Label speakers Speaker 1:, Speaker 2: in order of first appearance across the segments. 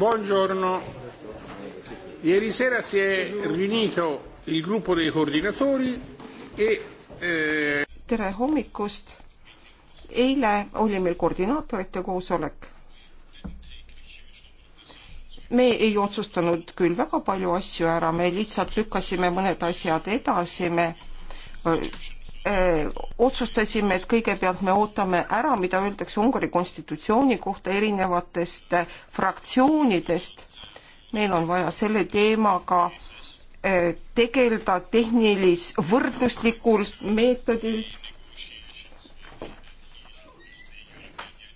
Speaker 1: Buongiorno. Ieri sera si è riunito il gruppo dei coordinatori e eh...
Speaker 2: tere hommikust. eile oli meil koordinaatorite koosolek. me ei otsustanud küll väga palju asju ära, me lihtsalt lükkasime mõned asjad edasi, me öö, äh, otsustasime, et kõigepealt me ootame ära, mida öeldakse Ungari konstitutsiooni kohta erinevatest äh, fraktsioonidest. meil on vaja selle teemaga öö, äh, tegeleda tehnilis-, võrdluslikul meetodil.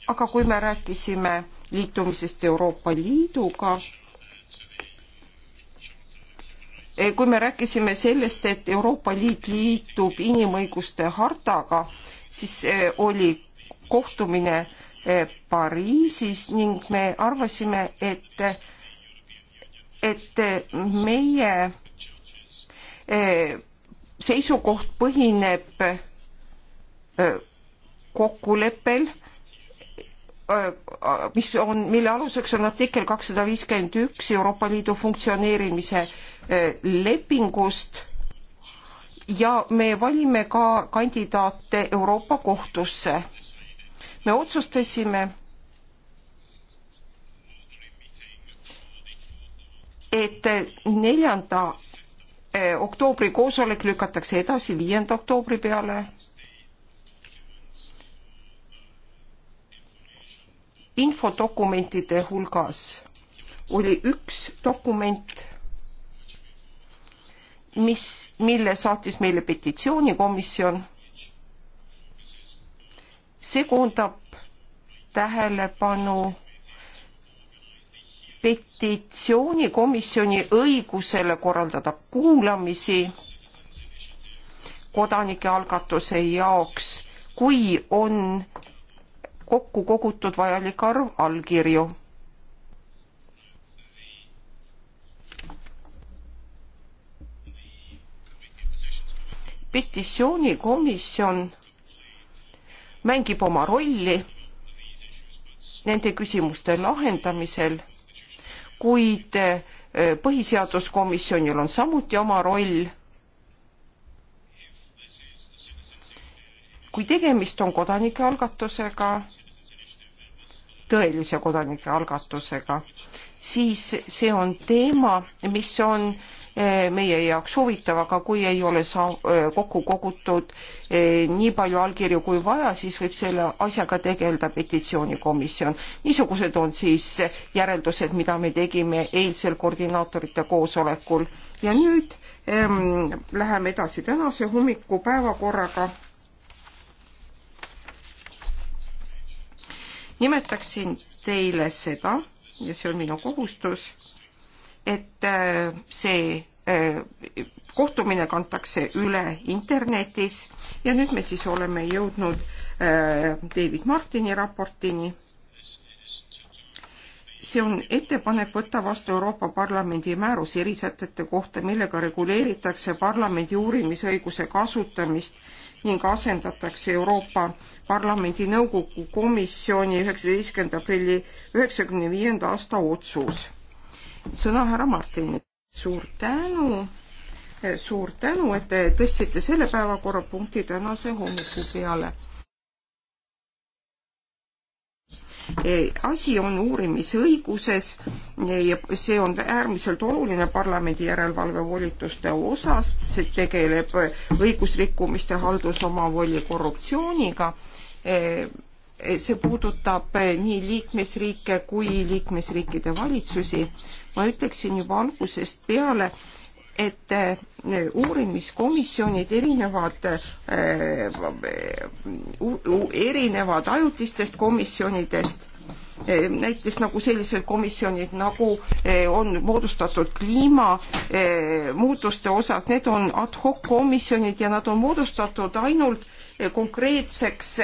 Speaker 2: aga kui me rääkisime liitumisest Euroopa Liiduga, Eh, kui me rääkisime sellest, et Euroopa Liit liitub inimõiguste hartaga, siis eh, oli kohtumine eh, Pariisis ning me arvasime, et, et meie seisukoht põhineb kokkuleppel mis on, mille aluseks on artikkel kakssada viiskümmend üks Euroopa Liidu funktsioneerimise lepingust ja me valime ka kandidaate Euroopa Kohtusse. me otsustasime, et neljanda oktoobri koosolek lükatakse edasi viienda oktoobri peale infodokumentide hulgas oli üks dokument, mis, mille saatis meile petitsioonikomisjon. see koondab tähelepanu petitsioonikomisjoni õigusele korraldada kuulamisi kodanike algatuse jaoks, kui on kokku kogutud vajalik arv allkirju. petitsioonikomisjon mängib oma rolli nende küsimuste lahendamisel, kuid eh, põhiseaduskomisjonil on samuti oma roll kui tegemist on kodanikealgatusega, tõelise kodanikealgatusega, siis see on teema, mis on eh, meie jaoks huvitav, aga kui ei ole saa-, eh, kokku kogutud eh, nii palju allkirju kui vaja, siis võib selle asjaga tegeleda petitsioonikomisjon. niisugused on siis järeldused, mida me tegime eilsel koordinaatorite koosolekul ja nüüd ähm, läheme edasi tänase hommiku päevakorraga nimetaksin teile seda ja see on minu kohustus, et äh, see äh, kohtumine kantakse üle internetis ja nüüd me siis oleme jõudnud äh, David Martini raportini see on ettepanek võtta vastu Euroopa Parlamendi määrus erisätete kohta, millega reguleeritakse parlamendi uurimisõiguse kasutamist ning asendatakse Euroopa Parlamendi Nõukogu komisjoni üheksateistkümnenda aprilli üheksakümne viienda aasta otsus. sõna härra Martinile. suur tänu, suur tänu, et te tõstsite selle päevakorrapunkti tänase hommiku peale asi on uurimisõiguses ja see on äärmiselt oluline parlamendi järelevalvevolituste osas, see tegeleb õigusrikkumiste, haldusomavoli, korruptsiooniga. Eh, see puudutab eh, nii liikmesriike kui liikmesriikide valitsusi. ma ütleksin juba algusest peale, et eh, uurimiskomisjonid erinevad äh, erinevad ajutistest komisjonidest äh, näiteks nagu sellised komisjonid nagu äh, on moodustatud kliimamuutuste osas, need on ad hoc komisjonid ja nad on moodustatud ainult konkreetseks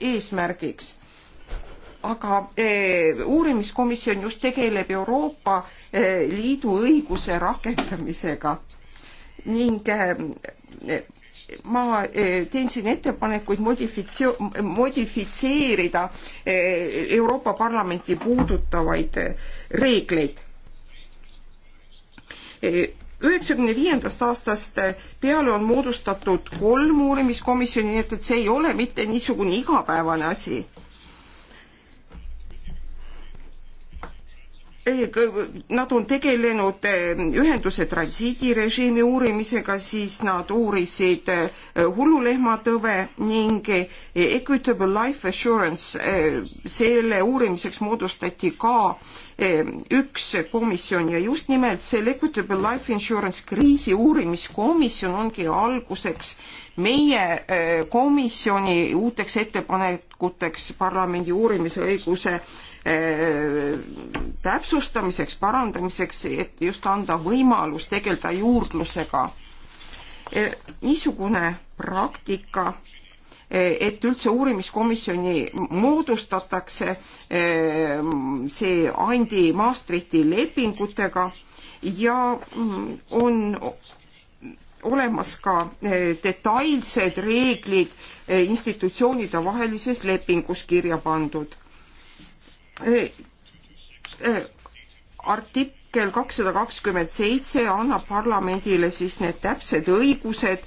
Speaker 2: eesmärgiks. aga uurimiskomisjon just tegeleb Euroopa Liidu õiguse rakendamisega ning äh, ma äh, teen siin ettepanekuid modifitsio-, modifitseerida äh, Euroopa Parlamenti puudutavaid reegleid. üheksakümne viiendast aastast peale on moodustatud kolm uurimiskomisjoni, nii et, et see ei ole mitte niisugune igapäevane asi Eh, nad on tegelenud eh, ühenduse transiidirežiimi uurimisega, siis nad uurisid eh, hullulehmatõve ning Equitable Life Assurance, selle uurimiseks moodustati ka üks komisjon ja just nimelt selle Equitable Life Insurance kriisi uurimiskomisjon ongi alguseks meie komisjoni uuteks ettepanekuteks parlamendi uurimisõiguse täpsustamiseks, parandamiseks, et just anda võimalus tegeleda juurdlusega. E, niisugune praktika, e, et üldse uurimiskomisjoni moodustatakse, e, see andi Maastrichti lepingutega ja mm, on olemas ka detailsed reeglid institutsioonide vahelises lepingus kirja pandud artikkel kakssada kakskümmend seitse annab parlamendile siis need täpsed õigused,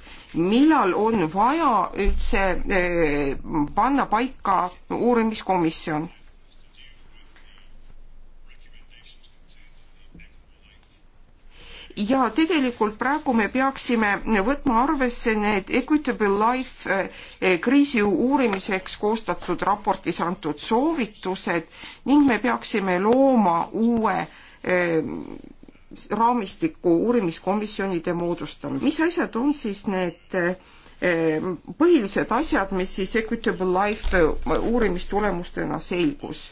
Speaker 2: millal on vaja üldse eh, panna paika uurimiskomisjon ja tegelikult praegu me peaksime võtma arvesse need Equitable Life eh, kriisi uurimiseks koostatud raportis antud soovitused ning me peaksime looma uue eh, raamistiku uurimiskomisjonide moodustamine. mis asjad on siis need eh, põhilised asjad, mis siis Equitable Life uurimistulemustena selgus?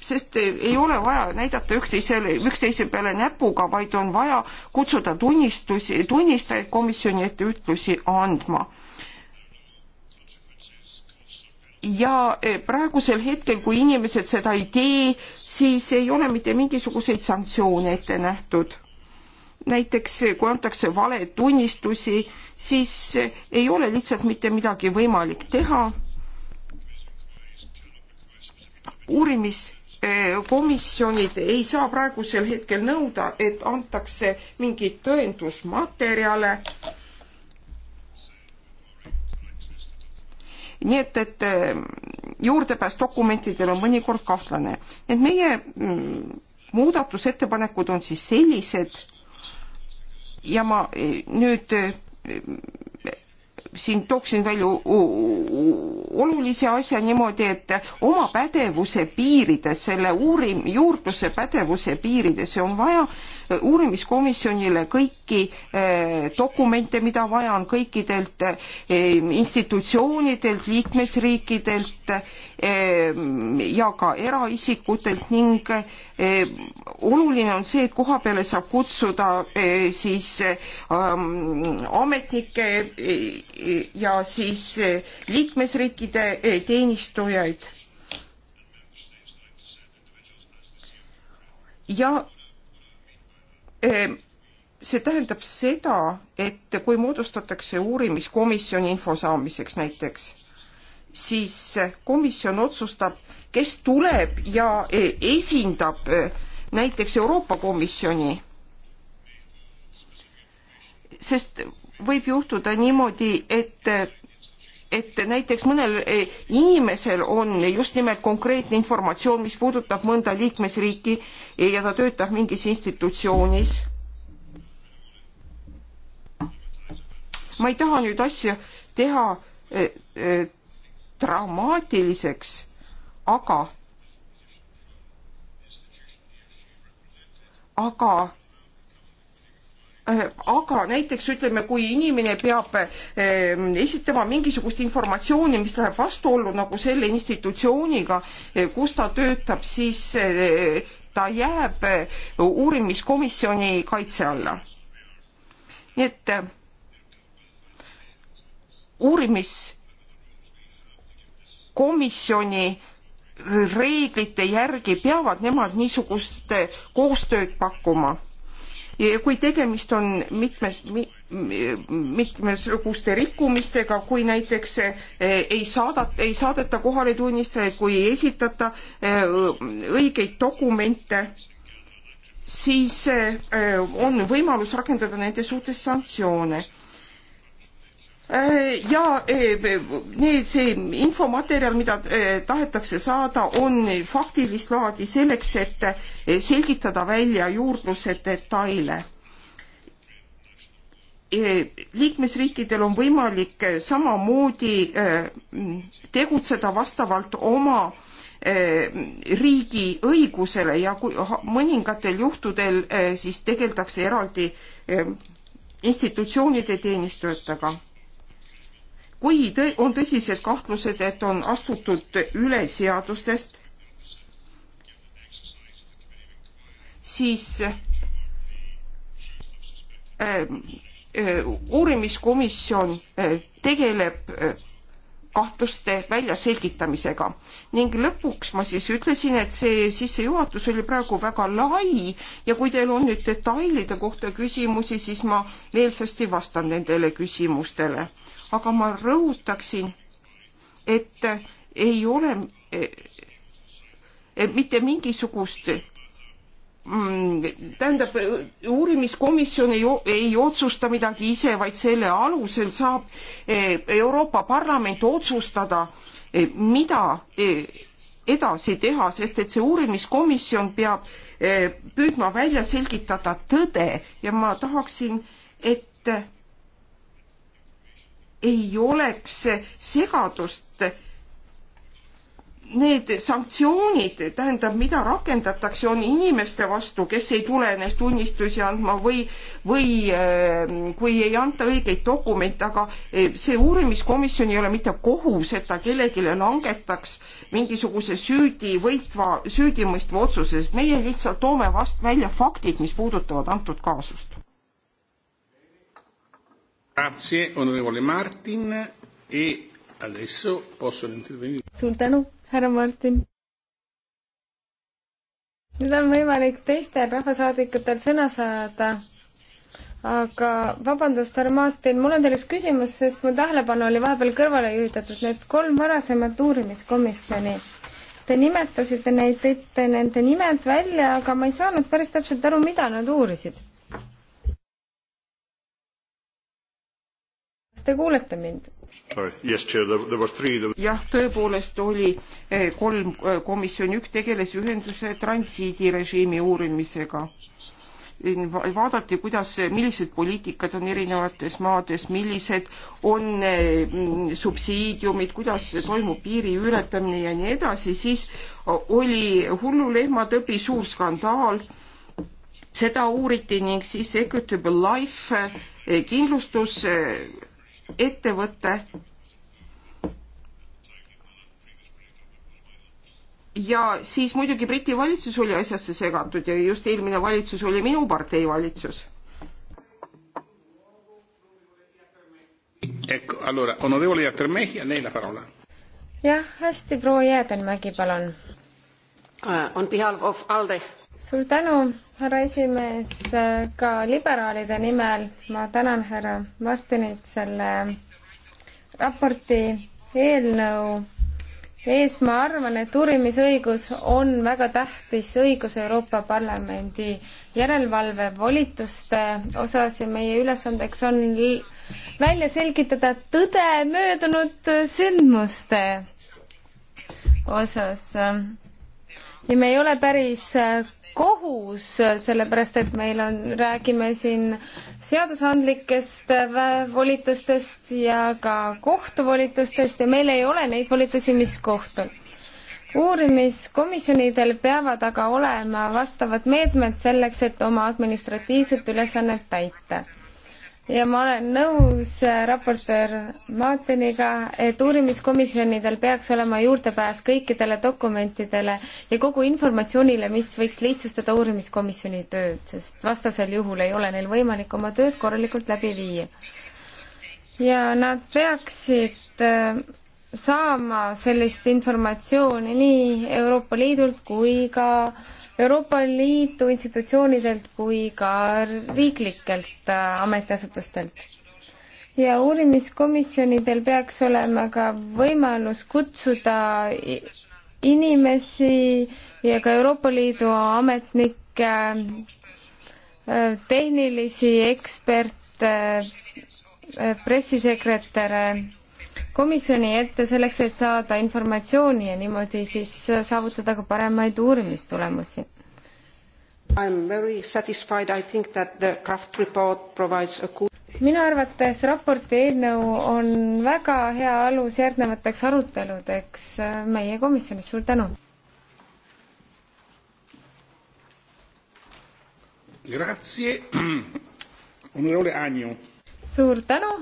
Speaker 2: sest ei ole vaja näidata üksteisele, üksteise peale näpuga, vaid on vaja kutsuda tunnistusi, tunnistajaid komisjoni ette ütlusi andma. ja eh, praegusel hetkel, kui inimesed seda ei tee, siis ei ole mitte mingisuguseid sanktsioone ette nähtud näiteks eh, kui antakse valetunnistusi, siis eh, ei ole lihtsalt mitte midagi võimalik teha. uurimis Äh, komisjonid ei saa praegusel hetkel nõuda, et antakse mingeid tõendusmaterjale. nii et, et äh, juurdepääs dokumentidel on mõnikord kahtlane. et meie mm, muudatusettepanekud on siis sellised ja ma äh, nüüd siin tooksin välja olulise asja niimoodi, et oma pädevuse piirides, selle uurim-, juurdluse pädevuse piirides on vaja eh, uurimiskomisjonile kõiki eh, dokumente, mida vaja on kõikidelt eh, institutsioonidelt, liikmesriikidelt eh, Ehm, ja ka eraisikutelt ning ehm, oluline on see, et koha peale saab kutsuda eh, siis ehm, ametnikke eh, ja siis eh, liikmesriikide teenistujaid. ja see tähendab seda, et kui moodustatakse uurimiskomisjon info saamiseks näiteks siis komisjon otsustab, kes tuleb ja e, esindab e, näiteks Euroopa Komisjoni. sest võib juhtuda niimoodi, et et näiteks mõnel e, inimesel on just nimelt konkreetne informatsioon, mis puudutab mõnda liikmesriiki ja ta töötab mingis institutsioonis. ma ei taha nüüd asja teha dramaatiliseks, aga, aga äh, aga näiteks ütleme, kui inimene peab ähm, esitama mingisugust informatsiooni, mis läheb vastuollu nagu selle institutsiooniga, äh, kus ta töötab, siis äh, ta jääb uurimiskomisjoni kaitse alla. nii et uurimis komisjoni reeglite järgi peavad nemad niisugust koostööd pakkuma. kui tegemist on mitmes mitmesuguste rikkumistega, kui näiteks eh, ei saadata, ei saadeta kohale tunnistajaid, kui ei esitata eh, õigeid dokumente, siis eh, on võimalus rakendada nende suhtes sanktsioone Äh, ja äh, need, see infomaterjal, mida äh, tahetakse saada, on faktilist laadi selleks, et selgitada välja juurdluse detaile. liikmesriikidel on võimalik samamoodi tegutseda vastavalt oma riigi õigusele ja kui mõningatel juhtudel siis tegeldakse eraldi institutsioonide teenistujatega kui tõ on tõsised kahtlused, et on astutud üle seadustest, siis ähm, äh, uurimiskomisjon äh, tegeleb äh, kahtluste väljaselgitamisega ning lõpuks ma siis ütlesin, et see sissejuhatus oli praegu väga lai ja kui teil on nüüd detailide kohta küsimusi, siis ma meelsasti vastan nendele küsimustele aga ma rõhutaksin, et ei ole eh, eh, mitte mingisugust mm, tähendab, uurimiskomisjon ei, ei otsusta midagi ise, vaid selle alusel saab eh, Euroopa Parlament otsustada, mida edasi teha, sest et see uurimiskomisjon peab püüdma välja selgitada tõde ja ma tahaksin, et ei oleks segadust. Need sanktsioonid, tähendab, mida rakendatakse, on inimeste vastu, kes ei tule ennast tunnistusi andma või, või ähm, kui ei anta õigeid dokumente, aga äh, see uurimiskomisjon ei ole mitte kohus, et ta kellelegi langetaks mingisuguse süüdi võitva, süüdimõistva otsuse, sest meie lihtsalt toome vast välja faktid, mis puudutavad antud kaasust
Speaker 1: Grazie, onorevole Martin e adesso possono intervenire.
Speaker 2: suur tänu, härra Martin.
Speaker 3: nüüd on võimalik teistel rahvasaadikutel sõna saada. aga vabandust, härra Martin, mul on teile üks küsimus, sest mu tähelepanu oli vahepeal kõrvale juhitud, et need kolm varasemat uurimiskomisjoni te nimetasite neid, tõite nende nimed välja, aga ma ei saanud päris täpselt aru, mida nad
Speaker 2: uurisid kas te kuulete mind? jah, tõepoolest oli eh, kolm eh, komisjoni, üks tegeles ühenduse transiidirežiimi uurimisega. vaadati, kuidas, millised poliitikad on erinevates maades, millised on eh, mm, subsiidiumid, kuidas toimub piiri ületamine ja nii edasi, siis oli hullulehma tõbi suur skandaal seda uuriti ning siis Equitable Life kindlustus ettevõte ja siis muidugi Briti valitsus oli asjasse segatud ja just eelmine valitsus oli minu partei valitsus.
Speaker 3: jah, hästi, proua Jäädenmägi, palun.
Speaker 2: Äh, on behalf of ALDE
Speaker 3: suur tänu, härra esimees, ka liberaalide nimel ma tänan härra Martinit selle raporti eelnõu eest. ma arvan, et uurimisõigus on väga tähtis õigus Euroopa Parlamendi järelevalve volituste osas ja meie ülesandeks on välja selgitada tõde möödunud sündmuste osas ja me ei ole päris äh, kohus, äh, sellepärast et meil on, räägime siin seadusandlikest äh, volitustest ja ka kohtuvolitustest ja meil ei ole neid volitusi, mis kohtul. uurimiskomisjonidel peavad aga olema vastavad meetmed selleks, et oma administratiivset ülesannet täita ja ma olen nõus äh, raportöör Martiniga, et uurimiskomisjonidel peaks olema juurdepääs kõikidele dokumentidele ja kogu informatsioonile, mis võiks lihtsustada uurimiskomisjoni tööd, sest vastasel juhul ei ole neil võimalik oma tööd korralikult läbi viia. ja nad peaksid äh, saama sellist informatsiooni nii Euroopa Liidult kui ka äh, Euroopa Liidu institutsioonidelt kui ka riiklikelt äh, ametiasutustelt. ja uurimiskomisjonidel peaks olema ka võimalus kutsuda inimesi ja ka Euroopa Liidu ametnikke, äh, tehnilisi eksperte, äh, pressisekretäre komisjoni ette selleks, et saada informatsiooni ja niimoodi siis saavutada ka paremaid uurimistulemusi.
Speaker 2: I am very satisfied, I think that the draft report provides a good
Speaker 3: minu arvates raporti eelnõu on väga hea alus järgnevateks aruteludeks meie komisjonis, suur tänu!
Speaker 4: suur tänu!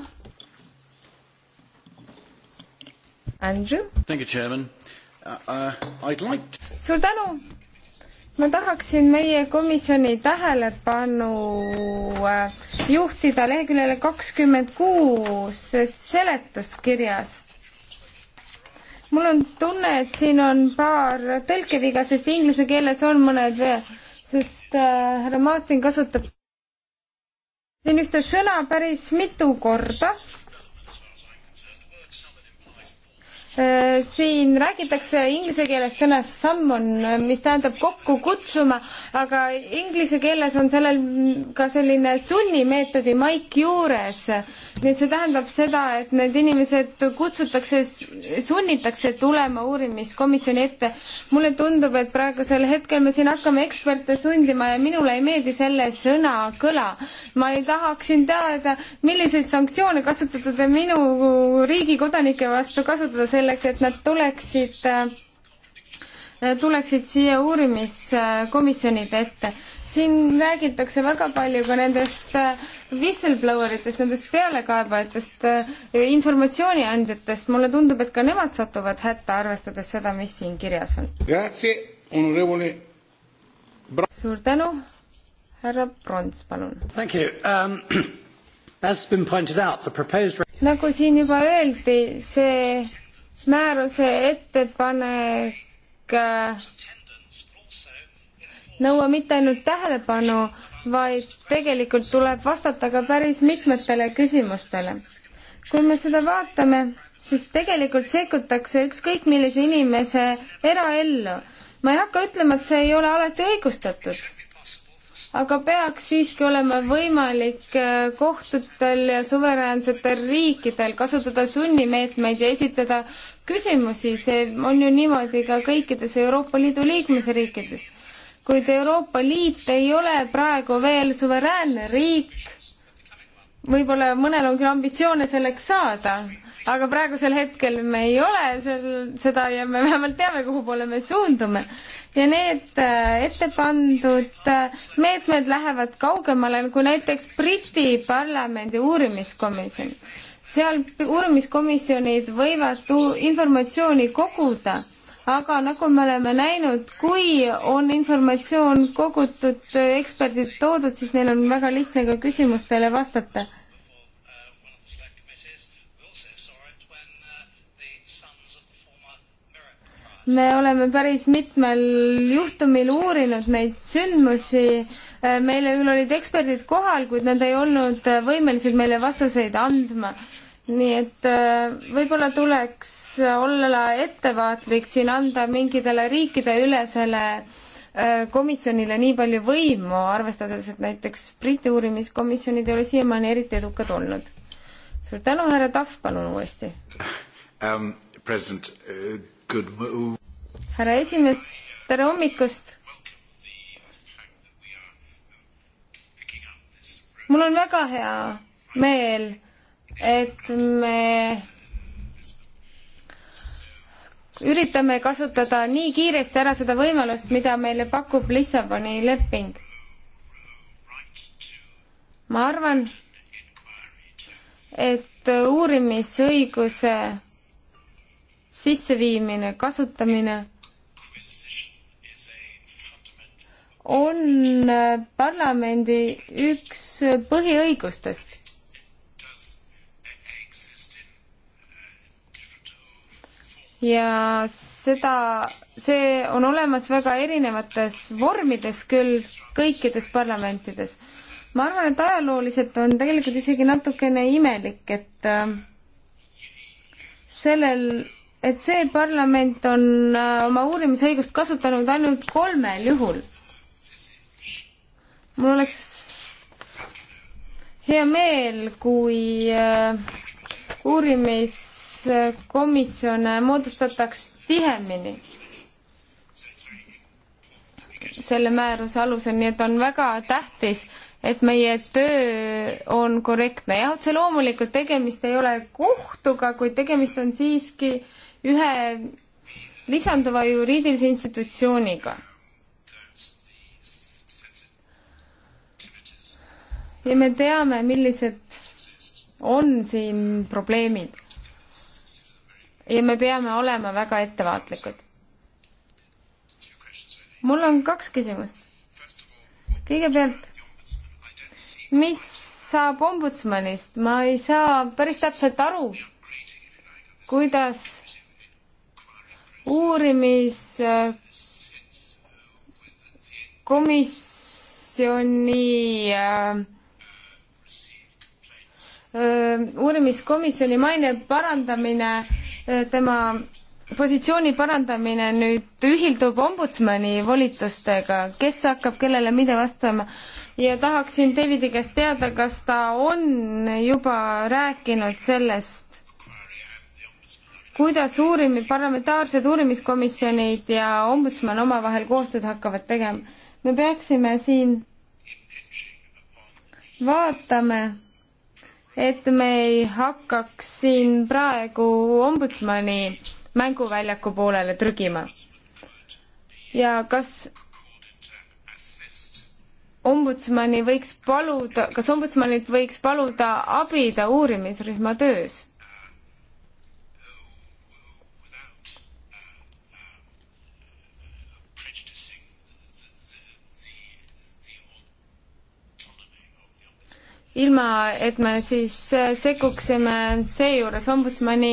Speaker 3: Andrew. Uh, uh like... suur tänu. ma tahaksin meie komisjoni tähelepanu äh, juhtida leheküljele kakskümmend kuus seletuskirjas mul on tunne, et siin on paar tõlkeviga, sest inglise keeles on mõned veel, sest äh, härra äh, Martin kasutab siin ühte sõna päris mitu korda Äh, siin räägitakse inglise keeles sõnast summon, äh, mis tähendab kokku kutsuma, aga inglise keeles on sellel ka selline sunnimeetodi maik juures. nii et see tähendab seda, et need inimesed kutsutakse, sunnitakse tulema uurimiskomisjoni ette. mulle tundub, et praegusel hetkel me siin hakkame eksperte sundima ja minule ei meeldi selle sõna kõla. ma ei tahaksin teada, milliseid sanktsioone kasutatud minu riigi kodanike vastu kasutada selle selleks, et nad tuleksid tuleksid siia uurimiskomisjonide ette. siin räägitakse väga palju ka nendest whistleblower itest, nendest pealekaebajatest, informatsiooniandjatest, mulle tundub, et ka nemad satuvad hätta, arvestades seda, mis siin kirjas on. suur tänu, härra Prons, palun. Um, proposed... nagu siin juba öeldi, see määruse ettepanek äh, nõua mitte ainult tähelepanu, vaid tegelikult tuleb vastata ka päris mitmetele küsimustele. kui me seda vaatame, siis tegelikult sekkutakse ükskõik millise inimese eraellu. ma ei hakka ütlema, et see ei ole alati õigustatud aga peaks siiski olema võimalik äh, kohtutel ja suveräänsetel riikidel kasutada sunnimeetmeid ja esitada küsimusi, see on ju niimoodi ka kõikides Euroopa Liidu liikmesriikides. kuid Euroopa Liit ei ole praegu veel suveräänne riik, võib-olla mõnel on küll ambitsioone selleks saada, aga praegusel hetkel me ei ole seal seda ja me vähemalt teame, kuhu poole me suundume. ja need äh, ette pandud äh, meetmed lähevad kaugemale kui näiteks Briti parlamendi uurimiskomisjon. seal uurimiskomisjonid võivad informatsiooni koguda, aga nagu me oleme näinud, kui on informatsioon kogutud, äh, eksperdid toodud, siis neil on väga lihtne ka küsimustele vastata me oleme päris mitmel juhtumil uurinud neid sündmusi. Äh, meile küll olid eksperdid kohal, kuid nad ei olnud äh, võimelised meile vastuseid andma. nii et äh, võib-olla tuleks olla ettevaatlik siin anda mingitele riikideülesele komisjonile nii palju võimu, arvestades, et näiteks Briti uurimiskomisjonid ei ole siiamaani eriti edukad olnud. suur tänu, härra Tahv, palun uuesti
Speaker 1: um,. president uh
Speaker 3: härra esimees, tere hommikust! mul on väga hea meel, et me üritame kasutada nii kiiresti ära seda võimalust, mida meile pakub Lissaboni leping. ma arvan, et uurimisõiguse sisseviimine, kasutamine on parlamendi üks põhiõigustest. ja seda, see on olemas väga erinevates vormides küll kõikides parlamentides. ma arvan, et ajalooliselt on tegelikult isegi natukene imelik, et äh, sellel et see parlament on äh, oma uurimisõigust kasutanud ainult kolmel juhul. mul oleks hea meel, kui äh, uurimiskomisjone moodustataks tihemini selle määruse alusel, nii et on väga tähtis, et meie töö on korrektne. jah, otse loomulikult tegemist ei ole kohtuga, kuid tegemist on siiski äh, ühe lisanduva juriidilise institutsiooniga. ja me teame, millised on siin probleemid. ja me peame olema väga ettevaatlikud. mul on kaks küsimust. kõigepealt, mis saab ombudsmanist, ma ei saa päris täpselt aru, kuidas uurimiskomisjoni äh, äh, uurimiskomisjoni maine parandamine, äh, tema positsiooni parandamine nüüd ühildub ombudsmani volitustega, kes hakkab kellele mida vastama ja tahaksin Davidi käest teada, kas ta on juba rääkinud sellest, kuidas uurimi-, parlamentaarsed uurimiskomisjonid ja ombudsman omavahel koostööd hakkavad tegema. me peaksime siin vaatame, et me ei hakkaks siin praegu ombudsmani mänguväljaku poolele trügima. ja kas ombudsmani võiks paluda, kas ombudsmanilt võiks paluda abi ta uurimisrühma töös? ilma et me siis äh, sekkuksime seejuures ombudsmani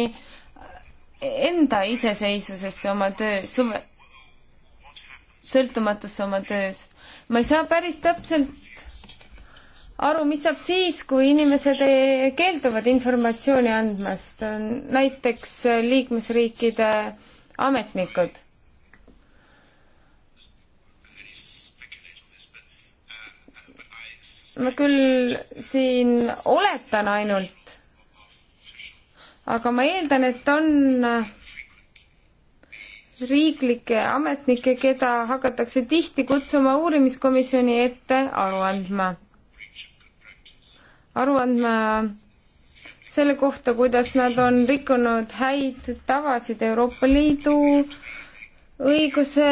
Speaker 3: enda iseseisvusesse oma töös, sõltumatusse oma töös. ma ei saa päris täpselt aru, mis saab siis, kui inimesed keelduvad informatsiooni andmast, näiteks äh, liikmesriikide ametnikud. ma küll siin oletan ainult, aga ma eeldan, et on äh, riiklikke ametnikke, keda hakatakse tihti kutsuma uurimiskomisjoni ette aru andma. aru andma selle kohta, kuidas nad on rikkunud häid tavasid Euroopa Liidu õiguse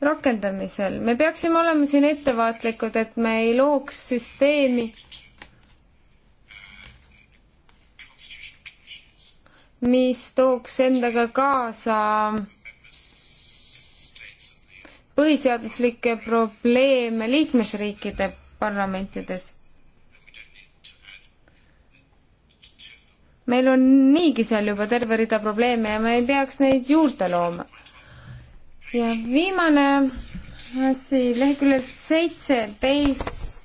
Speaker 3: rakendamisel. me peaksime olema siin ettevaatlikud, et me ei looks süsteemi, mis tooks endaga kaasa põhiseaduslikke probleeme liikmesriikide parlamentides. meil on niigi seal juba terve rida probleeme ja me ei peaks neid juurde looma ja viimane asi leheküljel seitseteist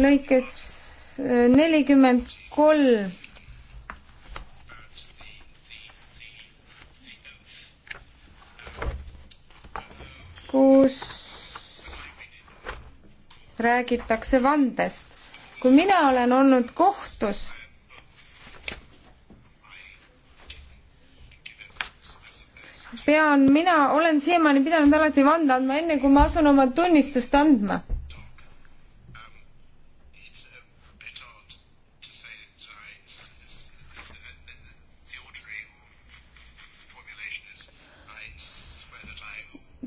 Speaker 3: lõikes äh, nelikümmend kolm. kus räägitakse vandest. kui mina olen olnud kohtus pean mina, olen siiamaani pidanud alati vande andma, enne kui ma asun oma tunnistust andma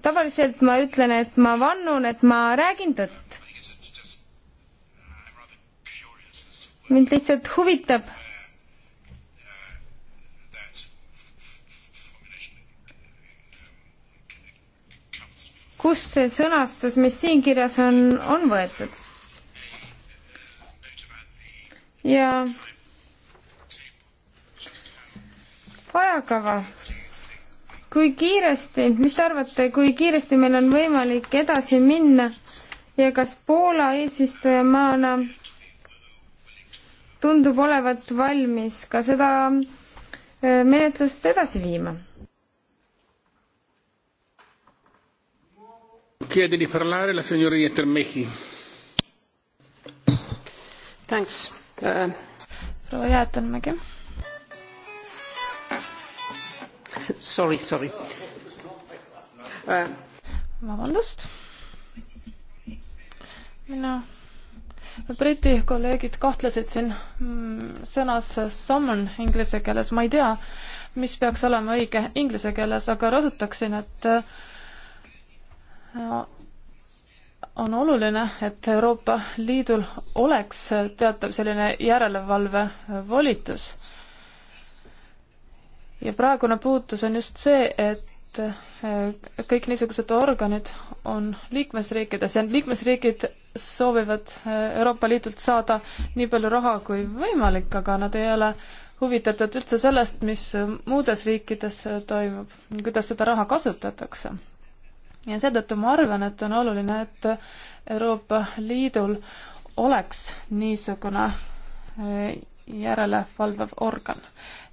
Speaker 3: tavaliselt ma ütlen, et ma vannun, et ma räägin tõtt. mind lihtsalt huvitab kust see sõnastus, mis siin kirjas on, on võetud. ja ajakava. kui kiiresti, mis te arvate, kui kiiresti meil on võimalik edasi minna ja kas Poola eesistujamaana tundub olevat valmis ka seda äh, menetlust edasi viima?
Speaker 1: Chiede di parlare la signora Jättermäki.
Speaker 2: Thanks
Speaker 4: uh,. proua Jäätelmägi. Sorry, sorry uh.. vabandust. mina, Briti kolleegid kahtlesid siin mm, sõnas summon inglise keeles, ma ei tea, mis peaks olema õige inglise keeles, aga rõhutaksin, et uh, on oluline, et Euroopa Liidul oleks teatav selline järelevalvevolitus. ja praegune puutus on just see, et äh, kõik niisugused organid on liikmesriikides ja liikmesriigid soovivad äh, Euroopa Liidult saada nii palju raha kui võimalik, aga nad ei ole huvitatud üldse sellest, mis muudes riikides toimub, kuidas seda raha kasutatakse ja seetõttu ma arvan, et on oluline, et Euroopa Liidul oleks niisugune äh, järelevalvav organ.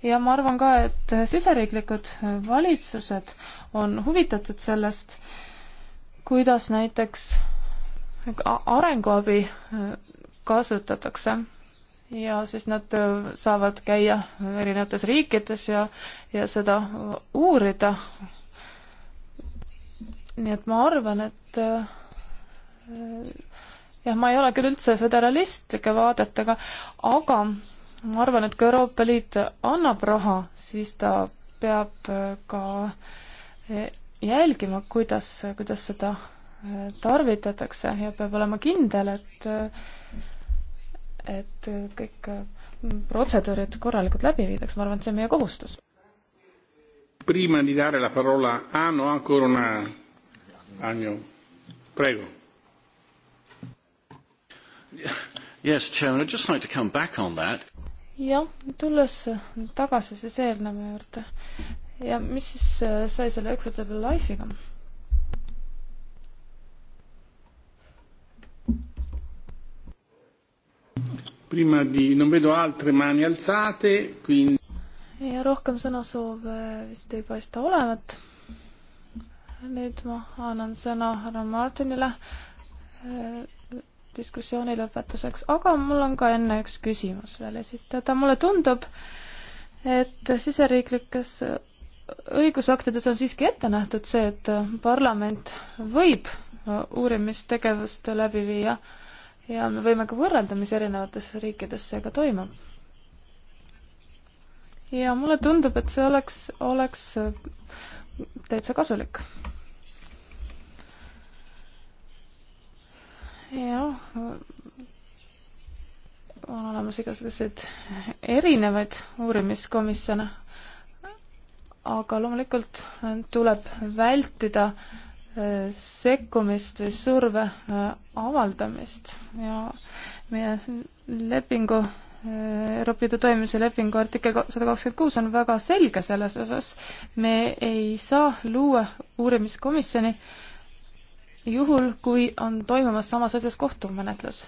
Speaker 4: ja ma arvan ka, et siseriiklikud valitsused on huvitatud sellest, kuidas näiteks arenguabi äh, kasutatakse ja siis nad äh, saavad käia erinevates riikides ja, ja seda uurida nii et ma arvan, et äh, jah, ma ei ole küll üldse föderalistlike vaadetega, aga ma arvan, et kui Euroopa Liit annab raha, siis ta peab äh, ka äh, jälgima, kuidas, kuidas seda tarvitatakse ja peab olema kindel, et et kõik protseduurid korralikult läbi viidaks, ma arvan, et see on meie kohustus.
Speaker 1: Prima di dare la parola a ah, no ancora una Agnew. Prego. Yes, Chairman, I'd just like to come back on that.
Speaker 4: jah, tulles tagasi siis eelneva juurde ja mis siis äh, sai selle Equitable Life'iga?
Speaker 1: Prima di, non vedo altre mani alzate, quindi.
Speaker 4: ja rohkem sõnasoove vist ei paista olevat nüüd ma annan sõna härra Martinile äh, diskussiooni lõpetuseks, aga mul on ka enne üks küsimus veel esitada. mulle tundub, et siseriiklikes õigusaktides on siiski ette nähtud see, et parlament võib äh, uurimistegevust läbi viia ja me võime ka võrrelda, mis erinevates riikides seega toimub. ja mulle tundub, et see oleks, oleks täitsa kasulik. jah, on olemas igasuguseid erinevaid uurimiskomisjone, aga loomulikult tuleb vältida äh, sekkumist või surve äh, avaldamist ja meie lepingu Euroopa Liidu toimimise lepingu artikkel sada kakskümmend kuus on väga selge selles osas, me ei saa luua uurimiskomisjoni juhul, kui on toimumas samas asjas kohtumenetlus.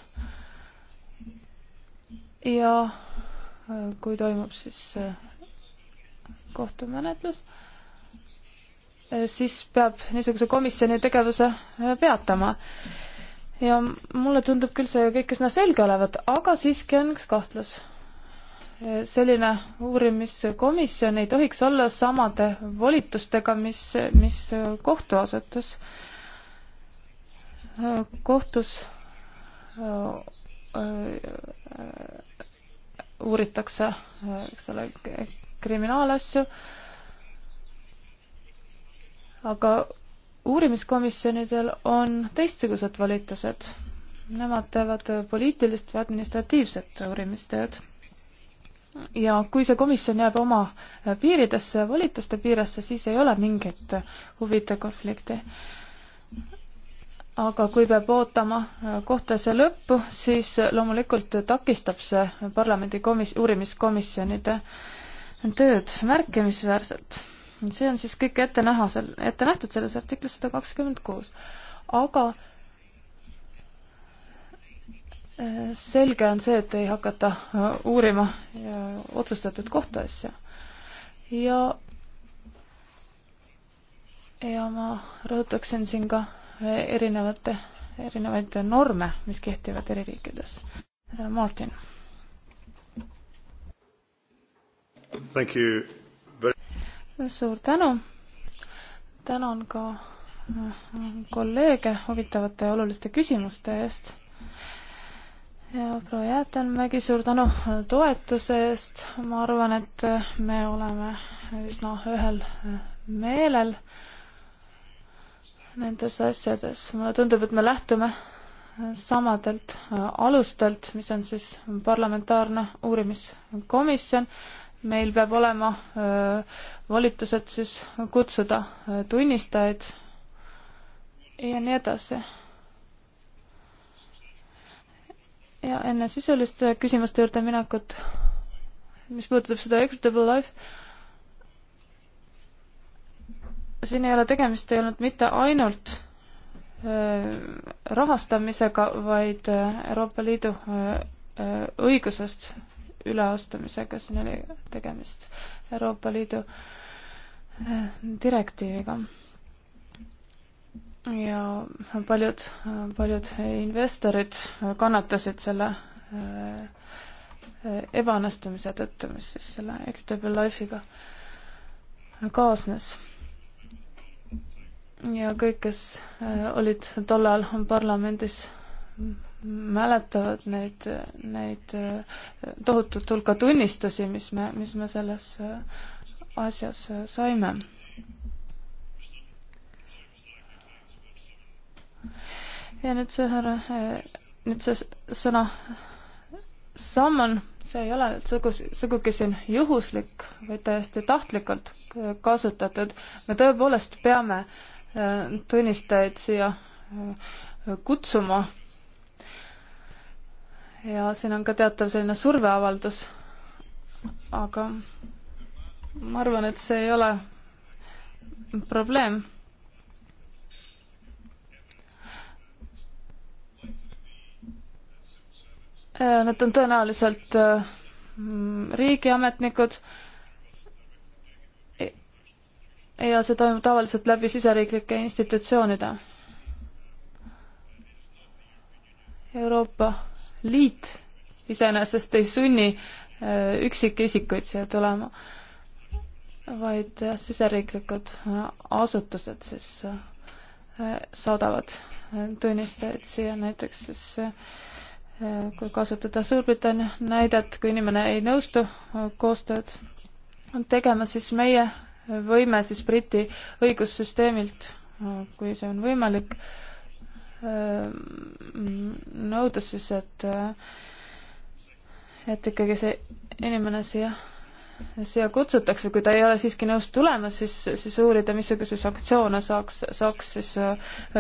Speaker 4: ja äh, kui toimub siis äh, kohtumenetlus, äh, siis peab niisuguse komisjoni tegevuse peatama ja mulle tundub küll see kõik üsna selge olevat, aga siiski on üks kahtlus. selline uurimiskomisjon ei tohiks olla samade volitustega, mis, mis kohtuasutus. kohtus äh, äh, uuritakse, eks ole, kriminaalasju, aga uurimiskomisjonidel on teistsugused volitused. Nemad teevad poliitilist või administratiivset uurimistööd. ja kui see komisjon jääb oma piiridesse ja volituste piiresse, siis ei ole mingit huvide konflikti. aga kui peab ootama kohtuasja lõppu, siis loomulikult takistab see parlamendi komis-, uurimiskomisjonide tööd märkimisväärselt see on siis kõik ette näha seal, ette nähtud selles artiklis sada kakskümmend kuus. aga äh, selge on see, et ei hakata äh, uurima otsustatud kohtuasja. ja, ja ma rõhutaksin siin ka äh, erinevate, erinevaid norme, mis kehtivad eri riikides. Martin. Thank you suur tänu. tänan ka äh, kolleege huvitavate ja oluliste küsimuste eest. ja proua Jäätenmägi, suur tänu toetuse eest. ma arvan, et me oleme üsna ühel äh, meelel nendes asjades. mulle tundub, et me lähtume samadelt äh, alustelt, mis on siis parlamentaarne uurimiskomisjon meil peab olema volitused siis kutsuda tunnistajaid ja nii edasi. ja enne sisuliste küsimuste juurde minekut, mis puudutab seda Equitable Life, siin ei ole tegemist ei olnud mitte ainult rahastamisega, vaid Euroopa Liidu õigusest üleastumisega siin oli tegemist Euroopa Liidu äh, direktiiviga. ja paljud, paljud investorid kannatasid selle äh, ebaõnnestumise tõttu, mis siis selle Equitable Life'iga kaasnes ja kõik, kes äh, olid tollal parlamendis mäletavad neid, neid äh, tohutut hulka tunnistusi, mis me, mis me selles äh, asjas äh, saime. ja nüüd see härra, nüüd see sõna summon, see ei ole sugugi, sugugi siin juhuslik või täiesti tahtlikult kasutatud. me tõepoolest peame tunnistajaid siia kutsuma ja siin on ka teatav selline surveavaldus. aga ma arvan, et see ei ole probleem. Äh, Nad on tõenäoliselt äh, riigiametnikud e-, ja see toimub tavaliselt läbi siseriiklike institutsioonide. Euroopa liit iseenesest ei sunni äh, üksikisikuid siia tulema, vaid siseriiklikud äh, asutused siis äh, saadavad tunnistajaid siia, näiteks siis kui kasutada Suurbritannia näidet, kui inimene ei nõustu koostööd tegema, siis meie võime siis Briti õigussüsteemilt, kui see on võimalik, nõudes siis, et äh, et ikkagi see inimene siia, siia kutsutakse, kui ta ei ole siiski nõus tulema, siis, siis uurida, missuguseid sanktsioone saaks, saaks siis äh,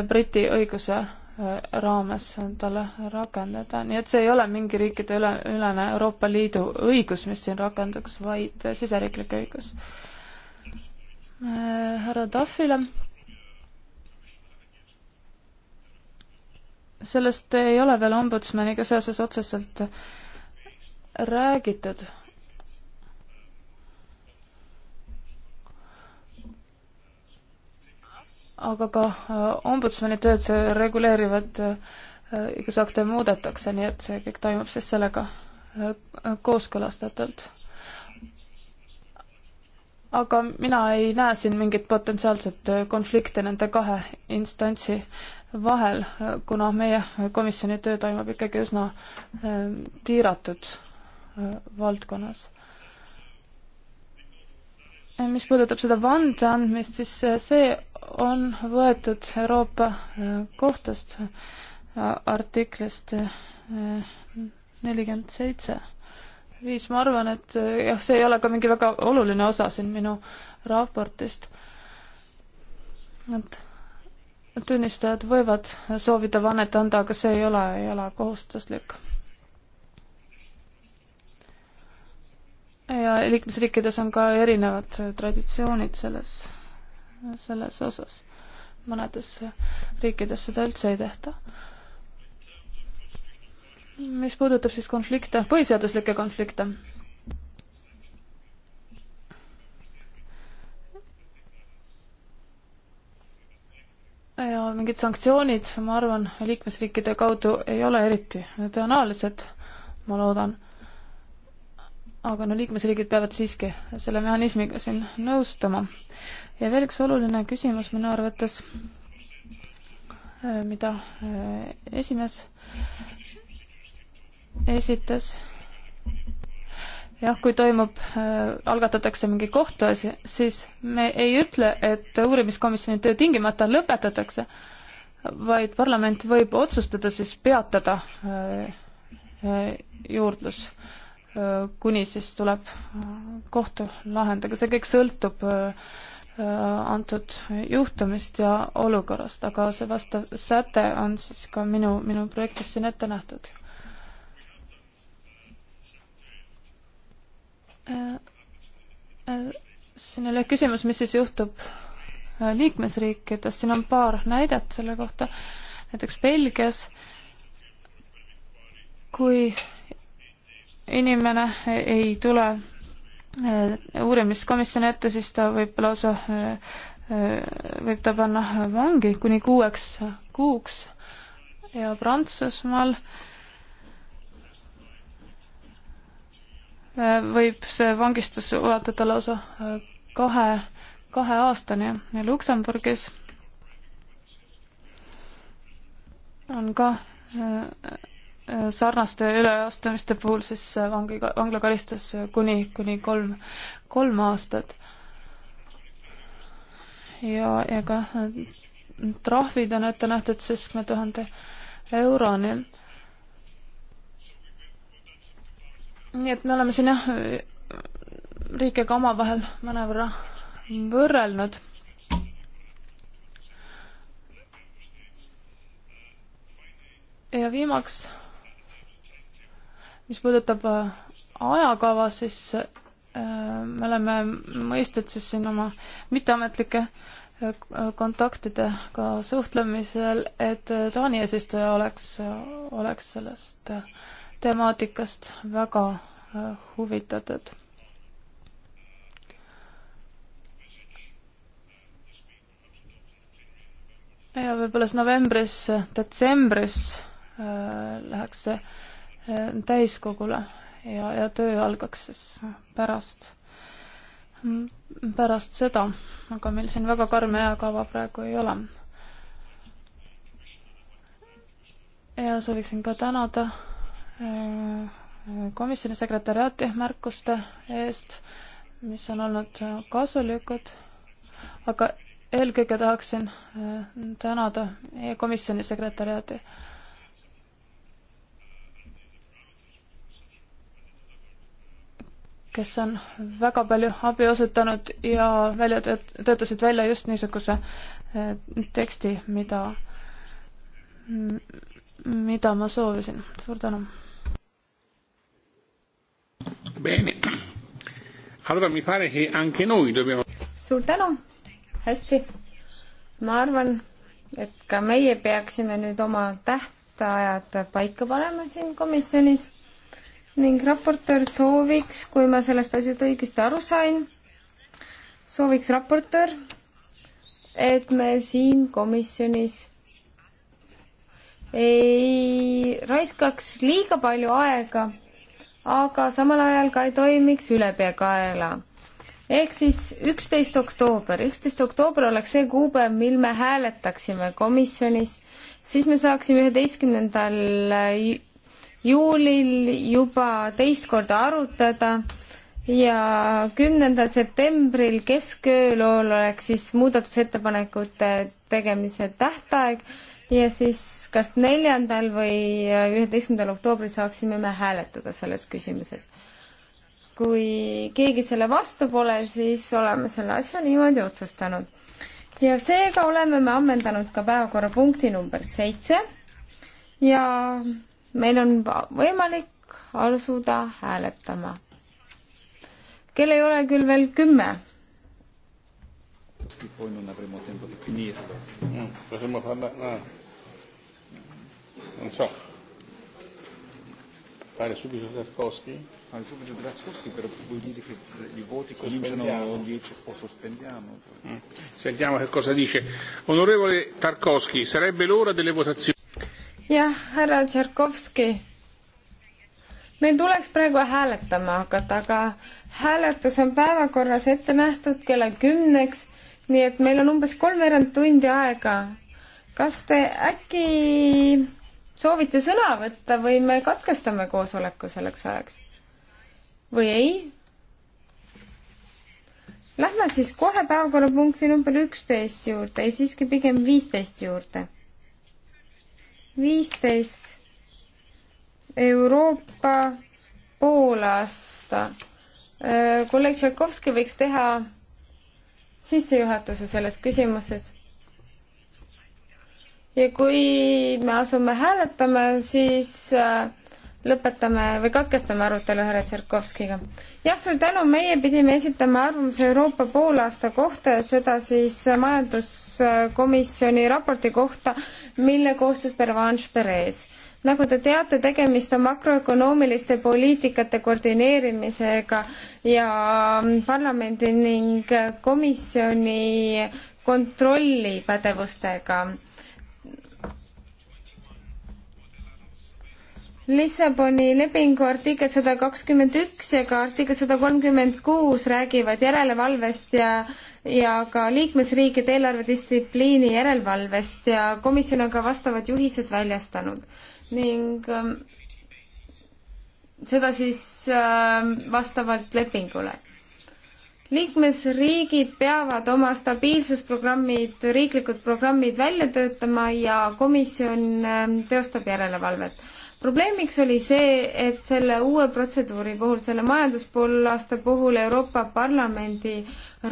Speaker 4: Briti õiguse äh, raames talle rakendada, nii et see ei ole mingi riikide üle, ülene Euroopa Liidu õigus, mis siin rakenduks, vaid siseriiklik õigus. härra Tahvile sellest ei ole veel ombudsmaniga seoses otseselt räägitud. aga ka äh, ombudsmani tööd reguleerivad äh, õigusakte muudetakse, nii et see kõik toimub siis sellega äh, kooskõlastatult. aga mina ei näe siin mingit potentsiaalset konflikti nende kahe instantsi vahel, kuna meie komisjoni töö toimub ikkagi üsna äh, piiratud äh, valdkonnas. mis puudutab seda vande andmist, siis äh, see on võetud Euroopa kohtust artiklist nelikümmend seitse viis, ma arvan, et jah, see ei ole ka mingi väga oluline osa siin minu raportist. et tunnistajad võivad soovida vannet anda, aga see ei ole, ei ole kohustuslik. ja liikmesriikides on ka erinevad traditsioonid selles, selles osas. mõnedes riikides seda üldse ei tehta. mis puudutab siis konflikte, põhiseaduslikke konflikte ja mingid sanktsioonid, ma arvan, liikmesriikide kaudu ei ole eriti tõenäolised, ma loodan. aga no liikmesriigid peavad siiski selle mehhanismiga siin nõustuma. ja veel üks oluline küsimus minu arvates, eh, mida eh, esimees esitas jah, kui toimub äh,, algatatakse mingi kohtuasi, siis me ei ütle, et uurimiskomisjoni töö tingimata lõpetatakse, vaid parlament võib otsustada siis peatada äh, äh, juurdlus äh,, kuni siis tuleb äh, kohtulahend, aga see kõik sõltub äh, äh, antud juhtumist ja olukorrast, aga see vastav säte on siis ka minu, minu projektis siin ette nähtud Äh, äh, siin oli küsimus, mis siis juhtub äh, liikmesriikides, siin on paar näidet selle kohta, näiteks Belgias, kui inimene ei tule uurimiskomisjoni ette, siis ta võib lausa, võib ta panna vangi kuni kuueks kuuks ja Prantsusmaal äh, võib see vangistus ulatuda lausa äh, kahe, kahe aastani ja Luksemburgis on ka äh, äh, sarnaste üleastumiste puhul siis vangi, vanglakaristus kuni, kuni kolm, kolm aastat. ja, ja ka trahvid on ette nähtud seitsme tuhande euroni nii et me oleme siin jah, riike ka omavahel mõnevõrra võrrelnud. ja viimaks, mis puudutab äh, ajakava, siis äh, me oleme mõistnud siis siin oma mitteametlike äh, kontaktidega suhtlemisel, et äh, Taani eesistuja oleks, oleks sellest äh, temaatikast väga äh, huvitatud. ja võib-olla siis novembris, detsembris äh, läheks see äh, täiskogule ja, ja töö algaks siis pärast, pärast seda, aga meil siin väga karme ajakava praegu ei ole. ja sooviksin ka tänada äh, Äh, komisjoni sekretäriaati märkuste eest, mis on olnud kasulikud, aga eelkõige tahaksin äh, tänada meie komisjoni sekretäriaati. kes on väga palju abi osutanud ja välja tööt-, töötasid välja just niisuguse äh, teksti, mida, mida ma soovisin. suur tänu!
Speaker 1: Bene. Allora mi pare che anche noi dobbiamo...
Speaker 3: suur tänu, hästi. ma arvan, et ka meie peaksime nüüd oma tähtajad paika panema siin komisjonis ning raportöör sooviks, kui ma sellest asjast õigesti aru sain, sooviks raportöör, et me siin komisjonis ei raiskaks liiga palju aega aga samal ajal ka ei toimiks ülepeakaela. ehk siis üksteist oktoober, üksteist oktoober oleks see kuupäev, mil me hääletaksime komisjonis, siis me saaksime üheteistkümnendal juulil juba teist korda arutada ja kümnendal septembril keskööl oleks siis muudatusettepanekute tegemise tähtaeg ja siis kas neljandal või äh, üheteistkümnendal oktoobril saaksime me hääletada selles küsimuses. kui keegi selle vastu pole, siis oleme selle asja niimoodi otsustanud. ja seega oleme me ammendanud ka päevakorrapunkti number seitse ja meil on võimalik asuda hääletama. kell ei ole küll veel kümme
Speaker 1: e poi non avremo tempo di finirlo. Mm, potremmo farla... Ah. Non so. Fare subito Draskowski? Fare subito Draskowski, però vuol dire che i voti cominciano 10 o sospendiamo. Mm. Sentiamo che cosa dice. Onorevole Tarkovsky, sarebbe l'ora delle votazioni.
Speaker 3: jah, härra Tšerkovski, meil tuleks praegu hääletama hakata, aga hääletus on päevakorras ette nähtud kella kümneks nii et meil on umbes kolmveerand tundi aega. kas te äkki soovite sõna võtta või me katkestame koosoleku selleks ajaks? või ei? Lähme siis kohe päevakorrapunkti number üksteist juurde, ei siiski pigem viisteist juurde. viisteist Euroopa poolaasta. kolleeg Tšaikovski võiks teha sissejuhatuse selles küsimuses. ja kui me asume hääletama, siis äh, lõpetame või katkestame arutelu härra Tšerkovskiga. jah, suur tänu, meie pidime esitama arvamuse Euroopa poolaasta kohta ja seda siis majanduskomisjoni raporti kohta, mille koostas Pervanš Perez nagu te teate, tegemist on makroökonoomiliste poliitikate koordineerimisega ja parlamendi ning komisjoni kontrollipädevustega Lissaboni lepingu artikkel sada kakskümmend üks ja ka artikkel sada kolmkümmend kuus räägivad järelevalvest ja ja ka liikmesriikide eelarvedistsipliini järelevalvest ja komisjon on ka vastavad juhised väljastanud ning ähm, seda siis ähm, vastavalt lepingule. liikmesriigid peavad oma stabiilsusprogrammid, riiklikud programmid välja töötama ja komisjon ähm, teostab järelevalvet. probleemiks oli see, et selle uue protseduuri puhul, selle majanduspoolaasta puhul Euroopa Parlamendi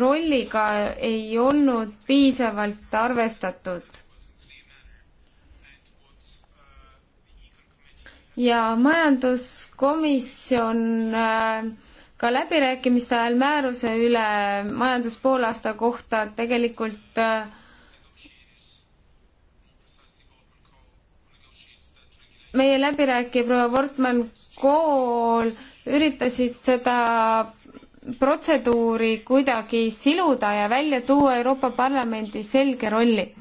Speaker 3: rolliga ei olnud piisavalt arvestatud ja majanduskomisjon äh, ka läbirääkimiste ajal määruse üle majanduspoolaasta kohta tegelikult äh, meie läbirääkija proua Wortmann Kool üritasid seda protseduuri kuidagi siluda ja välja tuua Euroopa Parlamendi selge rolli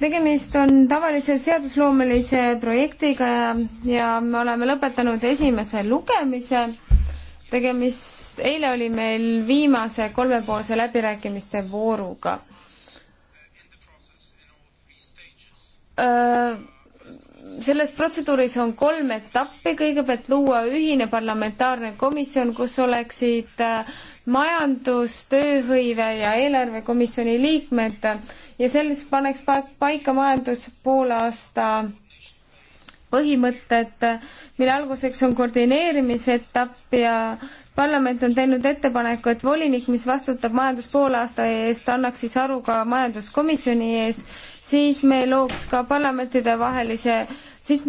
Speaker 3: tegemist on tavalise seadusloomelise projektiga ja, ja me oleme lõpetanud esimese lugemise. tegemist, eile oli meil viimase kolmepoolse läbirääkimiste vooruga öö äh, selles protseduuris on kolm etappi, kõigepealt luua ühine parlamentaarne komisjon, kus oleksid äh, majandus, tööhõive ja eelarvekomisjoni liikmed ja selles paneks paika majandus poolaasta põhimõtted, mille alguseks on koordineerimise etapp ja parlament on teinud ettepaneku, et volinik, mis vastutab majanduspoolaasta eest, annaks siis aru ka majanduskomisjoni ees siis me looks ka parlamentidevahelise, siis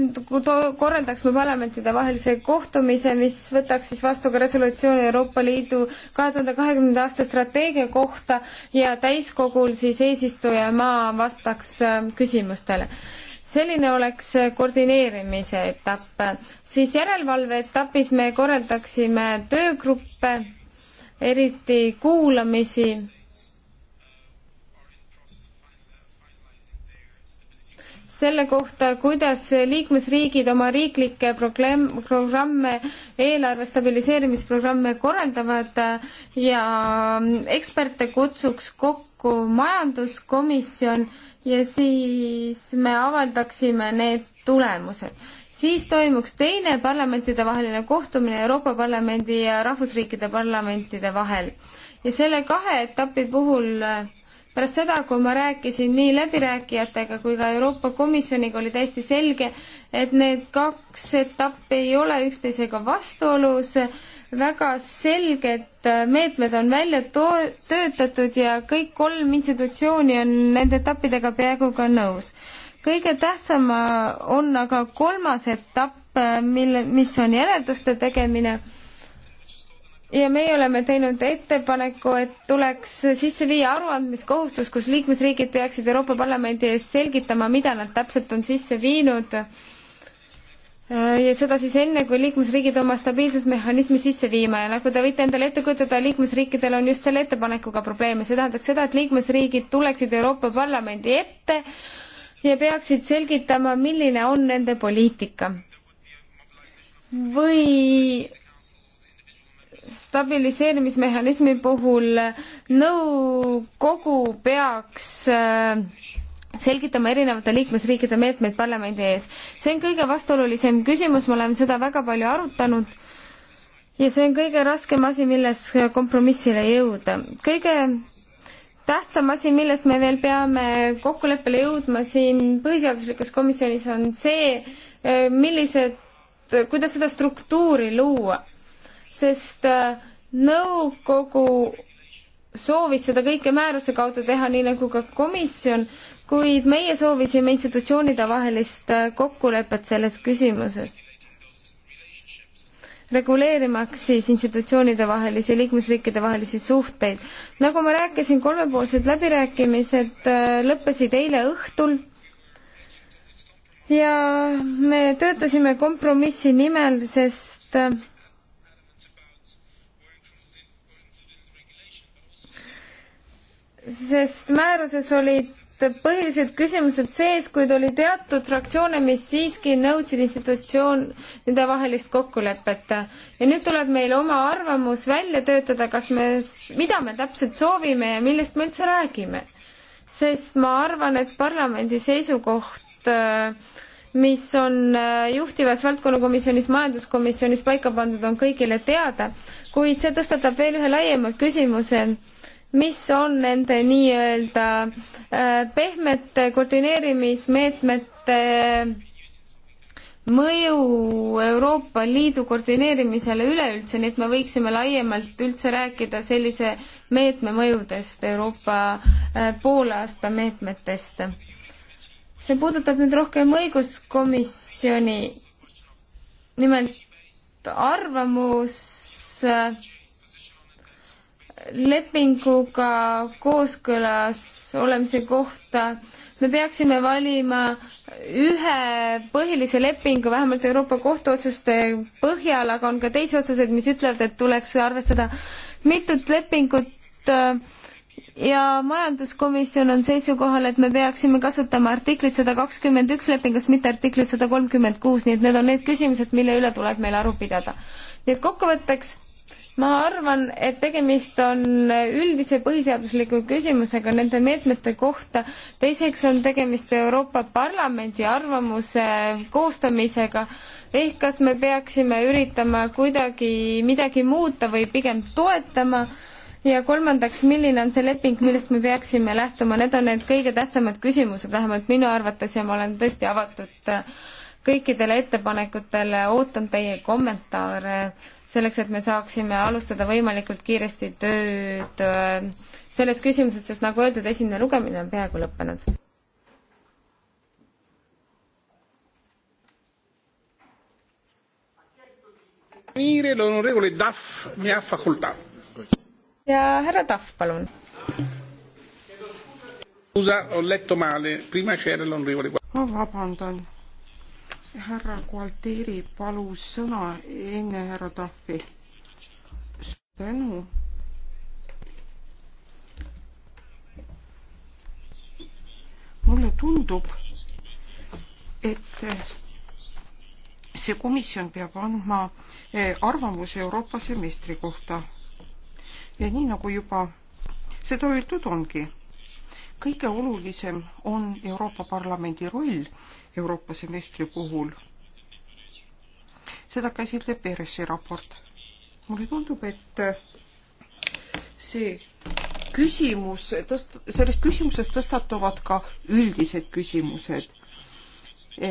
Speaker 3: korraldaks me parlamentidevahelise kohtumise, mis võtaks siis vastu ka resolutsiooni Euroopa Liidu kahe tuhande kahekümnenda aasta strateegia kohta ja täiskogul siis eesistujamaa vastaks ähm, küsimustele selline oleks äh, koordineerimise etapp. siis järelevalve etapis me korraldaksime töögruppe, eriti kuulamisi selle kohta, kuidas liikmesriigid oma riiklikke program-, programme, eelarve stabiliseerimisprogramme korraldavad ja eksperte kutsuks kokku majanduskomisjon ja siis me avaldaksime need tulemused. siis toimuks teine parlamentidevaheline kohtumine Euroopa Parlamendi ja rahvusriikide parlamentide vahel ja selle kahe etapi puhul pärast seda, kui ma rääkisin nii läbirääkijatega kui ka Euroopa Komisjoniga, oli täiesti selge, et need kaks etappi ei ole üksteisega vastuolus, väga selged meetmed on välja to-, töötatud ja kõik kolm institutsiooni on nende etappidega peaaegu ka nõus. kõige tähtsam on aga kolmas etapp, mille, mis on järelduste tegemine ja meie oleme teinud ettepaneku, et tuleks sisse viia aruandmiskohustus, kus liikmesriigid peaksid Euroopa Parlamendi ees selgitama, mida nad täpselt on sisse viinud. Äh, ja seda siis enne, kui liikmesriigid oma stabiilsusmehhanismi sisse viima ja nagu te võite endale ette kujutada, liikmesriikidel on just selle ettepanekuga probleeme, see tähendaks seda, et liikmesriigid tuleksid Euroopa Parlamendi ette ja peaksid selgitama, milline on nende poliitika. või stabiliseerimismehhanismi puhul nõukogu peaks äh, selgitama erinevate liikmesriikide meetmeid parlamendi ees. see on kõige vastuolulisem küsimus, me oleme seda väga palju arutanud ja see on kõige raskem asi, milles kompromissile jõuda. kõige tähtsam asi, milles me veel peame kokkuleppele jõudma siin põhiseaduslikus komisjonis, on see, äh, millised, kuidas seda struktuuri luua sest äh, nõukogu soovis seda kõike määruse kaudu teha, nii nagu ka komisjon, kuid meie soovisime institutsioonide vahelist äh, kokkulepet selles küsimuses, reguleerimaks siis institutsioonide vahelisi, liikmesriikide vahelisi suhteid. nagu ma rääkisin, kolmepoolsed läbirääkimised äh, lõppesid eile õhtul ja me töötasime kompromissi nimel, sest sest määruses olid põhilised küsimused sees, kuid oli teatud fraktsioone, mis siiski nõudsid institutsioon, nendevahelist kokkulepet. ja nüüd tuleb meil oma arvamus välja töötada, kas me, mida me täpselt soovime ja millest me üldse räägime. sest ma arvan, et parlamendi seisukoht mis on äh, juhtivas valdkonnakomisjonis, majanduskomisjonis paika pandud, on kõigile teada, kuid see tõstatab veel ühe laiema küsimuse äh, mis on nende nii-öelda äh, pehmete koordineerimismeetmete mõju Euroopa Liidu koordineerimisele üleüldse, nii et me võiksime laiemalt üldse rääkida sellise meetme mõjudest, Euroopa äh, poolaasta meetmetest. see puudutab nüüd rohkem õiguskomisjoni, nimelt arvamus äh, lepinguga kooskõlas olemise kohta me peaksime valima ühe põhilise lepingu, vähemalt Euroopa Kohtu otsuste põhjal, aga on ka teisi otsuseid, mis ütlevad, et tuleks arvestada mitut lepingut äh, ja majanduskomisjon on seisukohal, et me peaksime kasutama artiklit sada kakskümmend üks lepingust, mitte artiklit sada kolmkümmend kuus, nii et need on need küsimused, mille üle tuleb meil aru pidada. nii et kokkuvõtteks ma arvan, et tegemist on üldise põhiseadusliku küsimusega nende meetmete kohta, teiseks on tegemist Euroopa Parlamendi arvamuse koostamisega, ehk kas me peaksime üritama kuidagi midagi muuta või pigem toetama ja kolmandaks, milline on see leping, millest me peaksime lähtuma, need on need kõige tähtsamad küsimused vähemalt minu arvates ja ma olen tõesti avatud kõikidele ettepanekutele, ootan teie kommentaare selleks, et me saaksime alustada võimalikult kiiresti tööd äh, selles küsimuses, sest nagu öeldud, esimene lugemine on peaaegu lõppenud.
Speaker 2: ja härra Tahv, palun. ma vabandan härra Gualtieri palus sõna enne härra Tahvi. suur tänu. mulle tundub, et see komisjon peab andma eh, arvamuse Euroopa semestri kohta. ja nii nagu juba seda öeldud ongi, kõige olulisem on Euroopa Parlamendi roll Euroopa semestri puhul. seda käsitleb ERS-i raport. mulle tundub, et see küsimus, tõst-, sellest küsimusest tõstatuvad ka üldised küsimused. E,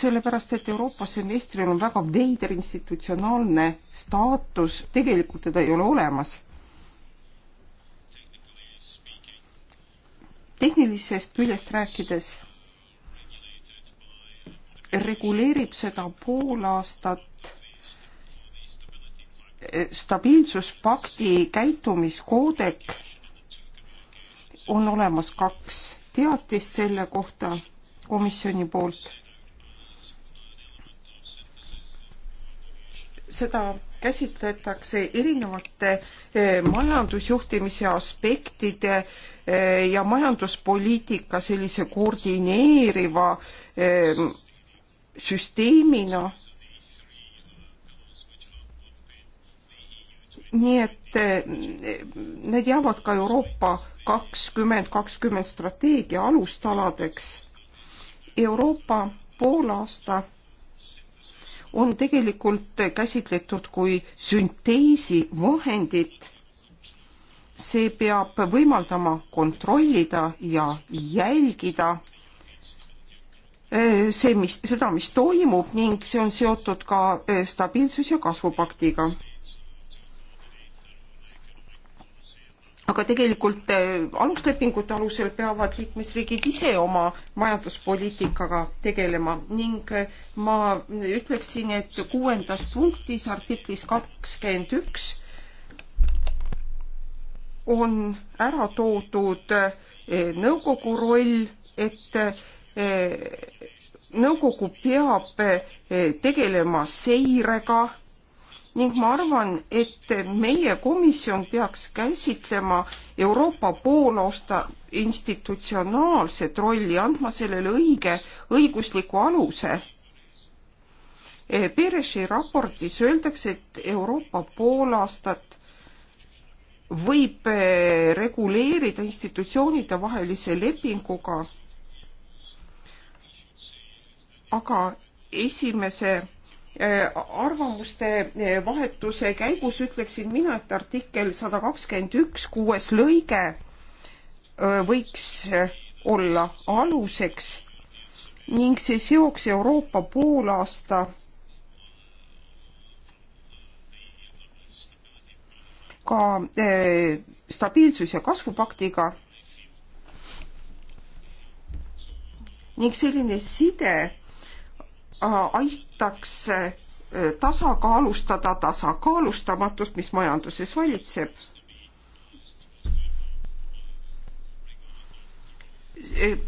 Speaker 2: sellepärast, et Euroopa semestril on väga veider institutsionaalne staatus, tegelikult teda ei ole olemas. tehnilisest küljest rääkides reguleerib seda pool aastat eh, stabiilsuspakti käitumiskoodek on olemas kaks teatist selle kohta komisjoni poolt. seda käsitletakse erinevate eh, majandusjuhtimise aspektide eh, ja majanduspoliitika sellise koordineeriva süsteemina. nii et eh, need jäävad ka Euroopa kakskümmend kakskümmend strateegia alustaladeks. Euroopa poolaasta on tegelikult käsitletud kui sünteesi vahendit. see peab võimaldama kontrollida ja jälgida see, mis, seda, mis toimub ning see on seotud ka stabiilsus- ja kasvupaktiga. aga tegelikult aluslepingute alusel peavad liikmesriigid ise oma majanduspoliitikaga tegelema ning ma ütleksin, et kuuendas punktis artiklis kakskümmend üks on ära toodud nõukogu roll, et Eh, nõukogu peab eh, tegelema seirega ning ma arvan, et meie komisjon peaks käsitlema Euroopa poolausta institutsionaalset rolli, andma sellele õige õigusliku aluse. Pereši eh, raportis öeldakse, et Euroopa poolaastat võib reguleerida institutsioonide vahelise lepinguga aga esimese eh, arvamuste eh, vahetuse käigus ütleksin mina, et artikkel sada kakskümmend üks, kuues lõige eh, võiks olla aluseks ning see seoks Euroopa poolaasta ka stabiilsus- ja kasvupaktiga ning selline side Äh, aitaks äh, tasakaalustada tasakaalustamatust, mis majanduses valitseb.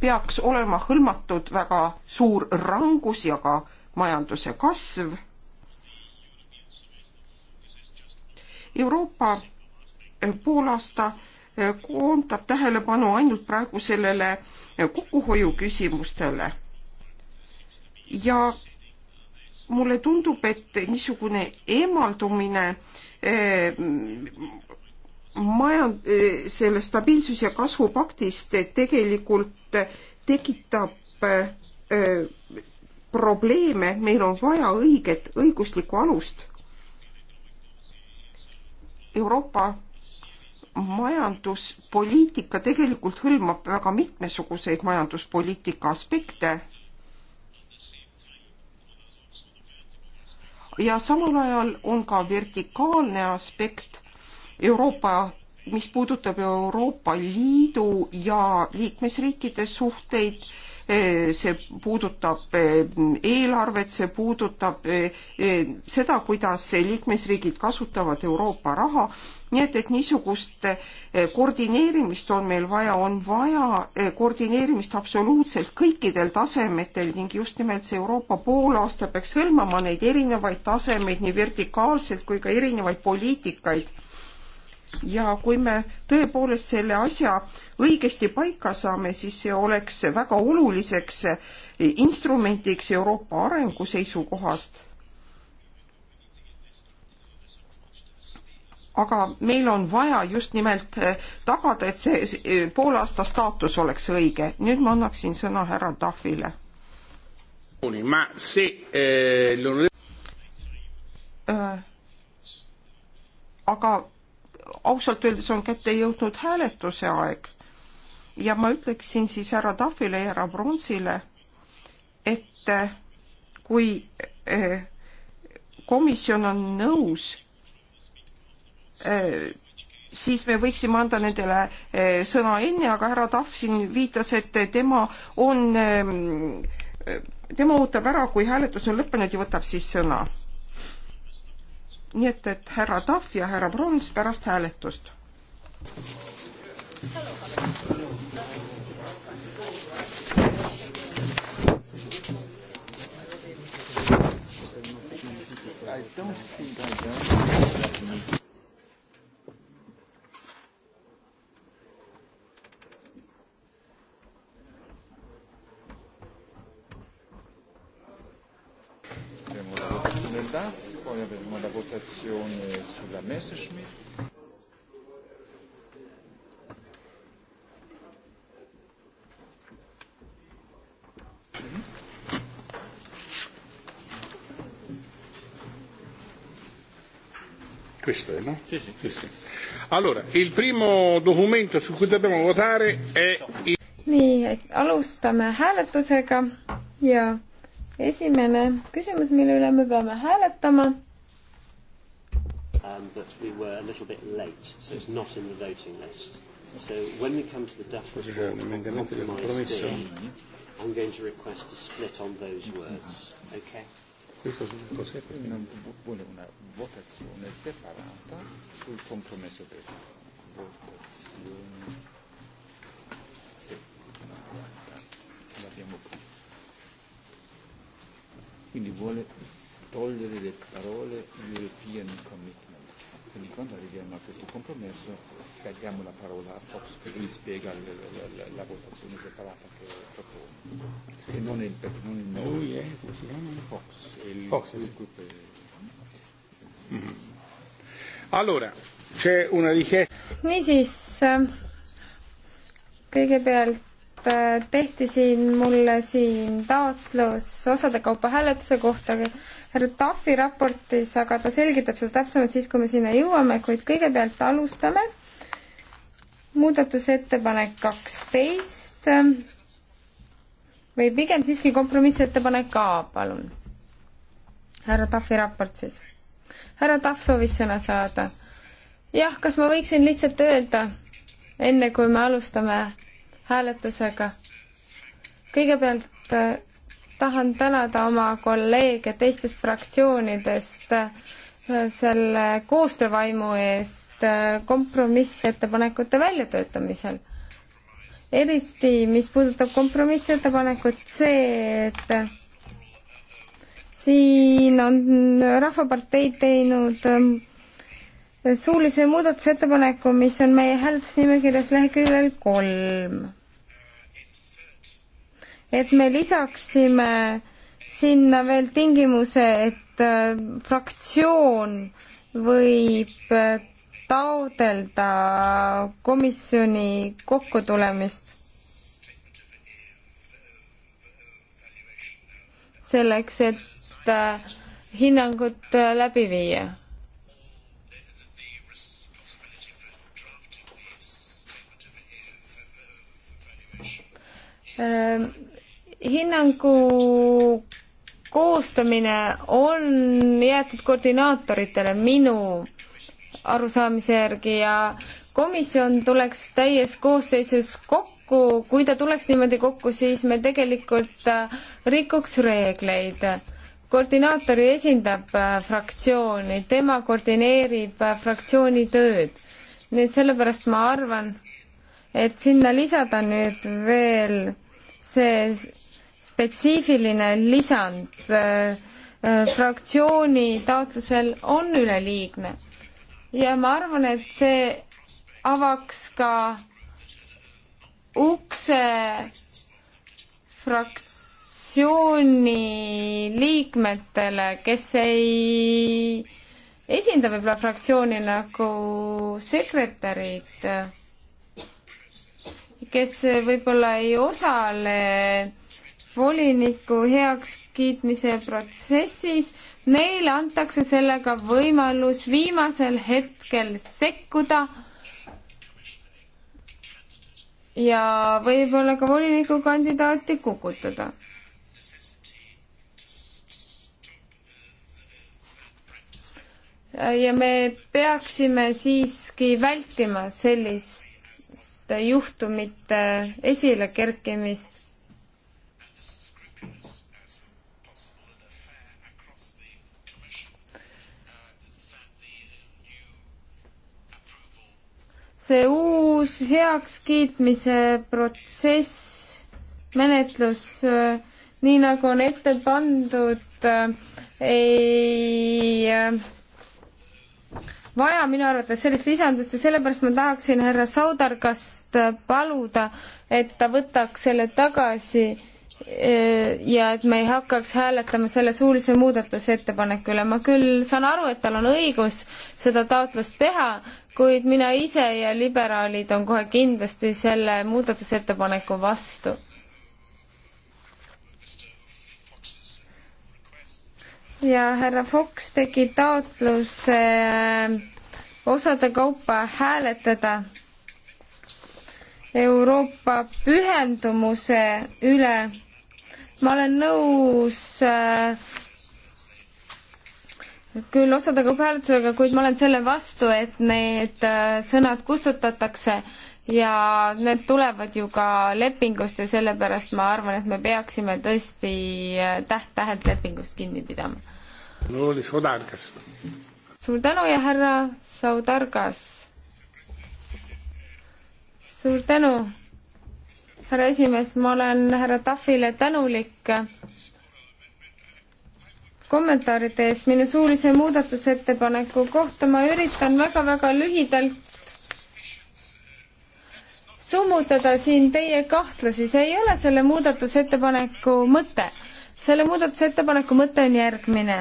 Speaker 2: peaks olema hõlmatud väga suur rangus ja ka majanduse kasv. Euroopa äh, poolaasta koondab tähelepanu ainult praegu sellele kokkuhoiu küsimustele ja mulle tundub, et niisugune eemaldumine eh, majand-, eh, selle stabiilsus- ja kasvupaktist eh, tegelikult tekitab probleeme, meil on vaja õiget õiguslikku alust. Euroopa majanduspoliitika tegelikult hõlmab väga mitmesuguseid majanduspoliitika aspekte ja samal ajal on ka vertikaalne aspekt Euroopa, mis puudutab Euroopa Liidu ja liikmesriikide suhteid Eh, see puudutab eh, eelarvet, see puudutab eh, seda, kuidas liikmesriigid kasutavad Euroopa raha, nii et, et niisugust koordineerimist on meil vaja, on vaja koordineerimist absoluutselt kõikidel tasemetel ning just nimelt see Euroopa poolaasta peaks hõlmama neid erinevaid tasemeid, nii vertikaalselt kui ka erinevaid poliitikaid ja kui me tõepoolest selle asja õigesti paika saame, siis see oleks väga oluliseks instrumendiks Euroopa arengu seisukohast. aga meil on vaja just nimelt tagada, et see poolaasta staatus oleks õige. nüüd ma annaksin sõna härra Tahvile.
Speaker 1: ma see eh,
Speaker 2: äh, aga ausalt öeldes on kätte jõudnud hääletuse aeg ja ma ütleksin siis härra Tahvile ja härra Bronsile, et eh, kui eh, komisjon on nõus, eh, siis me võiksime anda nendele sõna enne, aga härra Tahv siin viitas, et tema on, tema ootab ära, kui hääletus on lõppenud ja võtab siis sõna nii et, et härra Tahv ja härra Brons pärast hääletust. I don't think I
Speaker 1: don't. Gracias on avait vraiment la votation sur la Messerschmitt. Questo è, no? Sì, sì. sì, sì. Allora, il primo documento su cui dobbiamo votare è il...
Speaker 3: nii, alustame hääletusega ja esimene küsimus, mille üle me peame hääletama um, but we were a little bit late, so it's
Speaker 5: not in the voting list. So when we come to the Duff report on compromise B, I'm going to request a split on those words. Okay?
Speaker 1: Questo cos'è? Non vuole una votazione separata sul compromesso B. Votazione separata. L'abbiamo quindi vuole togliere le parole European Commitment. Quindi quando arriviamo a questo compromesso diamo la parola a Fox che lui spiega la, la, la, la votazione separata che propone. Sì. E non il, non il nome. Lui è come si chiama? Fox. Il, Fox il gruppo è... mm. Mm-hmm. Allora, c'è una richiesta.
Speaker 3: Niisiis, kõigepealt Äh, tehti siin mulle siin taotlus osade kaupa hääletuse kohta härra Tafi raportis, aga ta selgitab seda täpsemalt siis, kui me sinna jõuame, kuid kõigepealt alustame. muudatusettepanek kaksteist või pigem siiski kompromissettepanek ka, palun. härra Tafi raport siis. härra Tahv soovis sõna saada. jah, kas ma võiksin lihtsalt öelda, enne kui me alustame hääletusega. kõigepealt äh, tahan tänada oma kolleege teistest fraktsioonidest äh, selle koostöövaimu eest äh, kompromissettepanekute väljatöötamisel. eriti, mis puudutab kompromissettepanekut see, et siin on Rahvapartei teinud ähm, suulise muudatusettepaneku, mis on meie hääletusnimekirjas leheküljel kolm et me lisaksime sinna veel tingimuse, et äh, fraktsioon võib äh, taodelda komisjoni kokkutulemist selleks, et äh, hinnangut läbi viia. Um... Ähm hinnangu koostamine on jäetud koordinaatoritele minu arusaamise järgi ja komisjon tuleks täies koosseisus kokku, kui ta tuleks niimoodi kokku, siis me tegelikult äh, rikuks reegleid. koordinaatori esindab äh, fraktsiooni, tema koordineerib äh, fraktsiooni tööd. nii et sellepärast ma arvan, et sinna lisada nüüd veel see spetsiifiline lisand äh, äh, fraktsiooni taotlusel on üleliigne ja ma arvan, et see avaks ka ukse fraktsiooni liikmetele, kes ei esinda võib-olla fraktsiooni nagu sekretärid, kes võib-olla ei osale voliniku heakskiitmise protsessis. Neile antakse sellega võimalus viimasel hetkel sekkuda ja võib-olla ka volinikukandidaati kukutada ja me peaksime siiski vältima selliste juhtumite esile kerkimist see uus heakskiitmise protsess, menetlus, äh, nii nagu on ette pandud, äh, ei äh, vaja minu arvates sellist lisandust ja sellepärast ma tahaksin härra Saudargast paluda, et ta võtaks selle tagasi ja et me ei hakkaks hääletama selle suulise muudatusettepaneku üle. ma küll saan aru, et tal on õigus seda taotlust teha, kuid mina ise ja liberaalid on kohe kindlasti selle muudatusettepaneku vastu. ja härra Fox tegi taotluse äh, osade kaupa hääletada Euroopa pühendumuse üle ma olen nõus äh, küll osade hääletusega, kuid ma olen selle vastu, et need äh, sõnad kustutatakse ja need tulevad ju ka lepingust ja sellepärast ma arvan, et me peaksime tõesti äh, täht-tähelt lepingust kinni pidama. suur tänu ja härra Saudargas. suur tänu härra esimees, ma olen härra Tahvile tänulik kommentaaride eest minu suulise muudatusettepaneku kohta. ma üritan väga-väga lühidalt summutada siin teie kahtlusi, see ei ole selle muudatusettepaneku mõte. selle muudatusettepaneku mõte on järgmine.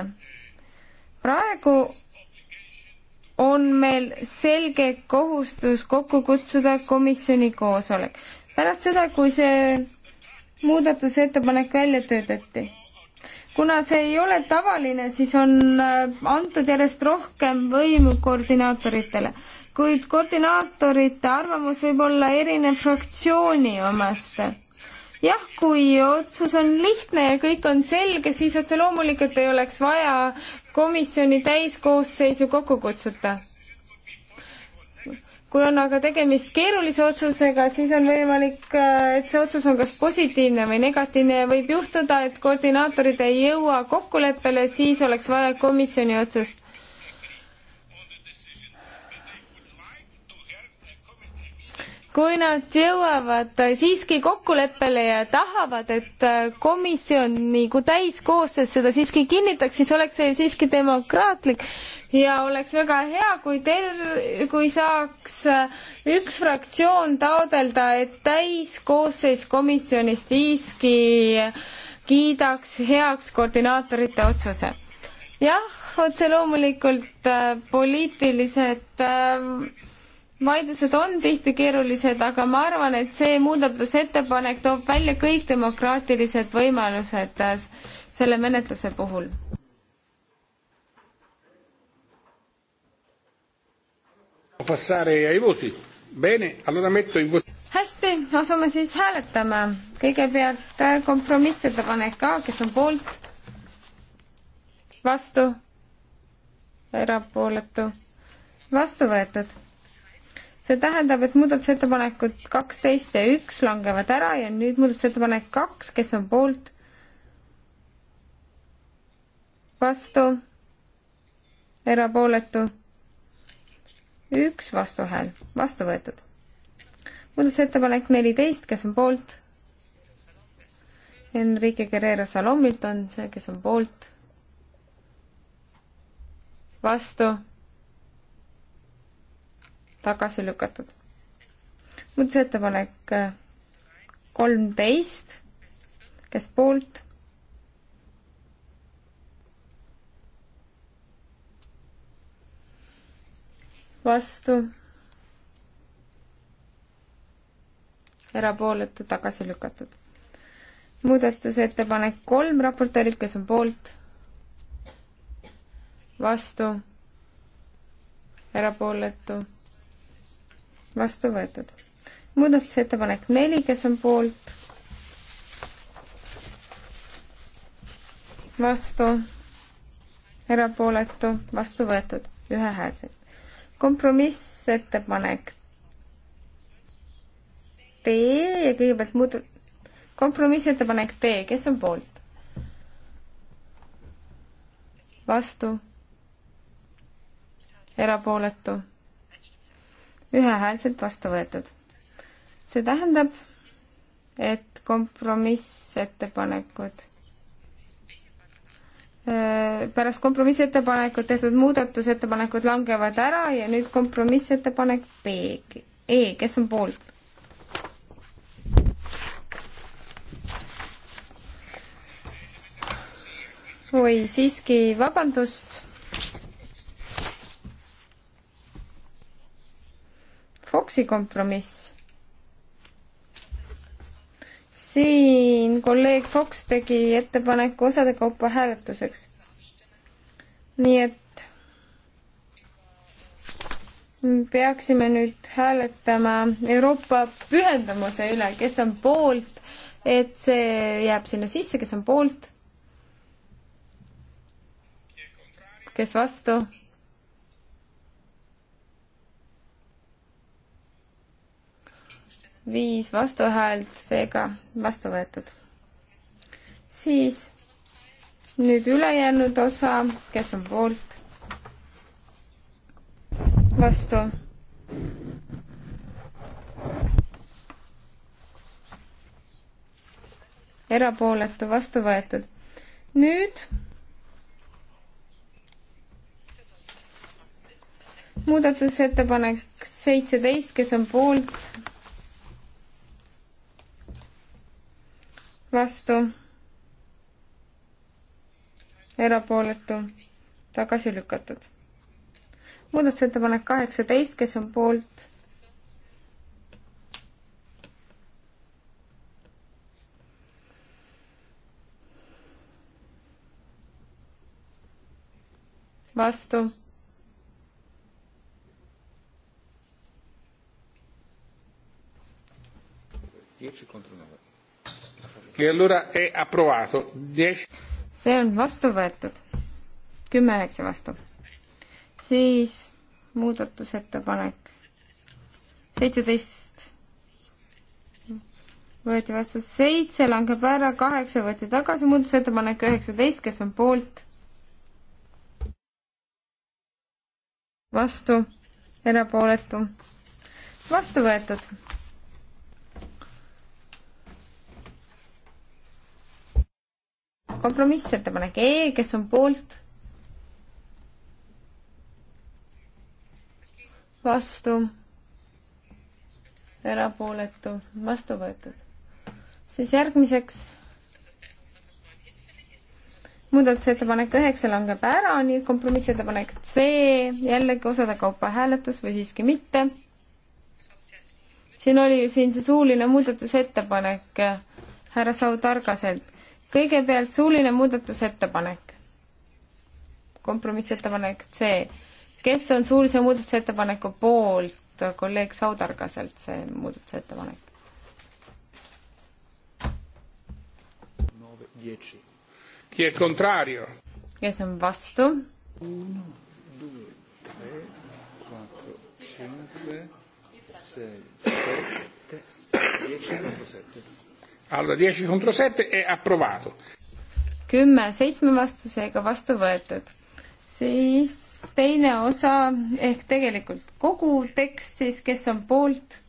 Speaker 3: praegu on meil selge kohustus kokku kutsuda komisjoni koosolek pärast seda, kui see muudatusettepanek välja töötati. kuna see ei ole tavaline, siis on äh, antud järjest rohkem võimu koordinaatoritele, kuid koordinaatorite arvamus võib olla erinev fraktsiooni omast jah, kui otsus on lihtne ja kõik on selge, siis otse loomulikult ei oleks vaja komisjoni täiskoosseisu kokku kutsuda kui on aga tegemist keerulise otsusega, siis on võimalik, äh, et see otsus on kas positiivne või negatiivne ja võib juhtuda, et koordinaatorid ei jõua kokkuleppele, siis oleks vaja komisjoni otsust. kui nad jõuavad siiski kokkuleppele ja tahavad, et äh, komisjon nii nagu kui täiskoosseis seda siiski kinnitaks, siis oleks see ju siiski demokraatlik ja oleks väga hea, kui ter-, kui saaks äh, üks fraktsioon taodelda, et täiskoosseis komisjonis siiski kiidaks heaks koordinaatorite otsuse. jah, otse loomulikult äh, poliitilised äh, vaidlused on tihti keerulised, aga ma arvan, et see muudatusettepanek toob välja kõik demokraatilised võimalused selle menetluse puhul. hästi, asume siis hääletama. kõigepealt äh, kompromissettepanek A, kes on poolt, vastu, erapooletu, vastu võetud. see tähendab, et muudatusettepanekud kaksteist ja üks langevad ära ja nüüd muudatusettepanek kaks, kes on poolt, vastu, erapooletu üks vastuhääl, vastu võetud. muudatusettepanek neliteist, kes on poolt? Enrique Guerrero Salomilt on see, kes on poolt. vastu. tagasi lükatud. muudatusettepanek kolmteist, kes poolt? vastu, erapooletu, tagasi lükatud. muudatusettepanek kolm raportöörilt, kes on poolt, vastu, erapooletu, vastu võetud. muudatusettepanek neli, kes on poolt, vastu, erapooletu, vastu võetud, ühehäälselt kompromissettepanek D ja kõigepealt muud, kompromissettepanek D, kes on poolt? vastu? erapooletu? ühehäälselt vastu võetud. see tähendab, et kompromissettepanekud Äh, pärast kompromissettepanekut tehtud muudatusettepanekud langevad ära ja nüüd kompromissettepanek B, E, kes on poolt? oi, siiski, vabandust. Foxi kompromiss siin kolleeg Fox tegi ettepaneku osade kaupa hääletuseks. nii et peaksime nüüd hääletama Euroopa pühendumuse üle, kes on poolt, et see jääb sinna sisse, kes on poolt, kes vastu viis vastuhäält, seega vastu võetud. siis nüüd ülejäänud osa, kes on poolt, vastu. erapooletu, vastu võetud. nüüd muudatusettepanek seitseteist, kes on poolt, vastu, erapooletu, tagasi lükatud. muudatusettepanek kaheksateist, kes on poolt? vastu
Speaker 1: dieci contro E allora è approvato. Dies...
Speaker 3: see on vastu võetud. kümme üheksa vastu. siis muudatusettepanek seitseteist võeti vastu seitse, langeb ära, kaheksa võeti tagasi, muudatusettepanek üheksateist, kes on poolt? vastu, erapooletu, vastu võetud kompromissettepanek E, kes on poolt? vastu, erapooletu, vastu võetud. siis järgmiseks muudatusettepanek üheksa langeb ära, nii et kompromissettepanek C, jällegi osade kaupa hääletus või siiski mitte. siin oli ju siin see suuline muudatusettepanek äh, härra Saudargaselt kõigepealt suuline muudatusettepanek, kompromissettepanek C. kes on suulise muudatusettepaneku poolt, kolleeg Saudargaselt see muudatusettepanek? kes on vastu?
Speaker 1: alla dieci contro sette è approvato.
Speaker 3: kümme seitsme vastusega vastu võetud. siis teine osa ehk tegelikult kogu tekst siis, kes on poolt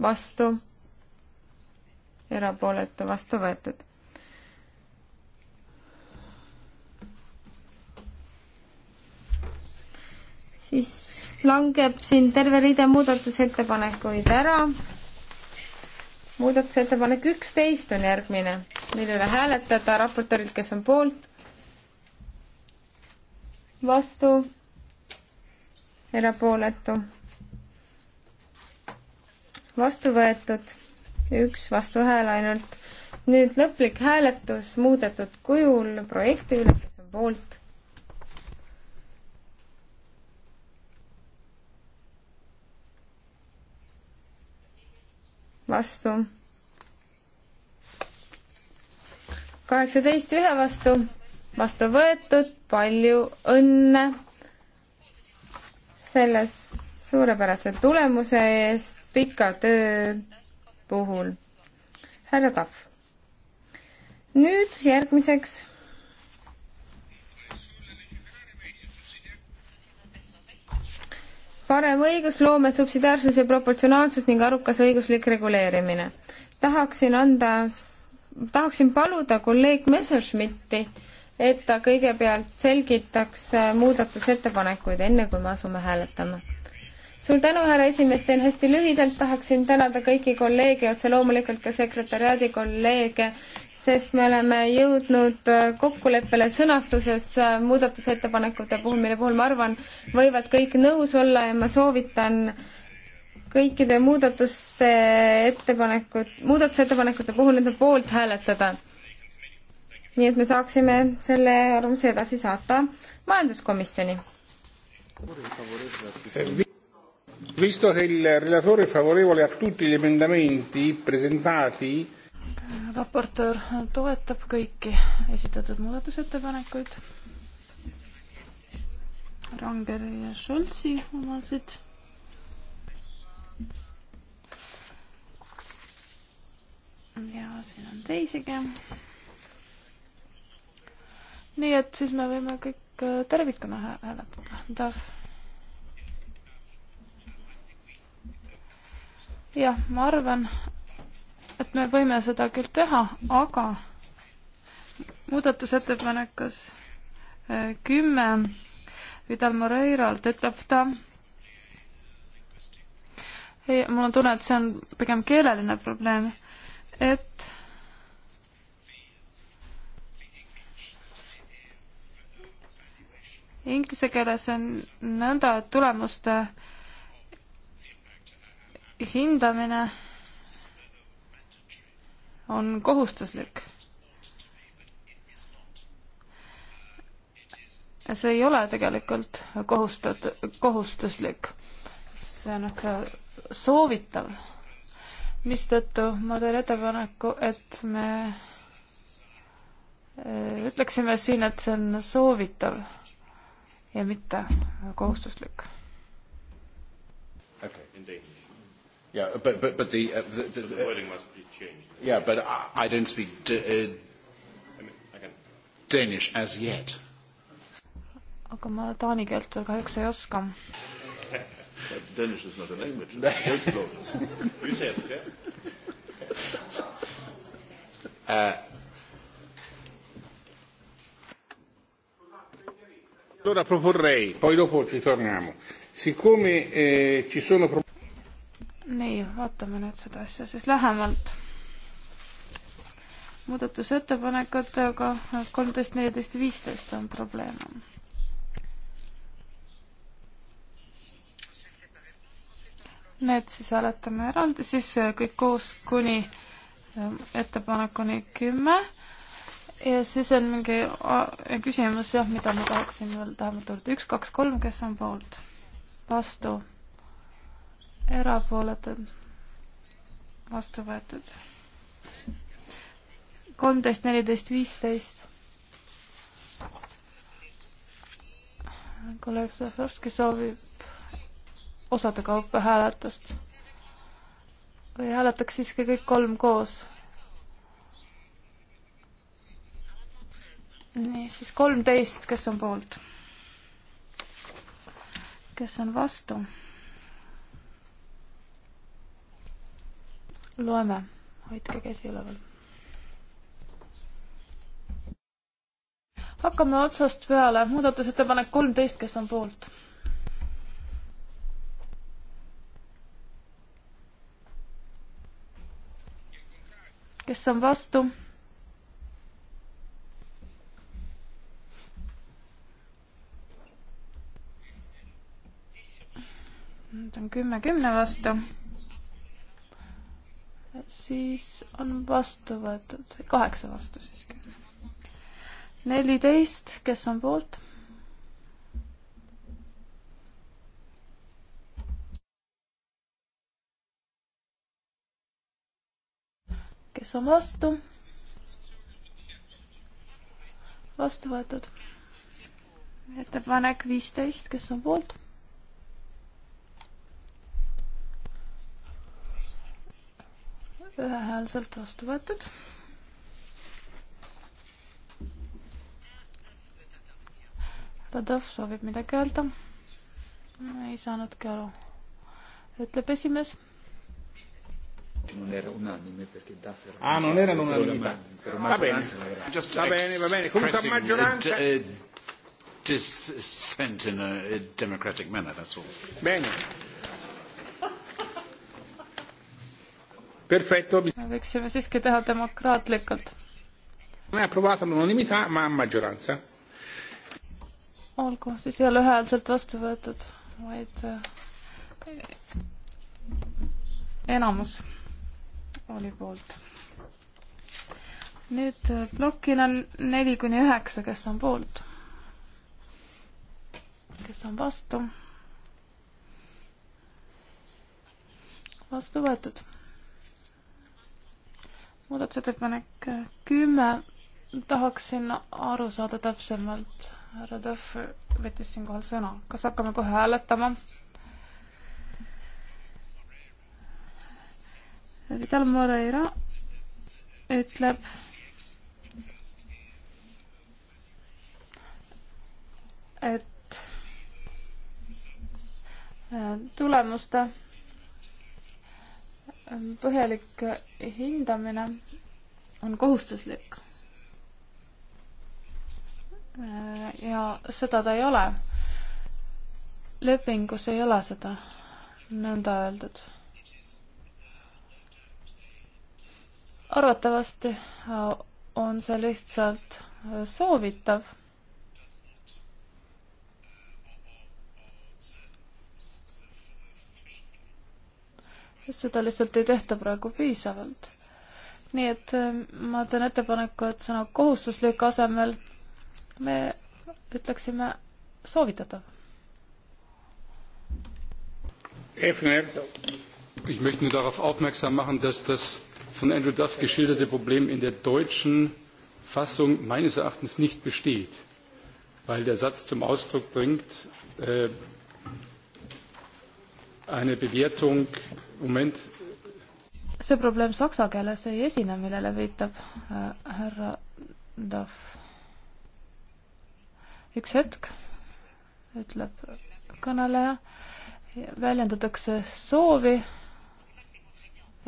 Speaker 3: vastu, erapooletu vastu võetud. siis langeb siin terve rida muudatusettepanekuid ära. muudatusettepanek üksteist on järgmine, mille üle hääletada raportöörid, kes on poolt, vastu, erapooletu, vastu võetud, üks vastuhääl ainult. nüüd lõplik hääletus muudetud kujul projekti üle, kes on poolt vastu. kaheksateist ühe vastu, vastu võetud, palju õnne selles suurepärase tulemuse eest pika töö puhul. härra Tahv. nüüd järgmiseks parem õigusloome, subsidiaarsus ja proportsionaalsus ning arukas õiguslik reguleerimine. tahaksin anda, tahaksin paluda kolleeg Messerschmitti, et ta kõigepealt selgitaks äh, muudatusettepanekuid, enne kui me asume hääletama. suur tänu, härra esimees, teen hästi lühidalt, tahaksin tänada kõiki kolleege, otse loomulikult ka sekretäriaadi kolleege, sest me oleme jõudnud äh, kokkuleppele sõnastuses äh, muudatusettepanekute puhul, mille puhul ma arvan, võivad kõik nõus olla ja ma soovitan kõikide muudatuste ettepanekud, muudatusettepanekute puhul nende poolt hääletada. nii et me saaksime selle arvamuse edasi saata majanduskomisjoni.
Speaker 1: Visto che il relatore è favorevole a tutti gli emendamenti presentati
Speaker 3: raportöör
Speaker 4: toetab kõiki esitatud muudatusettepanekuid. Rangeri ja Šoltsi omasid. ja siin on teisigi. nii et siis me võime kõik äh, tervikuna hääletada. Dav. jah, ma arvan, et me võime seda küll teha, aga muudatusettepanekus äh, kümme Vidal Moreiralt ütleb ta, ei, mul on tunne, et see on pigem keeleline probleem, et inglise keeles on nõnda, et tulemuste hindamine on kohustuslik. see ei ole tegelikult kohustat-, kohustuslik. see on ikka soovitav, mistõttu ma teen ettepaneku, et me eh, ütleksime siin, et see on soovitav ja mitte kohustuslik.
Speaker 1: Okay, indeed. Yeah, but, but, but the, uh, the, the, the wording must be changed. Yeah, but I, I don't speak d- uh, Danish as yet.
Speaker 4: aga ma taani keelt veel kahjuks ei oska.
Speaker 1: Danish is not a language, it's
Speaker 5: a
Speaker 6: folklore. You say it, okay?
Speaker 1: Uh, Allora proporrei, poi dopo ci torniamo, siccome eh, ci sono...
Speaker 4: nii, vaatame nüüd seda asja siis lähemalt muudatusettepanekutega kolmteist, neliteist, viisteist on probleeme. Need siis hääletame eraldi, siis kõik koos kuni ähm, ettepanekuni kümme ja siis on mingi küsimus jah, mida ma tahaksin veel tähemalt juurde, üks, kaks, kolm, kes on poolt? vastu? erapooletud? vastu võetud? kolmteist, neliteist, viisteist. kolleeg Zahhovski soovib osade kaupa hääletust või hääletaks siiski kõik kolm koos? nii, siis kolmteist, kes on poolt? kes on vastu? loeme, hoidke käsi üleval hakkame otsast peale, muudatusettepanek kolmteist, kes on poolt? kes on vastu? Need on kümme kümne vastu. siis on vastu võetud, kaheksa vastu siiski neliteist, kes on poolt? kes on vastu? vastu võetud. ettepanek viisteist, kes on poolt? ühehäälselt vastu võetud Padov soovib midagi öelda? ei saanudki aru, ütleb esimees.
Speaker 1: Non era unanime perché Daffer Ah, non erano unanimità. Va bene, va bene, va bene. Comunque a maggioranza eh, eh, dissent in a democratic manner, that's all. Bene. Perfetto. Me võiksime siiski teha demokraatlikult. Non è approvata all'unanimità, ma a maggioranza
Speaker 4: olgu, siis ei ole ühehäälselt vastu võetud, vaid äh, enamus oli poolt. nüüd äh, plokil on neli kuni üheksa, kes on poolt. kes on vastu? vastu võetud. muudatusettepanek äh, kümme, tahaksin aru saada täpsemalt härra Tõhv võttis siinkohal sõna. kas hakkame kohe hääletama? Vidal Moreira ütleb, et äh, tulemuste äh, põhjalik hindamine on kohustuslik Äh, ja seda ta ei ole. lepingus ei ole seda nõnda öeldud. arvatavasti äh, on see lihtsalt äh, soovitav seda lihtsalt ei tehta praegu piisavalt. nii et ma teen ettepaneku, et sõna kohustuslik asemel me ütleksime soovitatav.
Speaker 1: Efner, ich möchte nur darauf aufmerksam machen, dass das von Andrew Duff geschilderte Problem in der deutschen Fassung meines Erachtens nicht besteht, weil der Satz zum Ausdruck bringt, äh, eine Bewertung, Moment.
Speaker 4: see probleem saksa keeles ei esine, millele viitab äh, härra äh, Duff üks hetk, ütleb kõneleja, väljendatakse soovi,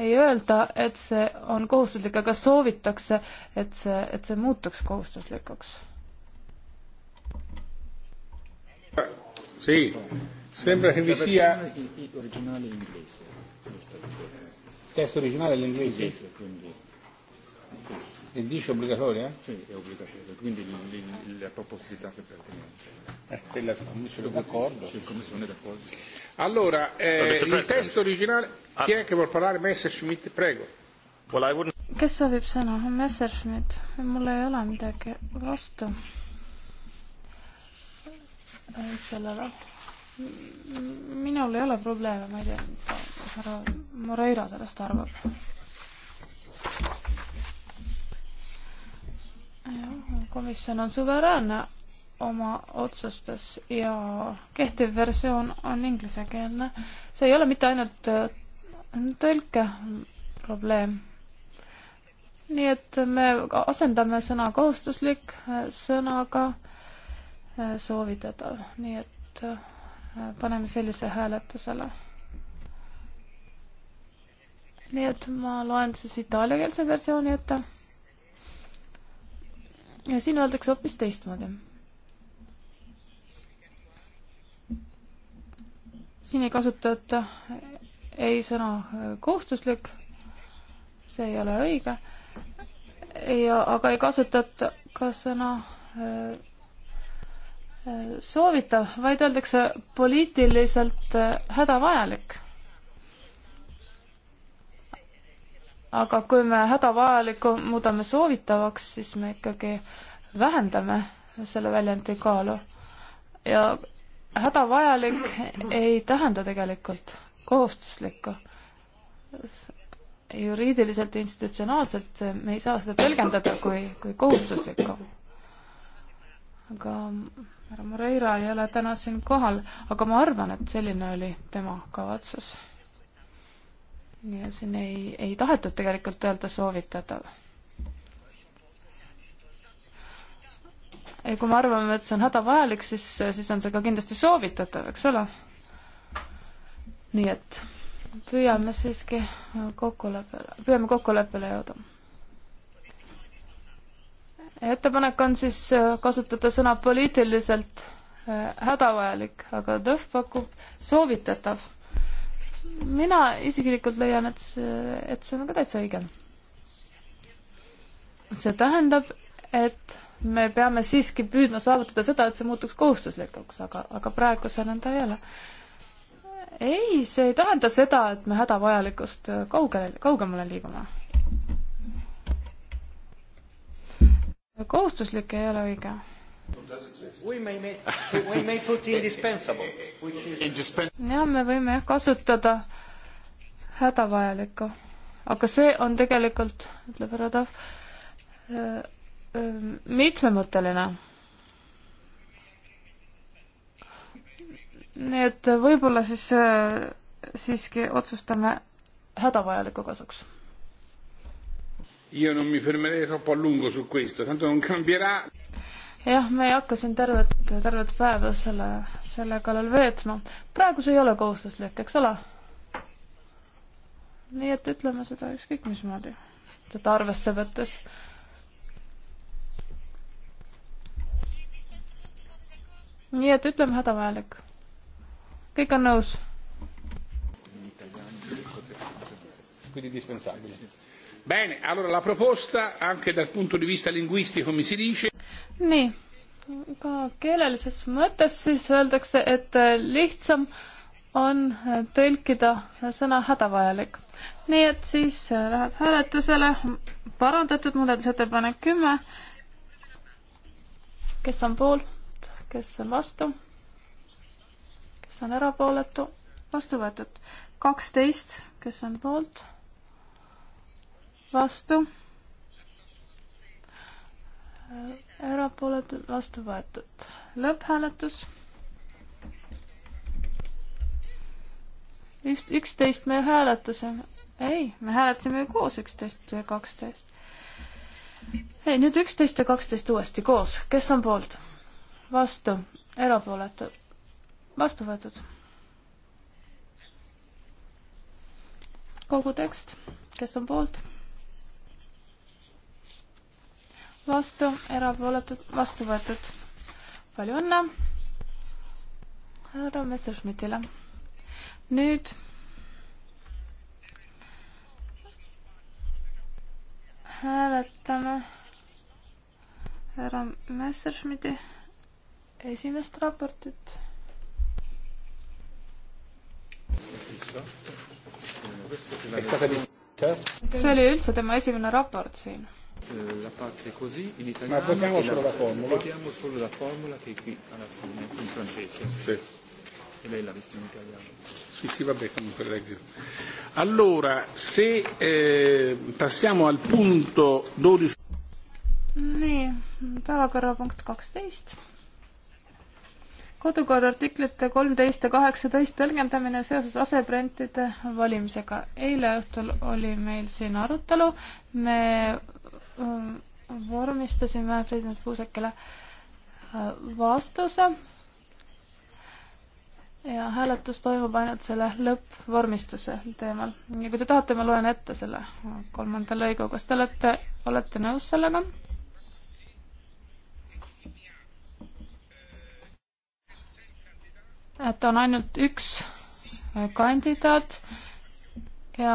Speaker 4: ei öelda, et see on kohustuslik, aga soovitakse, et see, et see muutuks kohustuslikuks.
Speaker 1: Sì, sembra che vi sia originale in inglese. Testo originale all'inglese. Quindi. Sì. Il 10 è obbligatoria? Sì, è obbligatoria, quindi l, l, la proposta che pertinente. Eh, quella sulla Commissione d'accordo. Sì, Commissione d'accordo. Allora, eh, il testo originale, ah. chi è che vuol parlare? Messerschmidt, prego. Well, I wouldn't...
Speaker 4: kes soovib sõna? Messerschmidt, mul ei ole midagi vastu. sellele minul ei ole probleeme, ma ei tea, mis härra Moreira sellest arvab komisjon on suveräänne oma otsustes ja kehtiv versioon on inglisekeelne. see ei ole mitte ainult äh, tõlke probleem. nii et me asendame sõna kohustuslik äh, sõnaga äh, soovitatav, nii et paneme sellise hääletusele. nii et ma loen siis itaaliakeelse versiooni ette ja siin öeldakse hoopis teistmoodi. siin ei kasutata ei sõna kohustuslik, see ei ole õige, ja aga ei kasutata ka sõna äh, äh, soovitav, vaid öeldakse poliitiliselt äh, hädavajalik aga kui me hädavajalikku muudame soovitavaks, siis me ikkagi vähendame selle väljendi kaalu. ja hädavajalik ei tähenda tegelikult kohustuslikku. juriidiliselt ja institutsionaalselt me ei saa seda tõlgendada kui, kui kohustuslikku. aga härra Moreira ei ole täna siin kohal, aga ma arvan, et selline oli tema kavatsus ja siin ei, ei tahetud tegelikult öelda soovitatav. ja kui me arvame, et see on hädavajalik, siis, siis on see ka kindlasti soovitatav, eks ole. nii et püüame siiski kokkuleppele, püüame kokkuleppele jõuda. ettepanek on siis kasutada sõna poliitiliselt äh, hädavajalik, aga Dõhv pakub soovitatav mina isiklikult leian, et see, et see on ka täitsa õige. see tähendab, et me peame siiski püüdma saavutada seda, et see muutuks kohustuslikuks, aga, aga praegu see nõnda ei ole. ei, see ei tähenda seda, et me hädavajalikust äh, kaugele, kaugemale liigume. kohustuslik ei ole õige
Speaker 1: jah,
Speaker 4: me võime jah kasutada hädavajalikku, aga see on tegelikult, ütleb härra Tahv, mitmemõtteline. nii et võib-olla siis siiski otsustame hädavajaliku kasuks
Speaker 1: Io non mi fermerei troppo a lungo su questo, tanto non cambierà
Speaker 4: jah, ma ei hakka siin tervet, tervet päeva selle, selle kallal veetma. praegu see ei ole kohustuslik, eks ole? nii et ütleme seda ükskõik mismoodi, seda arvesse võttes. nii et ütleme hädavajalik. kõik on nõus?
Speaker 1: quindi indispensabile. Bene, allora la proposta anche dal punto di vista linguistico mi si dice
Speaker 4: nii, ka keelelises mõttes siis öeldakse, et äh, lihtsam on äh, tõlkida sõna hädavajalik. nii et siis äh, läheb hääletusele parandatud muudatusettepanek kümme. kes on poolt, kes on vastu, kes on erapooletu, vastu võetud. kaksteist, kes on poolt, vastu erapooletud, vastu võetud. lõpphääletus. üksteist me hääletasime, ei, me hääletasime ju koos üksteist ja kaksteist. ei, nüüd üksteist ja kaksteist uuesti koos, kes on poolt? vastu, erapooletud, vastu võetud. kogu tekst, kes on poolt? vastu, erapooletud, vastu võetud. palju õnne härra Messerschmittile. nüüd hääletame härra Messerschmitti esimest raportit. see oli üldse tema esimene raport siin
Speaker 1: eh, la parte così in italiano. Ma e votiamo solo la, la formula. Votiamo solo la formula che è qui alla fine in francese. Sì. E lei l'ha vista in italiano. Sì, sì, vabbè, comunque leggo. Allora, se eh, passiamo al punto 12.
Speaker 4: nii, päevakorrapunkt kaksteist. kodukorra artiklite kolmteist ja kaheksateist tõlgendamine seoses asepresidentide valimisega. eile õhtul oli meil siin arutelu, me Äh, vormistasime president Puusekile äh, vastuse ja hääletus toimub ainult selle lõppvormistuse teemal. ja kui te tahate, ma loen ette selle kolmanda lõigu, kas te olete, olete nõus sellega? et on ainult üks kandidaat ja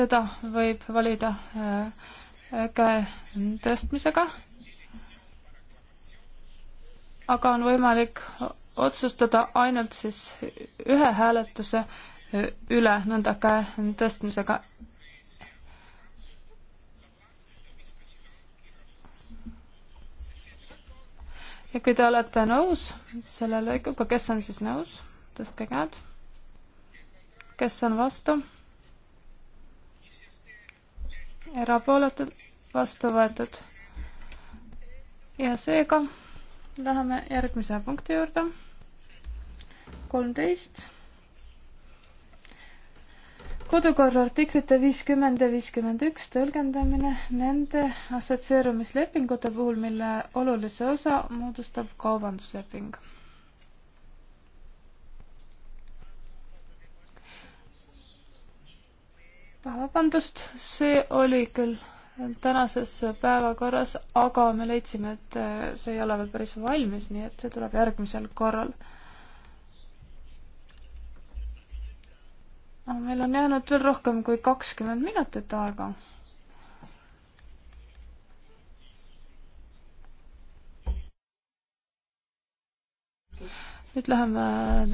Speaker 4: teda võib valida äh, käe tõstmisega, aga on võimalik otsustada ainult siis ühe hääletuse üle nõnda käe tõstmisega. ja kui te olete nõus selle lõikuga, kes on siis nõus, tõstke käed. kes on vastu? erapooletud vastu võetud. ja seega läheme järgmise punkti juurde. kolmteist. kodukorra artiklite viiskümmend ja viiskümmend üks tõlgendamine nende assotsieerumislepingute puhul, mille olulise osa moodustab kaubandusleping ah, vabandust, see oli küll tänases päevakorras, aga me leidsime, et see ei ole veel päris valmis, nii et see tuleb järgmisel korral. Ah, meil on jäänud veel rohkem kui kakskümmend minutit aega. nüüd läheme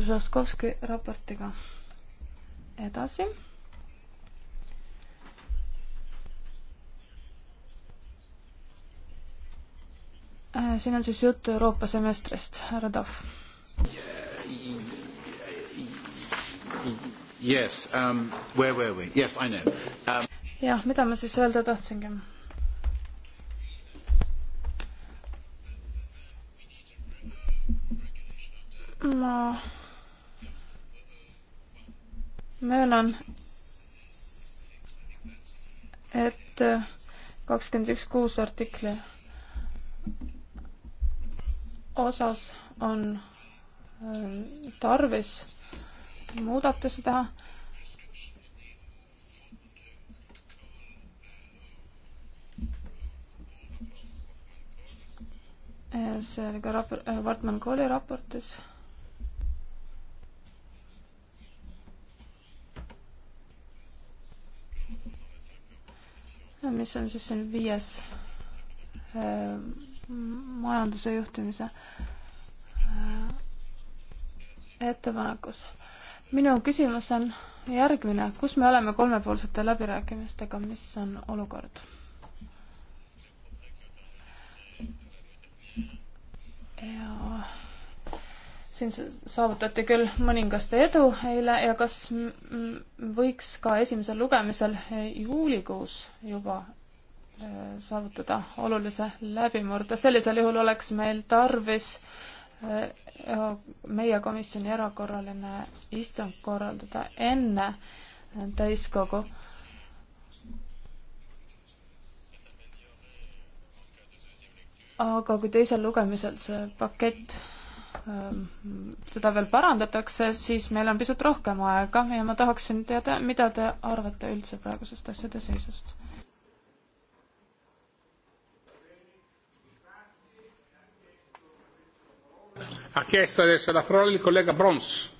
Speaker 4: Žaskovski raportiga edasi Äh, siin on siis jutt Euroopa semestrist, härra Tahv.
Speaker 1: Yes um,, where were we? Yes, I know um....
Speaker 4: jah, mida ma siis öelda tahtsingi? ma möönan, et kakskümmend üks kuus artikli osas on äh, tarvis muudatusi teha. Äh, see oli ka rapor-, äh, Wartman kooli raportis mis on siis siin viies majanduse juhtimise äh, ettepanekus. minu küsimus on järgmine, kus me oleme kolmepoolsete läbirääkimistega, mis on olukord? ja siin saavutati küll mõningast edu eile ja kas võiks ka esimesel lugemisel juulikuus juba saavutada olulise läbimurde. sellisel juhul oleks meil tarvis eh, meie komisjoni erakorraline istung korraldada enne täiskogu. aga kui teisel lugemisel see pakett, eh, seda veel parandatakse, siis meil on pisut rohkem aega ja ma tahaksin teada, mida te arvate üldse praegusest asjade seisust
Speaker 1: Ha chiesto adesso la parola il collega Brons.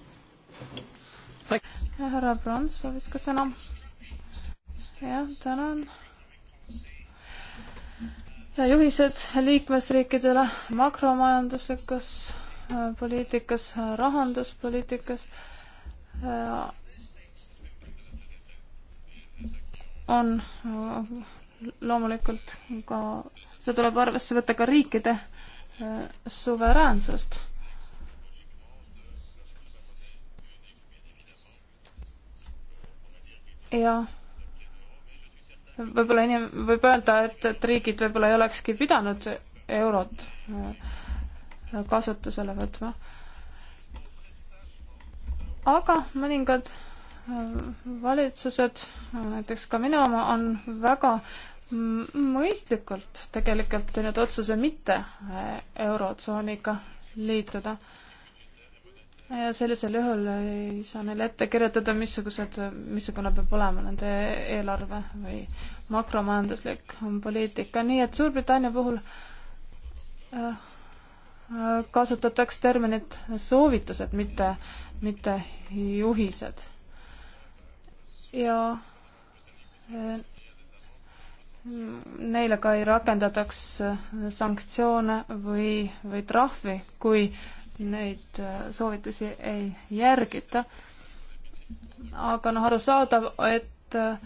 Speaker 4: härra Brons soovis ka sõna. jah, tänan. ja juhised liikmesriikidele makromajanduslikus äh, poliitikas, äh, rahanduspoliitikas äh, on loomulikult ka, see tuleb arvesse võtta ka riikide suveräänsust ja võib-olla inim-, võib öelda, et, et riigid võib-olla ei olekski pidanud eurot äh, kasutusele võtma. aga mõningad äh, valitsused, näiteks ka minu oma, on väga mõistlikult tegelikult teinud otsuse mitte äh, Eurotsooniga liituda ja sellisel juhul ei saa neile ette kirjutada, missugused, missugune peab olema nende eelarve või makromajanduslik poliitika, nii et Suurbritannia puhul äh, äh, kasutatakse terminit soovitused, mitte, mitte juhised. ja äh, neile ka ei rakendataks sanktsioone või, või trahvi, kui äh, neid äh, soovitusi ei järgita. aga noh, arusaadav, et äh,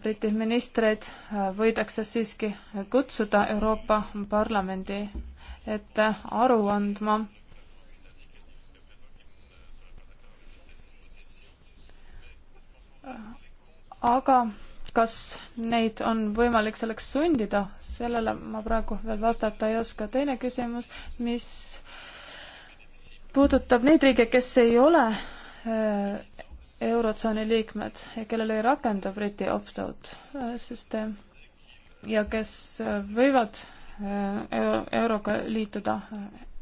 Speaker 4: Briti ministreid äh, võidakse siiski kutsuda Euroopa Parlamendi ette aru andma. aga kas neid on võimalik selleks sundida, sellele ma praegu veel vastata ei oska. teine küsimus, mis puudutab neid riike, kes ei ole äh, eurotsooni liikmed ja kellel ei rakenda Briti opt-out äh, süsteem ja kes äh, võivad euroga liituda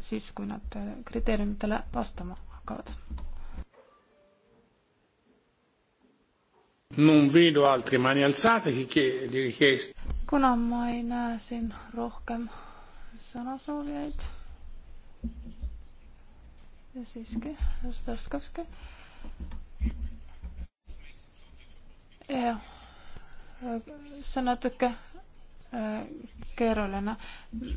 Speaker 4: siis, kui nad kriteeriumitele vastama hakkavad. kuna ma ei näe siin rohkem sõnasoovijaid siiski, Zdaskovski. jah, see on natuke äh, keeruline.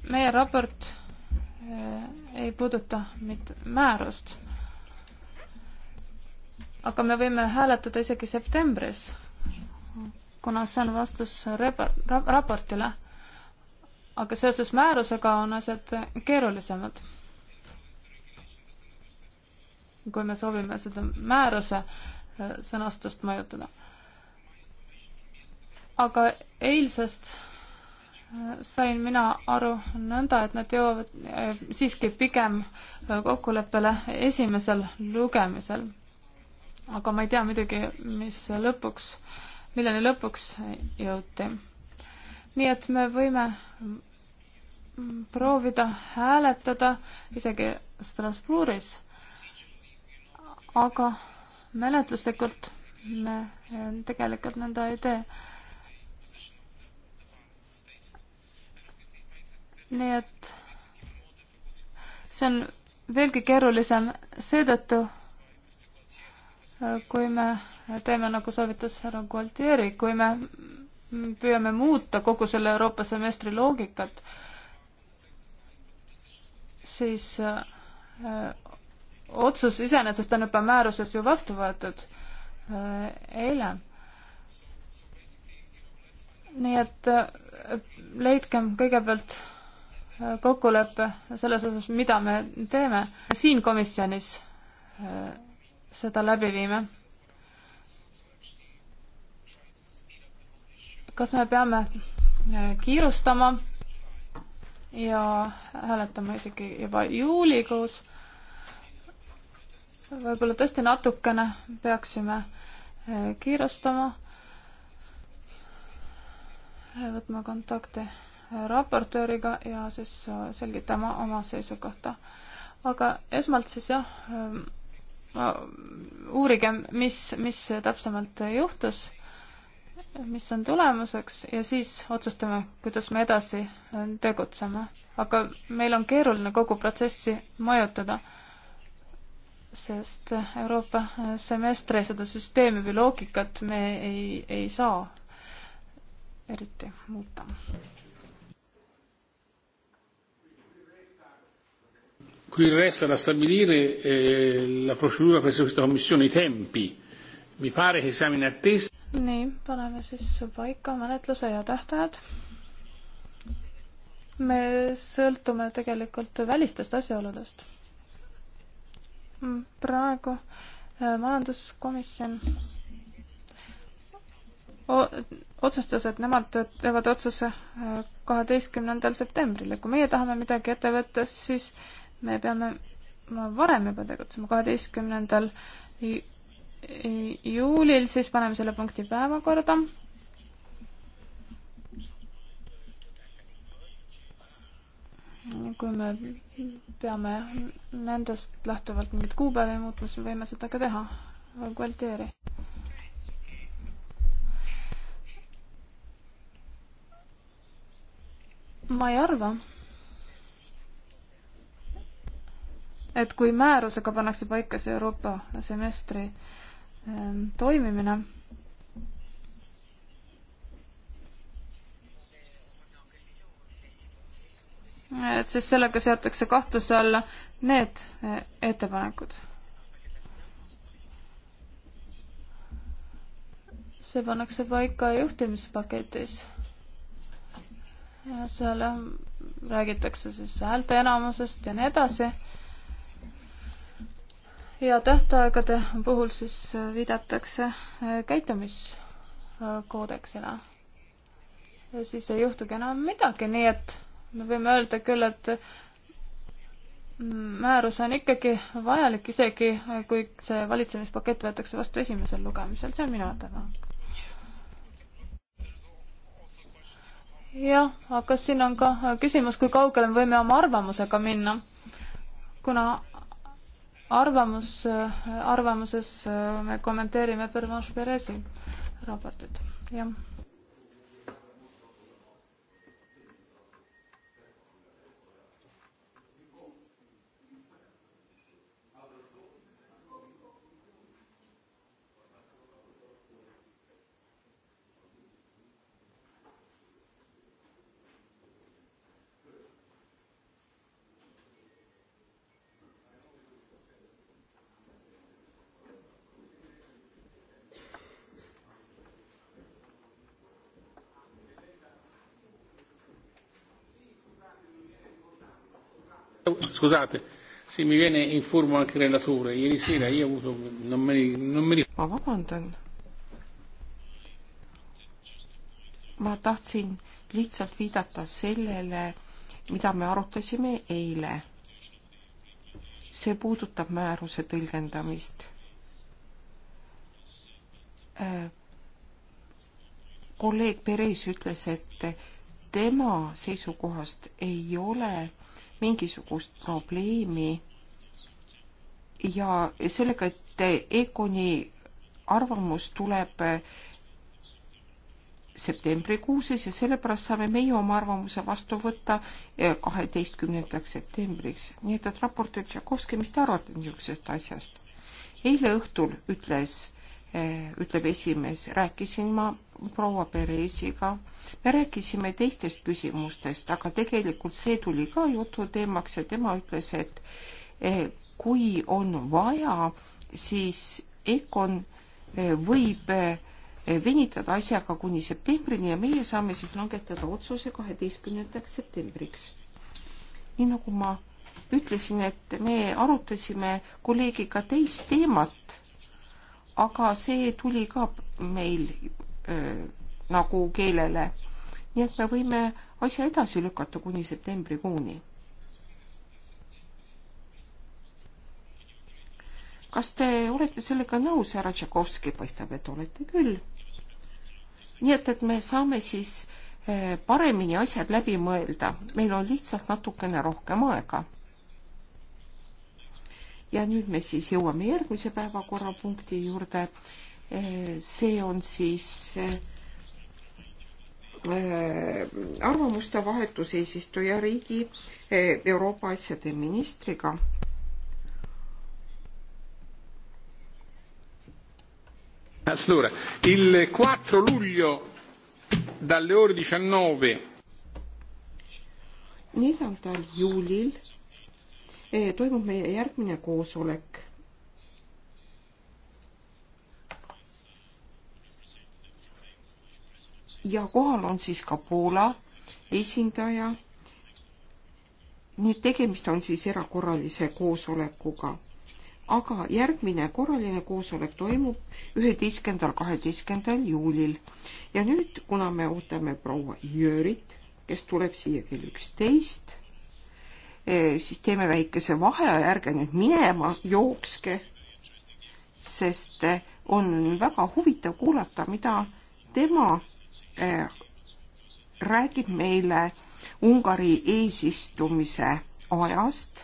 Speaker 4: meie raport äh, ei puuduta mitte määrust, aga me võime hääletada isegi septembris, kuna see on vastus raportile. aga seoses määrusega on asjad keerulisemad kui me soovime seda määruse äh, sõnastust mõjutada. aga eilsest äh, sain mina aru nõnda, et nad jõuavad äh, siiski pigem kokkuleppele esimesel lugemisel. aga ma ei tea muidugi, mis lõpuks, milleni lõpuks jõuti. nii et me võime mm, proovida hääletada isegi Strasbourgis aga menetluslikult me eh, tegelikult nõnda ei tee. nii et see on veelgi keerulisem seetõttu, eh, kui me teeme, nagu soovitas härra Gualtieri, kui me püüame muuta kogu selle Euroopa semestri loogikat, siis eh, otsus iseenesest on juba määruses ju vastu võetud äh, eile. nii et äh, leidkem kõigepealt äh, kokkulepe selles osas, mida me teeme siin komisjonis, seda läbi viime. kas me peame kiirustama ja hääletama isegi juba juulikuus võib-olla tõesti natukene peaksime eh, kiirustama, eh, võtma kontakti raportööriga ja siis eh, selgitama oma seisukohta. aga esmalt siis jah, uurige, mis, mis täpsemalt juhtus, mis on tulemuseks ja siis otsustame, kuidas me edasi tegutseme. aga meil on keeruline kogu protsessi mõjutada sest Euroopa semestri seda süsteemi või loogikat me ei, ei saa eriti muuta.
Speaker 1: Qui resta da stabilire eh, la procedura presso questa commissione, i tempi. Mi pare che siamo in attesa.
Speaker 4: nii, paneme siis paika menetluse ja tähtajad. me sõltume tegelikult välistest asjaoludest Mm, praegu äh, majanduskomisjon otsustas, et nemad teevad otsuse äh, kaheteistkümnendal septembril ja kui meie tahame midagi ette võtta, siis me peame varem juba tegutsema, kaheteistkümnendal juulil siis paneme selle punkti päevakorda kui me peame nendest lähtuvalt mingeid kuupäevi muutma, siis me võime seda ka teha. Gualtieri. ma ei arva, et kui määrusega pannakse paika see Euroopa semestri ehm, toimimine et siis sellega seatakse kahtluse alla need eh, ettepanekud. see pannakse paika juhtimispaketis. ja seal eh, räägitakse siis häälteenamusest ja nii edasi. ja tähtaegade puhul siis eh, viidatakse käitumiskoodeksile. ja siis ei juhtugi enam midagi, nii et me võime öelda küll, et määrus on ikkagi vajalik, isegi kui see valitsemispakett võetakse vastu esimesel lugemisel, see on minu arvamus. jah, aga siin on ka küsimus, kui kaugele me võime oma arvamusega minna. kuna arvamus, arvamuses me kommenteerime Pervanche Perezi raportit, jah
Speaker 1: Scusate, sì, mi viene in forma anche il relatore. Ieri sera io ho avuto... Non me, non me... ma vabandan.
Speaker 2: ma tahtsin lihtsalt viidata sellele, mida me arutasime eile. see puudutab määruse tõlgendamist. Äh, kolleeg Peres ütles, et tema seisukohast ei ole mingisugust probleemi ja sellega, et Econi arvamus tuleb äh, septembrikuuses ja sellepärast saame meie oma arvamuse vastu võtta äh, kaheteistkümnendaks septembriks. nii et, et raportöör Tšakovski, mis te arvate niisugusest asjast? eile õhtul ütles, äh, ütleb esimees, rääkisin ma proua Peresiga, me rääkisime teistest küsimustest, aga tegelikult see tuli ka jututeemaks ja tema ütles, et eh, kui on vaja, siis EKON eh, võib eh, venitada asjaga kuni septembrini ja meie saame siis langetada otsuse kaheteistkümnendaks septembriks. nii nagu ma ütlesin, et me arutasime kolleegiga teist teemat, aga see tuli ka meil nagu keelele. nii et me võime asja edasi lükata kuni septembrikuuni. kas te olete sellega nõus, härra Tšaikovski, paistab, et olete küll. nii et, et me saame siis paremini asjad läbi mõelda, meil on lihtsalt natukene rohkem aega ja nüüd me siis jõuame järgmise päevakorrapunkti juurde see on siis äh, äh, arvamuste vahetus eesistuja riigi äh, Euroopa asjade ministriga.
Speaker 1: Allora, il 4 luglio dalle ore 19
Speaker 2: neljandal juulil toimub meie järgmine koosolek ja kohal on siis ka Poola esindaja. nii et tegemist on siis erakorralise koosolekuga. aga järgmine korraline koosolek toimub üheteistkümnendal, kaheteistkümnendal juulil ja nüüd, kuna me ootame proua Jürit, kes tuleb siia kell üksteist, eh, siis teeme väikese vaheaja, ärge nüüd minema jookske, sest eh, on väga huvitav kuulata, mida tema Eh, räägib meile Ungari eesistumise ajast.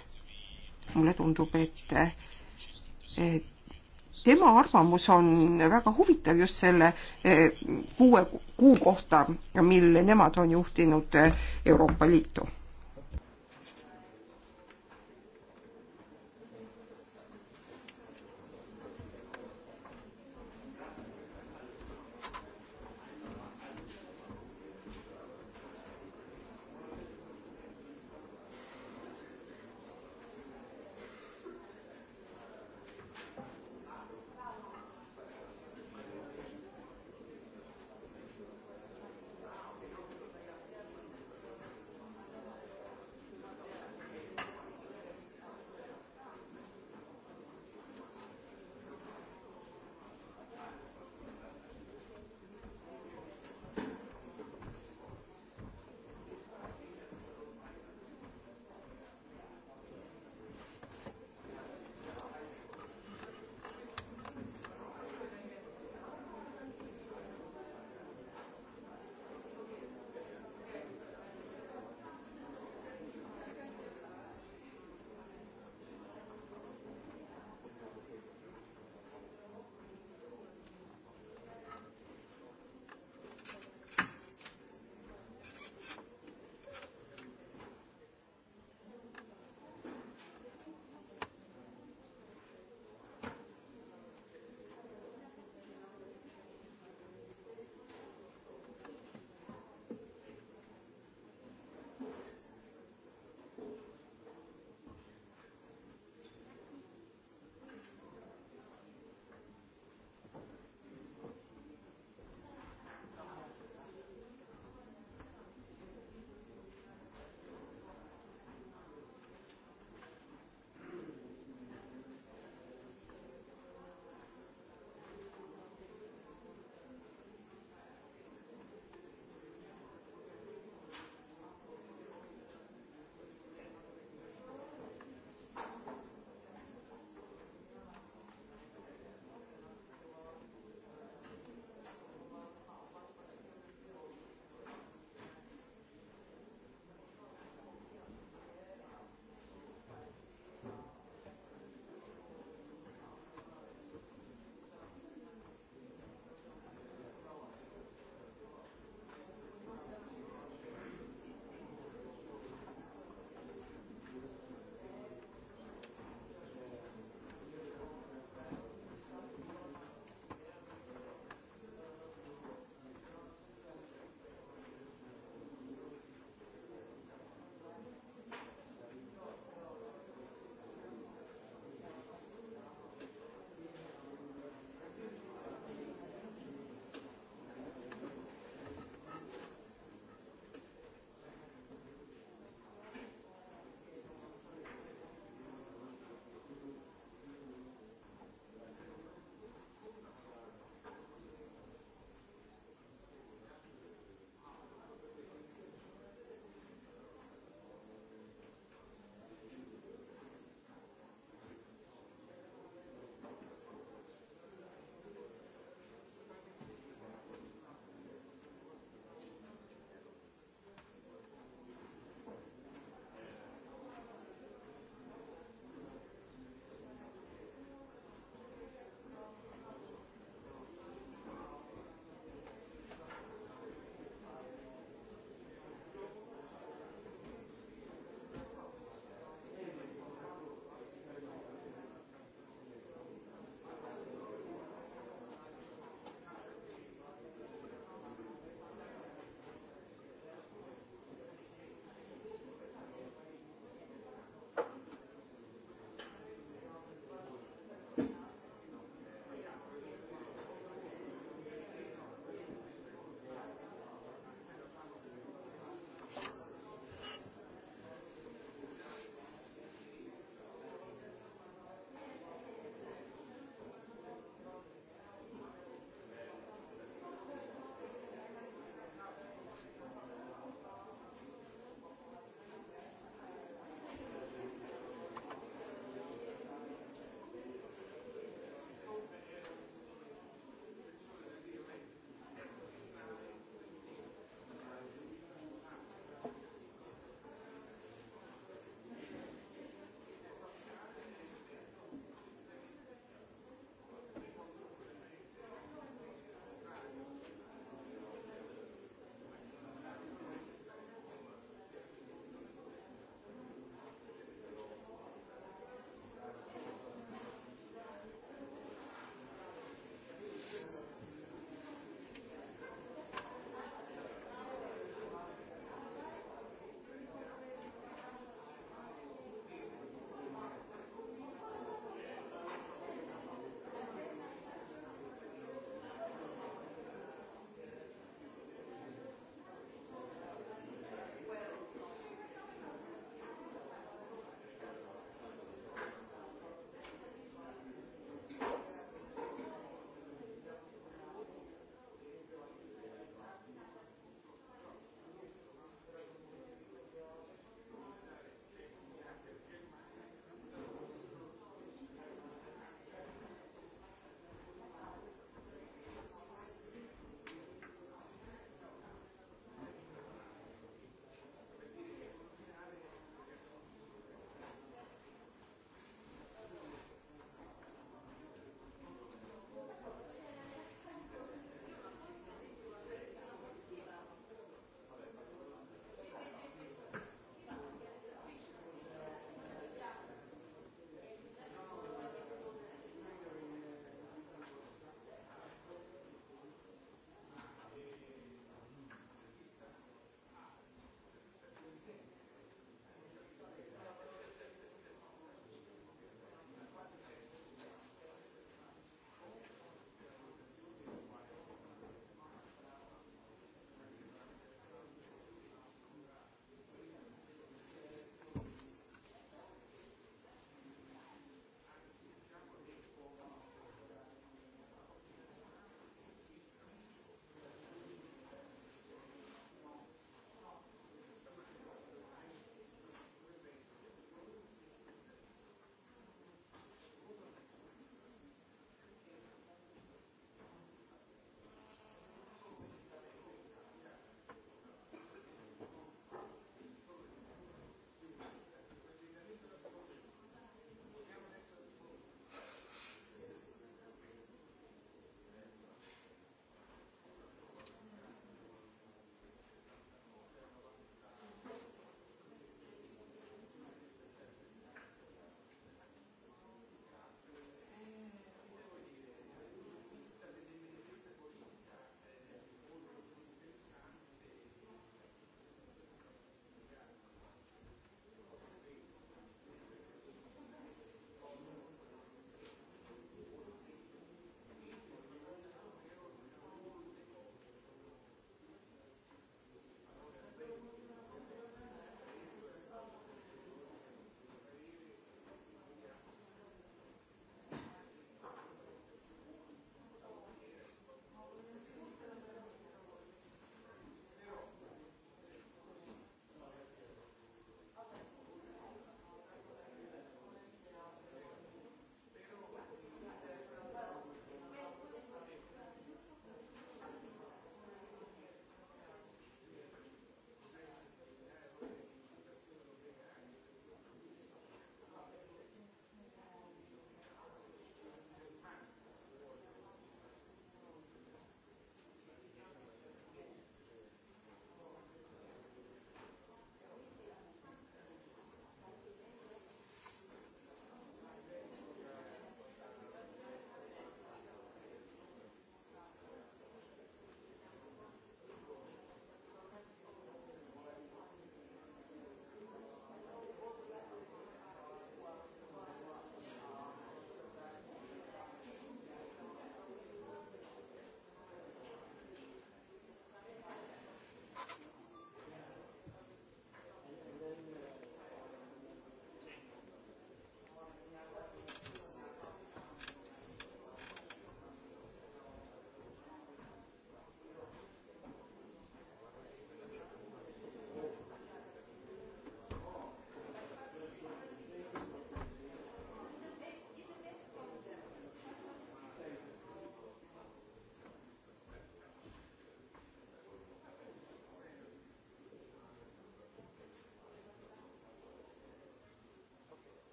Speaker 2: mulle tundub, et, et eh, tema arvamus on väga huvitav just selle eh, kuue kuu kohta, mil nemad on juhtinud Euroopa Liitu.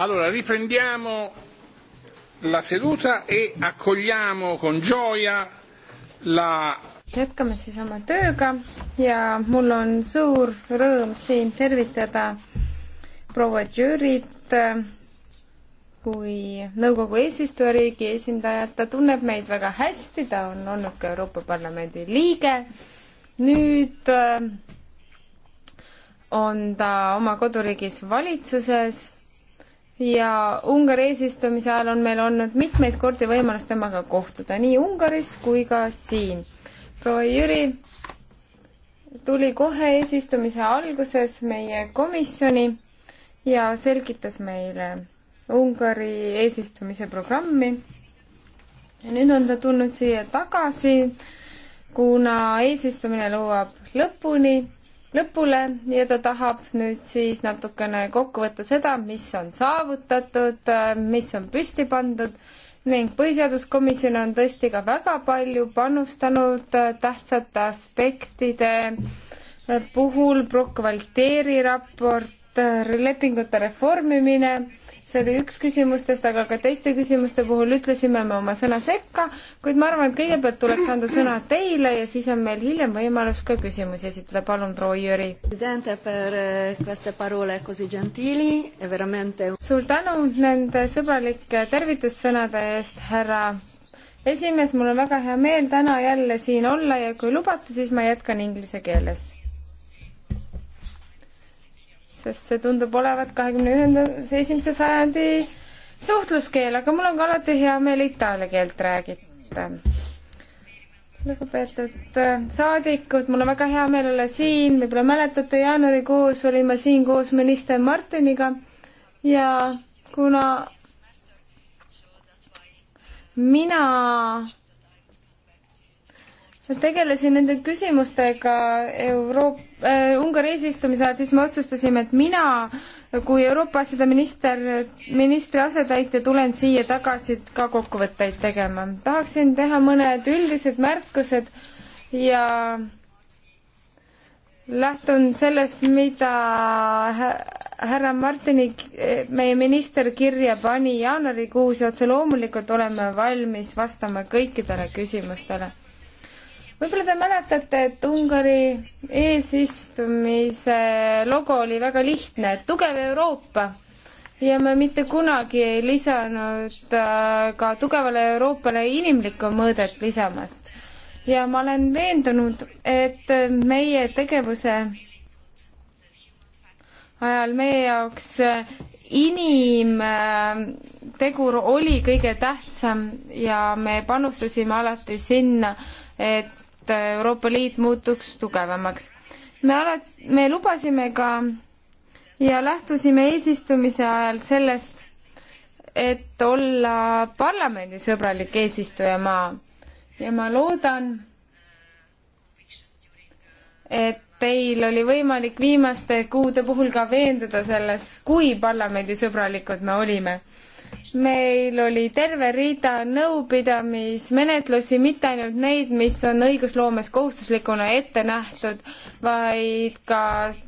Speaker 1: Allora riprendiamo la seduta e accogliamo con gioia la
Speaker 3: jätkame siis oma tööga ja mul on suur rõõm siin tervitada proua Jürit äh, kui nõukogu eesistujariigi esindajat. ta tunneb meid väga hästi, ta on olnud ka Euroopa Parlamendi liige. nüüd äh, on ta oma koduriigis valitsuses ja Ungari eesistumise ajal on meil olnud mitmeid kordi võimalus temaga kohtuda nii Ungaris kui ka siin. proua Jüri, tuli kohe eesistumise alguses meie komisjoni ja selgitas meile Ungari eesistumise programmi. ja nüüd on ta tulnud siia tagasi, kuna eesistumine nõuab lõpuni, lõpule ja ta tahab nüüd siis natukene kokku võtta seda, mis on saavutatud, mis on püsti pandud ning põhiseaduskomisjon on tõesti ka väga palju panustanud äh, tähtsate aspektide äh, puhul, Brock-Valteri raport, äh, lepingute reformimine see oli üks küsimustest, aga ka teiste küsimuste puhul ütlesime me oma sõna sekka, kuid ma arvan, et kõigepealt tuleks anda sõna teile ja siis on meil hiljem võimalus ka küsimusi esitada, palun, proua Jüri. Eh, suur tänu nende sõbralike tervitussõnade eest, härra esimees, mul on väga hea meel täna jälle siin olla ja kui lubate, siis ma jätkan inglise keeles sest see tundub olevat kahekümne ühendas, esimese sajandi suhtluskeel, aga mul on ka alati hea meel itaalia keelt räägida. lugupeetud äh, saadikud, mul on väga hea meel olla siin, võib-olla mäletate, jaanuarikuus olin ma siin koos minister Martiniga ja kuna mina tegelesin nende küsimustega Euroop- äh,, Ungari eesistumise ajal, siis me otsustasime, et mina kui Euroopa asjade minister, ministri asetäitja tulen siia tagasi ka kokkuvõtteid tegema. tahaksin teha mõned üldised märkused ja lähtun sellest, mida härra Martini, meie minister kirja pani jaanuarikuus ja otse loomulikult oleme valmis vastama kõikidele küsimustele võib-olla te mäletate, et Ungari eesistumise logo oli väga lihtne, tugev Euroopa. ja me mitte kunagi ei lisanud äh, ka tugevale Euroopale inimlikku mõõdet lisamast. ja ma olen veendunud, et meie tegevuse ajal meie jaoks äh, inimtegur äh, oli kõige tähtsam ja me panustasime alati sinna, et et Euroopa Liit muutuks tugevamaks. me alati, me lubasime ka ja lähtusime eesistumise ajal sellest, et olla parlamendisõbralik eesistujamaa ja ma loodan, et teil oli võimalik viimaste kuude puhul ka veenduda selles, kui parlamendisõbralikud me olime meil oli terve rida nõupidamismenetlusi, mitte ainult neid, mis on õigusloomes kohustuslikuna ette nähtud, vaid ka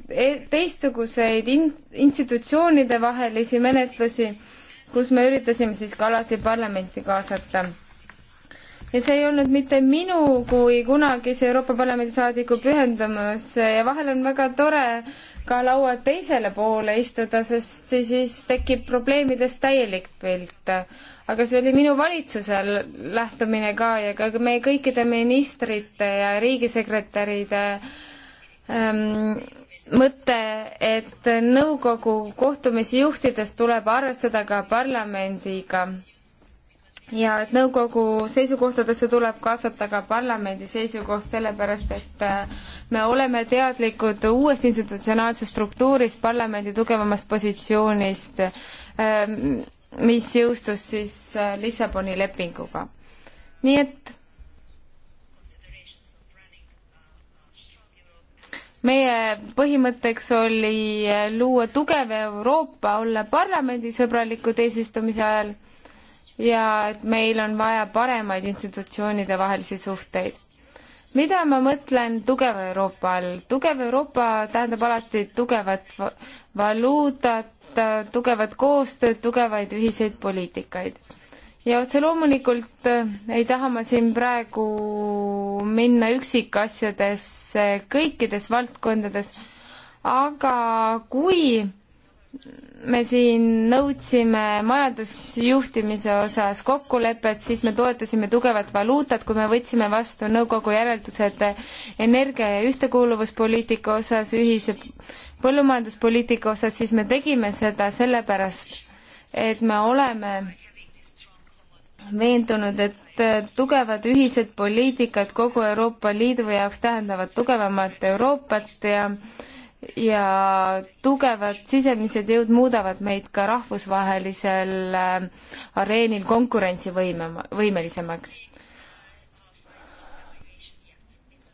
Speaker 3: e-, teistsuguseid in-, institutsioonide vahelisi menetlusi, kus me üritasime siis ka alati parlamenti kaasata ja see ei olnud mitte minu kui kunagise Euroopa Parlamendi saadiku pühendumus ja vahel on väga tore ka laua teisele poole istuda, sest siis, siis tekib probleemidest täielik pilt. aga see oli minu valitsuse lähtumine ka ja ka meie kõikide ministrite ja riigisekretäride ähm, mõte, et nõukogu kohtumisi juhtides tuleb arvestada ka parlamendiga ja et nõukogu seisukohtadesse tuleb kaasata ka parlamendi seisukoht, sellepärast et äh, me oleme teadlikud uuest institutsionaalsest struktuurist, parlamendi tugevamast positsioonist, ähm, mis jõustus siis äh, Lissaboni lepinguga. nii et meie põhimõtteks oli äh, luua tugev Euroopa, olla parlamendisõbralikud eesistumise ajal ja et meil on vaja paremaid institutsioonide vahelisi suhteid. mida ma mõtlen tugeva Euroopa all? tugev Euroopa tähendab alati tugevat valuutat, tugevat koostööd, tugevaid ühiseid poliitikaid. ja otse loomulikult äh, ei taha ma siin praegu minna üksikasjadesse kõikides valdkondades, aga kui me siin nõudsime majandusjuhtimise osas kokkulepet, siis me toetasime tugevat valuutat, kui me võtsime vastu nõukogu järeldused energia ja ühtekuuluvuspoliitika osas, ühise põllumajanduspoliitika osas, siis me tegime seda sellepärast, et me oleme veendunud, et tugevad ühised poliitikad kogu Euroopa Liidu jaoks tähendavad tugevamat Euroopat ja äh, ja tugevad sisemised jõud muudavad meid ka rahvusvahelisel äh, areenil konkurentsivõime, võimelisemaks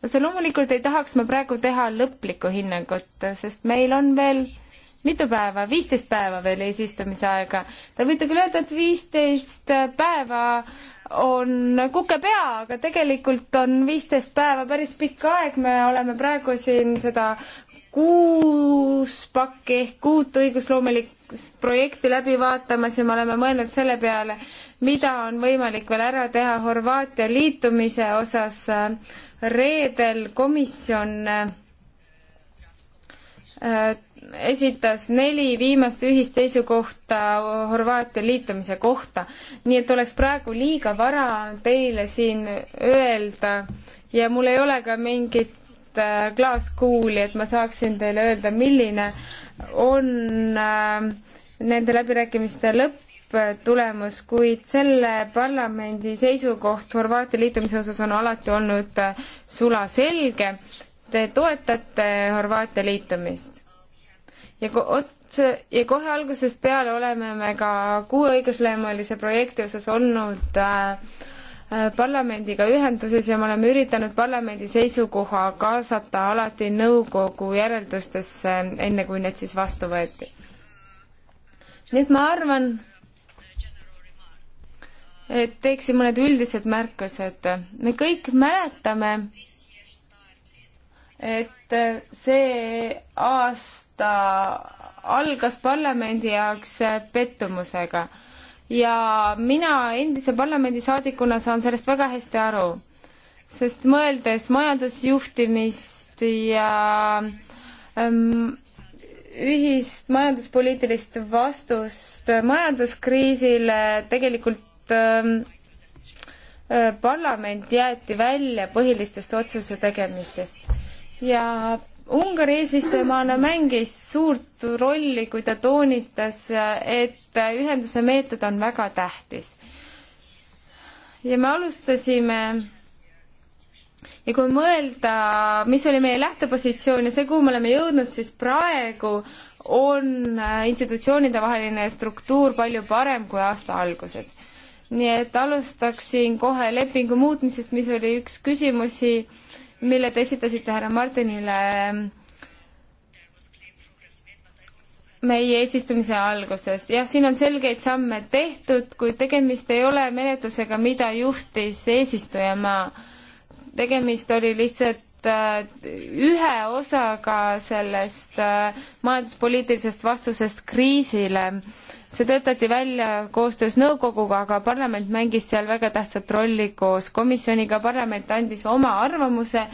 Speaker 3: otse loomulikult ei tahaks me praegu teha lõplikku hinnangut, sest meil on veel mitu päeva, viisteist päeva veel eesistumise aega. Te võite küll öelda, et viisteist päeva on kuke pea, aga tegelikult on viisteist päeva päris pikk aeg, me oleme praegu siin seda kuus pakki ehk uut õigusloomelist projekti läbi vaatamas ja me oleme mõelnud selle peale, mida on võimalik veel ära teha Horvaatia liitumise osas. reedel komisjon äh, esitas neli viimast ühisseisukohta Horvaatia liitumise kohta. nii et oleks praegu liiga vara teile siin öelda ja mul ei ole ka mingit klaaskuuli, äh, et ma saaksin teile öelda, milline on äh, nende läbirääkimiste lõpp, tulemus, kuid selle parlamendi seisukoht Horvaatia liitumise osas on alati olnud äh, sulaselge. Te toetate Horvaatia liitumist ja ko-, otse, ja kohe algusest peale oleme me ka kuue õigusloomelise projekti osas olnud äh, Äh, parlamendiga ühenduses ja me oleme üritanud parlamendi seisukoha kaasata alati nõukogu järeldustesse, enne kui need siis vastu võeti. nii et ma arvan, et teeksin mõned üldised märkused. me kõik mäletame, et see aasta algas parlamendi jaoks pettumusega ja mina endise parlamendisaadikuna saan sellest väga hästi aru, sest mõeldes majandusjuhtimist ja ähm, ühist majanduspoliitilist vastust majanduskriisile tegelikult ähm, äh, parlament jäeti välja põhilistest otsuse tegemistest ja Ungari eesistujamaana mängis suurt rolli, kui ta toonitas, et ühenduse meetod on väga tähtis. ja me alustasime ja kui mõelda, mis oli meie lähtepositsioon ja see, kuhu me oleme jõudnud, siis praegu on institutsioonide vaheline struktuur palju parem kui aasta alguses. nii et alustaksin kohe lepingu muutmisest, mis oli üks küsimusi mille te esitasite härra Martinile meie eesistumise alguses. jah, siin on selgeid samme tehtud, kuid tegemist ei ole menetlusega, mida juhtis eesistujamaa. tegemist oli lihtsalt äh, ühe osaga sellest äh, majanduspoliitilisest vastusest kriisile see töötati välja koostöös nõukoguga, aga parlament mängis seal väga tähtsat rolli koos komisjoniga, parlament andis oma arvamuse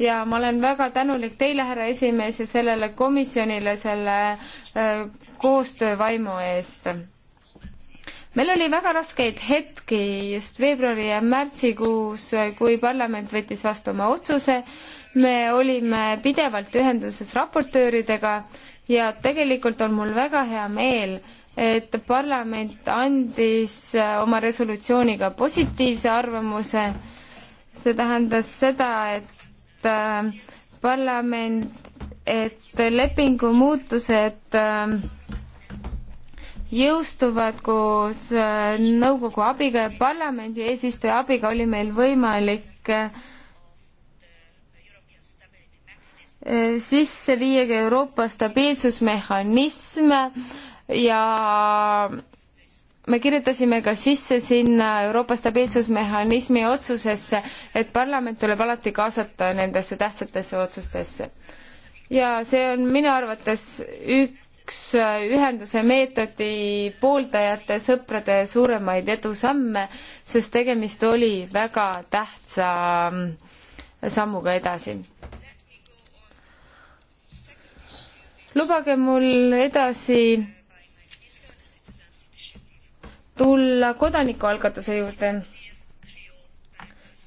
Speaker 3: ja ma olen väga tänulik teile, härra esimees, ja sellele komisjonile selle äh, koostöövaimu eest. meil oli väga raskeid hetki just veebruari ja märtsikuus, kui parlament võttis vastu oma otsuse. me olime pidevalt ühenduses raportööridega ja tegelikult on mul väga hea meel, et parlament andis äh, oma resolutsiooniga positiivse arvamuse. see tähendas seda, et äh, parlament, et lepingu muutused äh, jõustuvad koos nõukogu abiga ja parlamendi eesistuja abiga oli meil võimalik sisse viia ka Euroopa stabiilsusmehhanism ja me kirjutasime ka sisse sinna Euroopa stabiilsusmehhanismi otsusesse, et parlament tuleb alati kaasata nendesse tähtsatesse otsustesse. ja see on minu arvates üks ühenduse meetodi pooldajate, sõprade suuremaid edusamme, sest tegemist oli väga tähtsa sammuga edasi. lubage mul edasi tulla kodanikualgatuse juurde.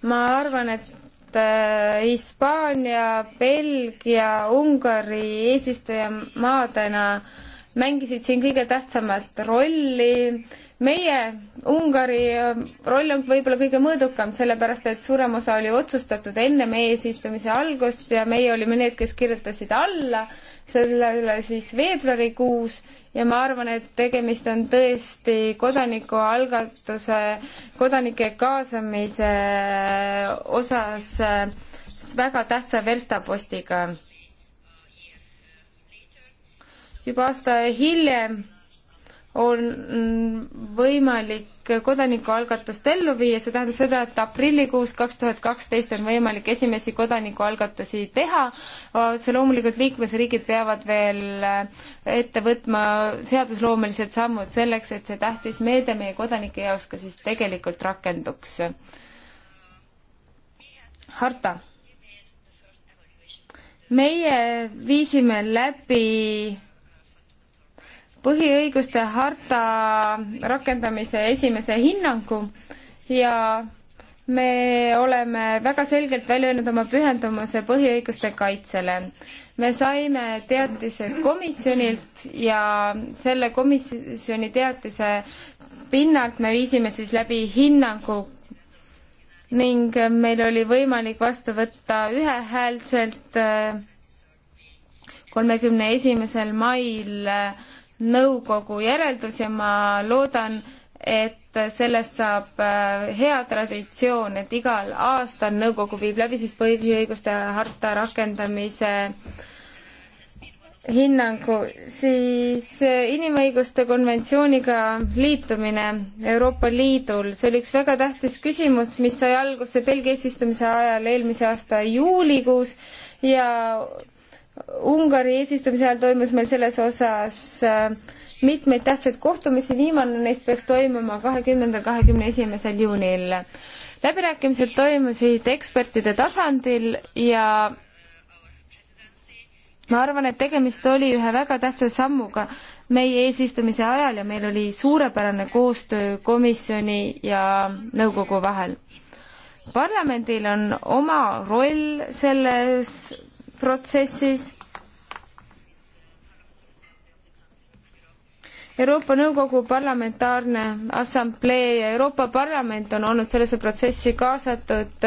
Speaker 3: ma arvan, et äh, Hispaania, Belgia, Ungari eesistujamaadena mängisid siin kõige tähtsamat rolli. meie, Ungari äh, roll on võib-olla kõige mõõdukam, sellepärast et suurem osa oli otsustatud enne meie eesistumise algust ja meie olime need, kes kirjutasid alla selle üle siis veebruarikuus ja ma arvan, et tegemist on tõesti kodanikualgatuse, kodanike kaasamise osas väga tähtsa verstapostiga. juba aasta hiljem on võimalik kodanikualgatust ellu viia, see tähendab seda, et aprillikuus kaks tuhat kaksteist on võimalik esimesi kodanikualgatusi teha. see loomulikult liikmesriigid peavad veel ette võtma seadusloomelised sammud selleks, et see tähtis meede meie kodanike jaoks ka siis tegelikult rakenduks. harta. meie viisime läbi põhiõiguste harta rakendamise esimese hinnangu ja me oleme väga selgelt välja öelnud oma pühendumuse põhiõiguste kaitsele. me saime teatise komisjonilt ja selle komisjoni teatise pinnalt me viisime siis läbi hinnangu ning meil oli võimalik vastu võtta ühehäälselt äh, kolmekümne esimesel mail äh, nõukogu järeldus ja ma loodan, et sellest saab äh, hea traditsioon, et igal aastal nõukogu viib läbi siis põhiõiguste harta rakendamise hinnangu, siis äh, inimõiguste konventsiooniga liitumine Euroopa Liidul, see oli üks väga tähtis küsimus, mis sai alguse Belgia eesistumise ajal eelmise aasta juulikuus ja Ungari eesistumise ajal toimus meil selles osas äh, mitmeid tähtsaid kohtumisi, viimane neist peaks toimuma kahekümnendal, kahekümne esimesel juunil. läbirääkimised toimusid ekspertide tasandil ja ma arvan, et tegemist oli ühe väga tähtsa sammuga meie eesistumise ajal ja meil oli suurepärane koostöö komisjoni ja nõukogu vahel. parlamendil on oma roll selles protsessis. Euroopa Nõukogu Parlamentaarne Assamblee ja Euroopa Parlament on olnud sellesse protsessi kaasatud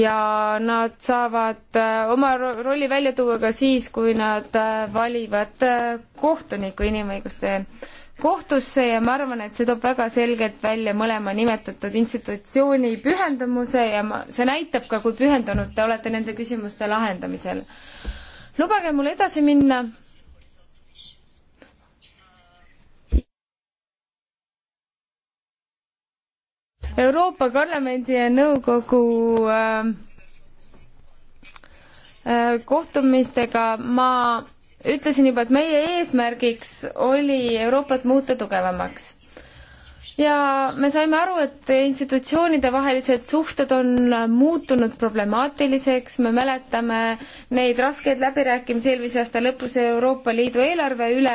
Speaker 3: ja nad saavad äh, oma rolli välja tuua ka siis, kui nad äh, valivad äh, kohtuniku inimõiguste kohtusse ja ma arvan, et see toob väga selgelt välja mõlema nimetatud institutsiooni pühendumuse ja ma, see näitab ka, kui pühendunud te olete nende küsimuste lahendamisel. lubage mul edasi minna. Euroopa Parlamendi ja Nõukogu äh, äh kohtumistega ma ütlesin juba, et meie eesmärgiks oli Euroopat muuta tugevamaks. ja me saime aru, et institutsioonide vahelised suhted on muutunud problemaatiliseks, me mäletame neid raskeid läbirääkimisi eelmise aasta lõpus Euroopa Liidu eelarve üle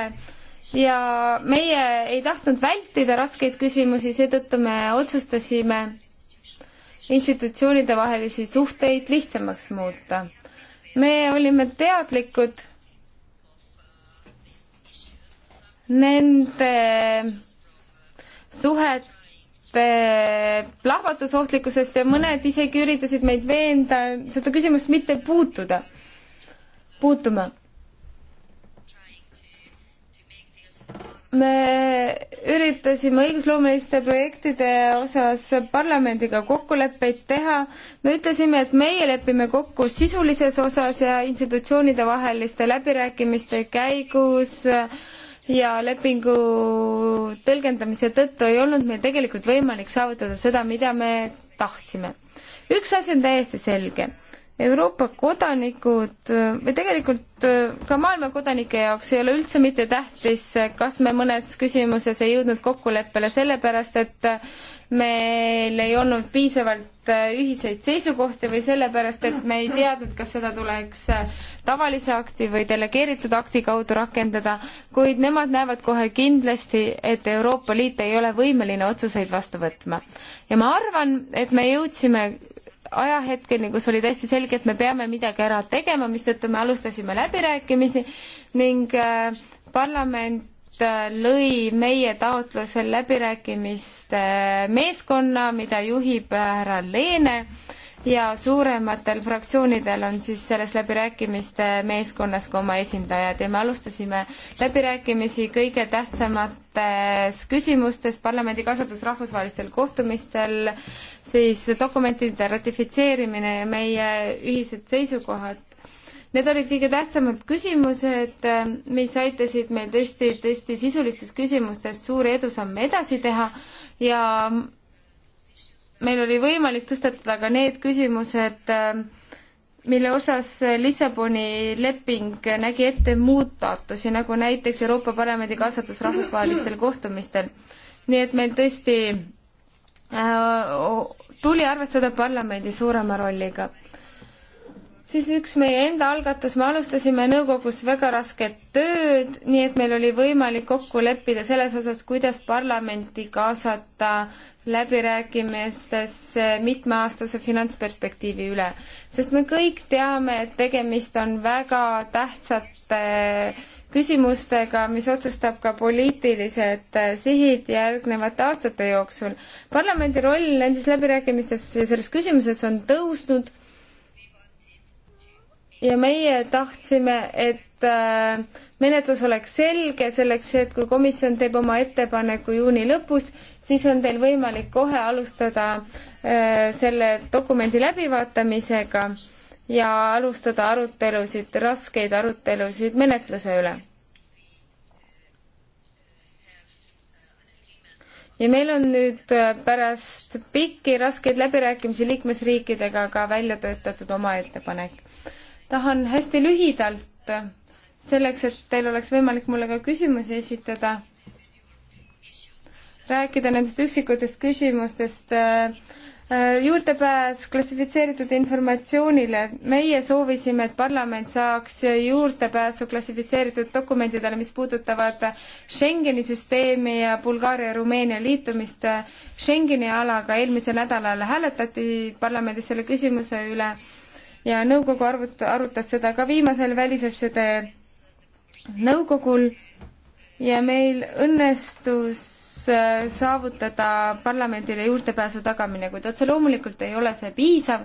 Speaker 3: ja meie ei tahtnud vältida raskeid küsimusi, seetõttu me otsustasime institutsioonide vahelisi suhteid lihtsamaks muuta. me olime teadlikud nende suhete plahvatusohtlikkusest ja mõned isegi üritasid meid veenda seda küsimust mitte puutuda, puutuma. me üritasime õigusloomeliste projektide osas parlamendiga kokkuleppeid teha, me ütlesime, et meie lepime kokku sisulises osas ja institutsioonide vaheliste läbirääkimiste käigus äh, ja lepingu tõlgendamise tõttu ei olnud meil tegelikult võimalik saavutada seda, mida me tahtsime. üks asi on täiesti selge. Euroopa kodanikud äh, või tegelikult äh, ka maailma kodanike jaoks ei ole üldse mitte tähtis, kas me mõnes küsimuses ei jõudnud kokkuleppele, sellepärast et äh, meil ei olnud piisavalt Äh, ühiseid seisukohti või sellepärast, et me ei teadnud, kas seda tuleks äh, tavalise akti või delegeeritud akti kaudu rakendada, kuid nemad näevad kohe kindlasti, et Euroopa Liit ei ole võimeline otsuseid vastu võtma. ja ma arvan, et me jõudsime ajahetkeni, kus oli täiesti selge, et me peame midagi ära tegema, mistõttu me alustasime läbirääkimisi ning äh, parlament Äh, lõi meie taotlusel läbirääkimiste äh, meeskonna, mida juhib äh, härra Leene ja suurematel fraktsioonidel on siis selles läbirääkimiste meeskonnas ka oma esindajad ja me alustasime läbirääkimisi kõige tähtsamates küsimustes parlamendi kaasatus rahvusvahelistel kohtumistel, siis dokumentide ratifitseerimine ja meie ühised seisukohad Need olid kõige tähtsamad küsimused, äh, mis aitasid meil tõesti, tõesti sisulistes küsimustes suuri edusamme edasi teha ja meil oli võimalik tõstatada ka need küsimused, äh, mille osas Lissaboni leping nägi ette muutatusi, nagu näiteks Euroopa Parlamendi kaasatus rahvusvahelistel kohtumistel. nii et meil tõesti äh, tuli arvestada parlamendi suurema rolliga siis üks meie enda algatus, me alustasime nõukogus väga rasket tööd, nii et meil oli võimalik kokku leppida selles osas, kuidas parlamenti kaasata läbirääkimistesse mitmeaastase finantsperspektiivi üle. sest me kõik teame, et tegemist on väga tähtsate küsimustega, mis otsustab ka poliitilised sihid järgnevate aastate jooksul. parlamendi roll nendes läbirääkimistes selles küsimuses on tõusnud ja meie tahtsime, et äh, menetlus oleks selge selleks, et kui komisjon teeb oma ettepaneku juuni lõpus, siis on teil võimalik kohe alustada äh, selle dokumendi läbivaatamisega ja alustada arutelusid, raskeid arutelusid menetluse üle. ja meil on nüüd äh, pärast pikki raskeid läbirääkimisi liikmesriikidega ka välja töötatud oma ettepanek tahan hästi lühidalt, selleks et teil oleks võimalik mulle ka küsimusi esitada, rääkida nendest üksikutest küsimustest äh, äh, juurdepääs klassifitseeritud informatsioonile. meie soovisime, et parlament saaks juurdepääsu klassifitseeritud dokumentidele, mis puudutavad Schengeni süsteemi ja Bulgaaria ja Rumeenia liitumist Schengeni alaga. eelmisel nädalal hääletati parlamendis selle küsimuse üle ja nõukogu arvut-, arutas seda ka viimasel välisasjade nõukogul ja meil õnnestus äh, saavutada parlamendile juurdepääsu tagamine, kuid otse loomulikult ei ole see piisav,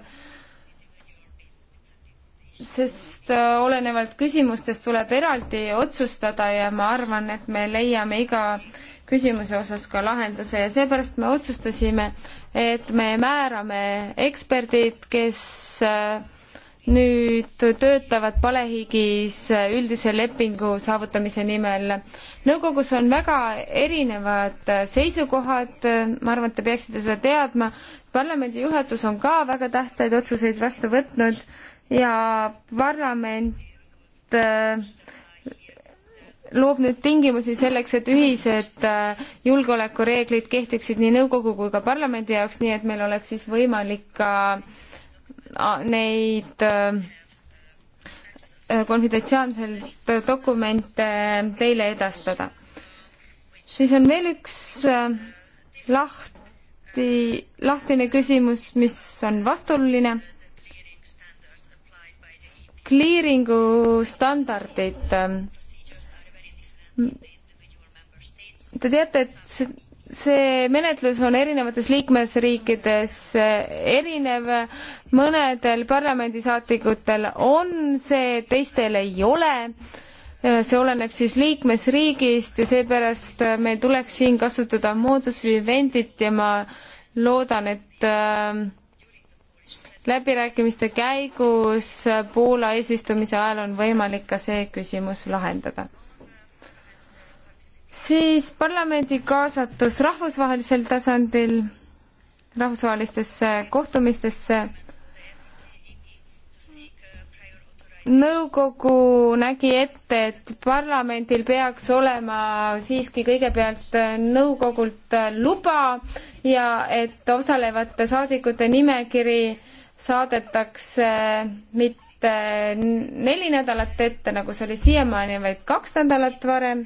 Speaker 3: sest äh, olenevalt küsimustest tuleb eraldi otsustada ja ma arvan, et me leiame iga küsimuse osas ka lahenduse ja seepärast me otsustasime, et me määrame eksperdid, kes äh, nüüd töötavad palehigis üldise lepingu saavutamise nimel. nõukogus on väga erinevad seisukohad, ma arvan, et te peaksite seda teadma. parlamendi juhatus on ka väga tähtsaid otsuseid vastu võtnud ja parlament äh, loob nüüd tingimusi selleks, et ühised äh, julgeolekureeglid kehtiksid nii nõukogu kui ka parlamendi jaoks, nii et meil oleks siis võimalik ka äh, neid äh, konfidentsiaalselt dokumente teile edastada. siis on veel üks äh, lahti, lahtine küsimus, mis on vastuoluline. Clearingu standardid. Äh, te teate, et see menetlus on erinevates liikmesriikides erinev, mõnedel parlamendisaatikutel on see, teistel ei ole. see oleneb siis liikmesriigist ja seepärast meil tuleks siin kasutada moodus vivendit ja ma loodan, et äh, läbirääkimiste käigus Poola eesistumise ajal on võimalik ka see küsimus lahendada siis parlamendi kaasatus rahvusvahelisel tasandil, rahvusvahelistesse kohtumistesse. nõukogu nägi ette, et parlamendil peaks olema siiski kõigepealt nõukogult luba ja et osalevate saadikute nimekiri saadetakse mitte neli nädalat ette, nagu see oli siiamaani, vaid kaks nädalat varem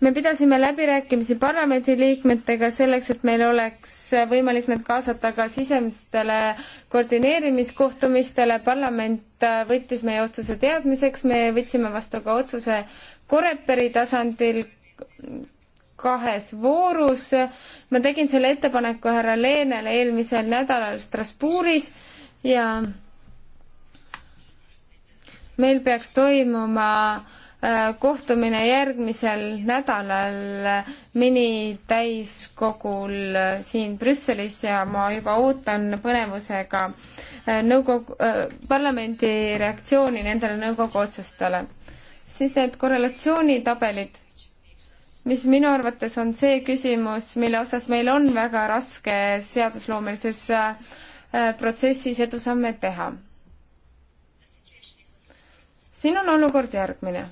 Speaker 3: me pidasime läbirääkimisi parlamendiliikmetega selleks, et meil oleks võimalik nad kaasata ka sisemistele koordineerimiskohtumistele. parlament äh, võttis meie otsuse teadmiseks, me võtsime vastu ka otsuse Koreperi tasandil kahes voorus. ma tegin selle ettepaneku härra Leenele eelmisel nädalal Strasbourgis ja meil peaks toimuma äh, Äh, kohtumine järgmisel nädalal minitäiskogul siin Brüsselis ja ma juba ootan põnevusega äh, nõukogu äh,, parlamendi reaktsiooni nendele nõukogu otsustele. siis need korrelatsioonitabelid, mis minu arvates on see küsimus, mille osas meil on väga raske seadusloomelises äh, protsessis edusamme teha. siin on olukord järgmine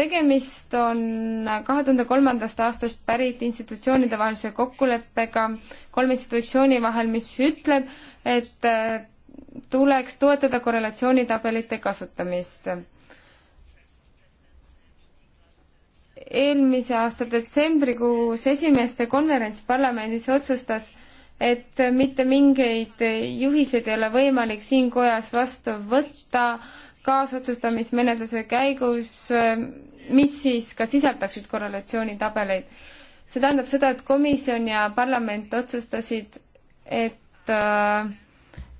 Speaker 3: tegemist on kahe tuhande kolmandast aastast pärit institutsioonide vahelise kokkuleppega kolme institutsiooni vahel, mis ütleb, et äh, tuleks toetada korrelatsioonitabelite kasutamist. eelmise aasta detsembrikuus esimeste konverents parlamendis otsustas, et mitte mingeid juhiseid ei ole võimalik siin kojas vastu võtta, kaasotsustamismenetluse käigus äh, mis siis ka sisaldaksid korrelatsioonitabeleid. see tähendab seda, et komisjon ja parlament otsustasid, et äh,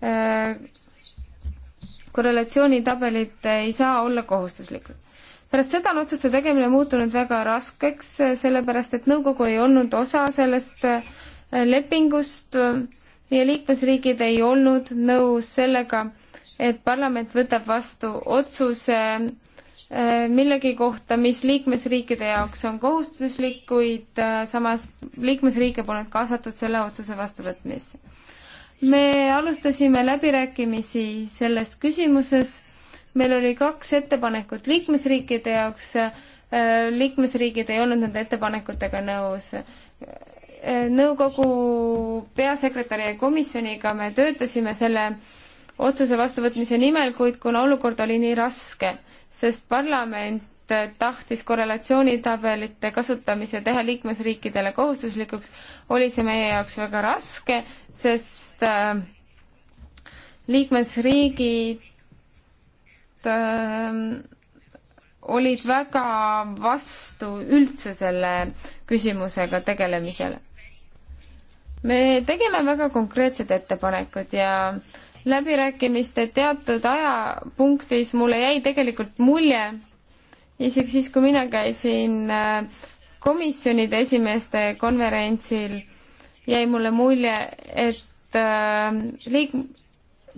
Speaker 3: äh, korrelatsioonitabelid ei saa olla kohustuslikud. pärast seda on otsuste tegemine muutunud väga raskeks, sellepärast et nõukogu ei olnud osa sellest äh, lepingust ja liikmesriigid ei olnud nõus sellega, et parlament võtab vastu otsuse Äh, millegi kohta, mis liikmesriikide jaoks on kohustuslik, kuid äh, samas liikmesriike polnud kaasatud selle otsuse vastuvõtmisse. me alustasime läbirääkimisi selles küsimuses, meil oli kaks ettepanekut liikmesriikide jaoks, äh, liikmesriigid ei olnud nende ettepanekutega nõus. nõukogu peasekretäri ja komisjoniga me töötasime selle otsuse vastuvõtmise nimel, kuid kuna olukord oli nii raske, sest parlament tahtis korrelatsioonitabelite kasutamise teha liikmesriikidele kohustuslikuks, oli see meie jaoks väga raske, sest äh, liikmesriigid ähm, olid väga vastu üldse selle küsimusega tegelemisele. me tegime väga konkreetsed ettepanekud ja äh, läbirääkimiste teatud ajapunktis mulle jäi tegelikult mulje, isegi siis, kui mina käisin äh, komisjonide esimeeste konverentsil, jäi mulle mulje, et äh, liik-,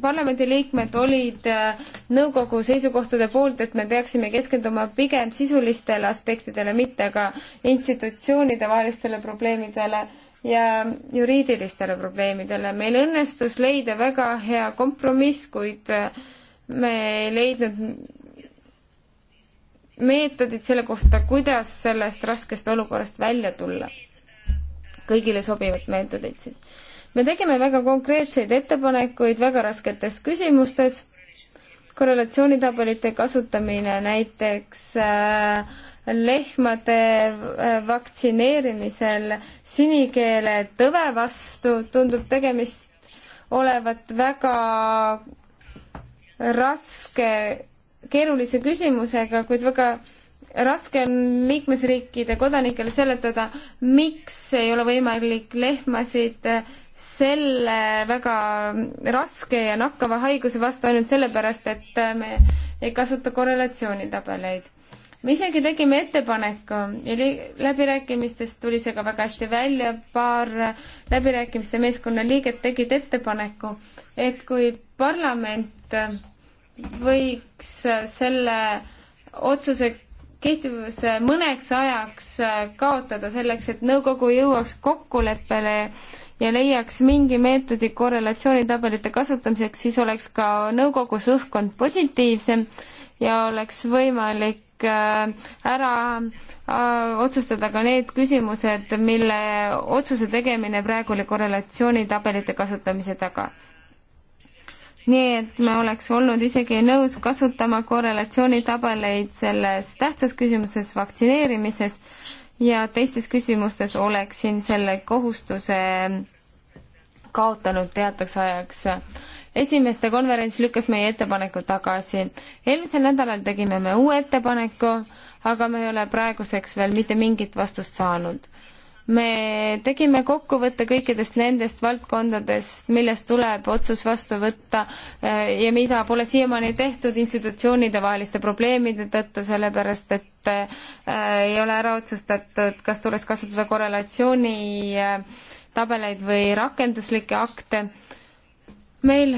Speaker 3: parlamendiliikmed olid äh, nõukogu seisukohtade poolt, et me peaksime keskenduma pigem sisulistele aspektidele, mitte aga institutsioonide vahelistele probleemidele ja juriidilistele probleemidele. meil õnnestus leida väga hea kompromiss, kuid äh, me ei leidnud meetodid selle kohta, kuidas sellest raskest olukorrast välja tulla. kõigile sobivad meetodid siis. me tegime väga konkreetseid ettepanekuid väga rasketes küsimustes, korrelatsioonitabelite kasutamine näiteks äh, lehmade äh, vaktsineerimisel sinikeele tõve vastu, tundub tegemist olevat väga raske, keerulise küsimusega, kuid väga raske on liikmesriikide kodanikele seletada, miks ei ole võimalik lehmasid selle väga raske ja nakkava haiguse vastu ainult sellepärast, et me ei kasuta korrelatsioonitabeleid me isegi tegime ettepaneku ja läbirääkimistest tuli see ka väga hästi välja, paar läbirääkimiste meeskonna liiget tegid ettepaneku, et kui parlament võiks selle otsuse kehtivuse mõneks ajaks kaotada selleks, et nõukogu jõuaks kokkuleppele ja leiaks mingi meetodi korrelatsioonitabelite kasutamiseks, siis oleks ka nõukogus õhkkond positiivsem ja oleks võimalik Äh, ära äh, otsustada ka need küsimused, mille otsuse tegemine praegu oli korrelatsioonitabelite kasutamise taga nii et me oleks olnud isegi nõus kasutama korrelatsioonitabeleid selles tähtsas küsimuses vaktsineerimises ja teistes küsimustes oleksin selle kohustuse kaotanud teataks ajaks. esimeste konverents lükkas meie ettepaneku tagasi. eelmisel nädalal tegime me uue ettepaneku, aga me ei ole praeguseks veel mitte mingit vastust saanud. me tegime kokkuvõtte kõikidest nendest valdkondadest, millest tuleb otsus vastu võtta eh, ja mida pole siiamaani tehtud institutsioonide vaheliste probleemide tõttu, sellepärast et eh, ei ole ära otsustatud, kas tuleks kasutada korrelatsiooni äh, tabeleid või rakenduslikke akte. meil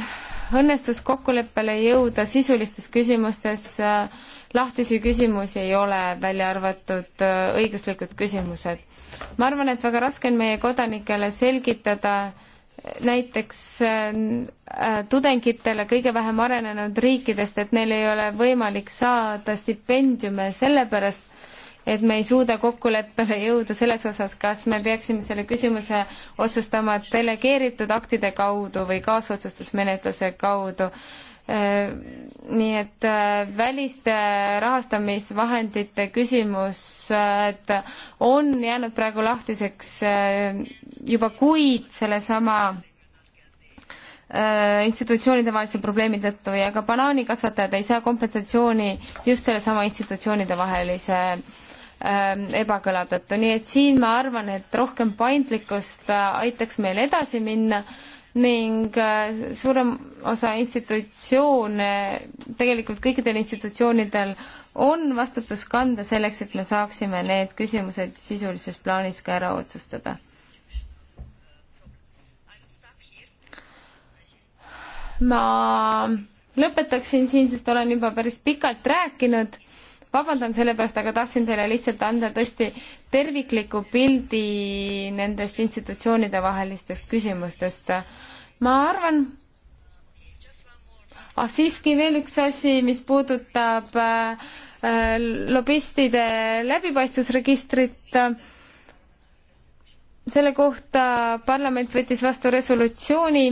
Speaker 3: õnnestus kokkuleppele jõuda sisulistes küsimustes, lahtisi küsimusi ei ole, välja arvatud õiguslikud küsimused. ma arvan, et väga raske on meie kodanikele selgitada, näiteks äh, tudengitele kõige vähem arenenud riikidest, et neil ei ole võimalik saada stipendiume sellepärast, et me ei suuda kokkuleppele jõuda selles osas, kas me peaksime selle küsimuse otsustama delegeeritud aktide kaudu või kaasotsustusmenetluse kaudu. Äh, nii et äh, väliste rahastamisvahendite küsimused äh, on jäänud praegu lahtiseks juba kuid sellesama institutsioonide vahelise probleemi tõttu ja ka banaanikasvatajad ei saa kompensatsiooni just sellesama institutsioonide vahelise äh, Ähm, ebakõla tõttu, nii et siin ma arvan, et rohkem paindlikkust äh, aitaks meil edasi minna ning äh, suurem osa institutsioone, tegelikult kõikidel institutsioonidel on vastutus kanda selleks, et me saaksime need küsimused sisulises plaanis ka ära otsustada. ma lõpetaksin siin, sest olen juba päris pikalt rääkinud vabandan selle pärast, aga tahtsin teile lihtsalt anda tõesti tervikliku pildi nendest institutsioonide vahelistest küsimustest. ma arvan, ah siiski veel üks asi, mis puudutab äh, lobistide läbipaistvusregistrit äh, selle kohta parlament võttis vastu resolutsiooni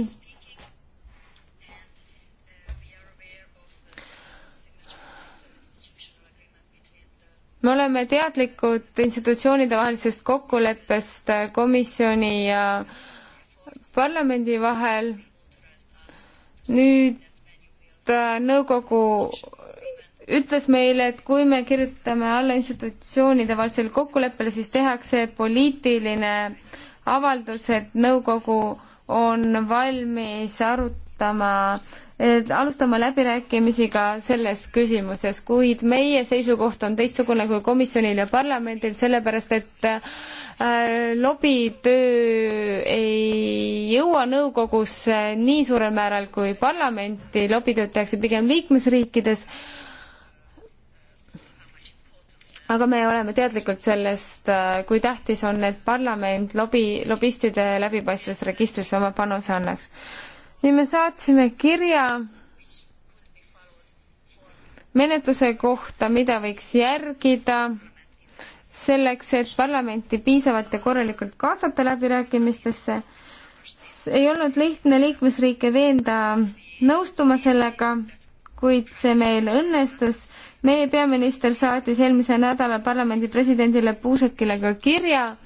Speaker 3: me oleme teadlikud institutsioonide vahelisest kokkuleppest komisjoni ja parlamendi vahel. nüüd äh, nõukogu ütles meile, et kui me kirjutame alla institutsioonide vahelisele kokkuleppele, siis tehakse poliitiline avaldus, et nõukogu on valmis arutama äh, alustama läbirääkimisi ka selles küsimuses, kuid meie seisukoht on teistsugune kui komisjonil ja parlamendil, sellepärast et äh, lobitöö ei jõua nõukogusse nii suurel määral kui parlamenti, lobitööd tehakse pigem liikmesriikides, aga me oleme teadlikud sellest, äh, kui tähtis on, et parlament lobi, lobistide läbipaistvusregistrisse oma panuse annaks ja me saatsime kirja menetluse kohta, mida võiks järgida selleks, et parlamenti piisavalt ja korralikult kaasata läbirääkimistesse. ei olnud lihtne liikmesriike veenda nõustuma sellega, kuid see meil õnnestus. meie peaminister saatis eelmise nädala parlamendi presidendile Puusekile ka kirja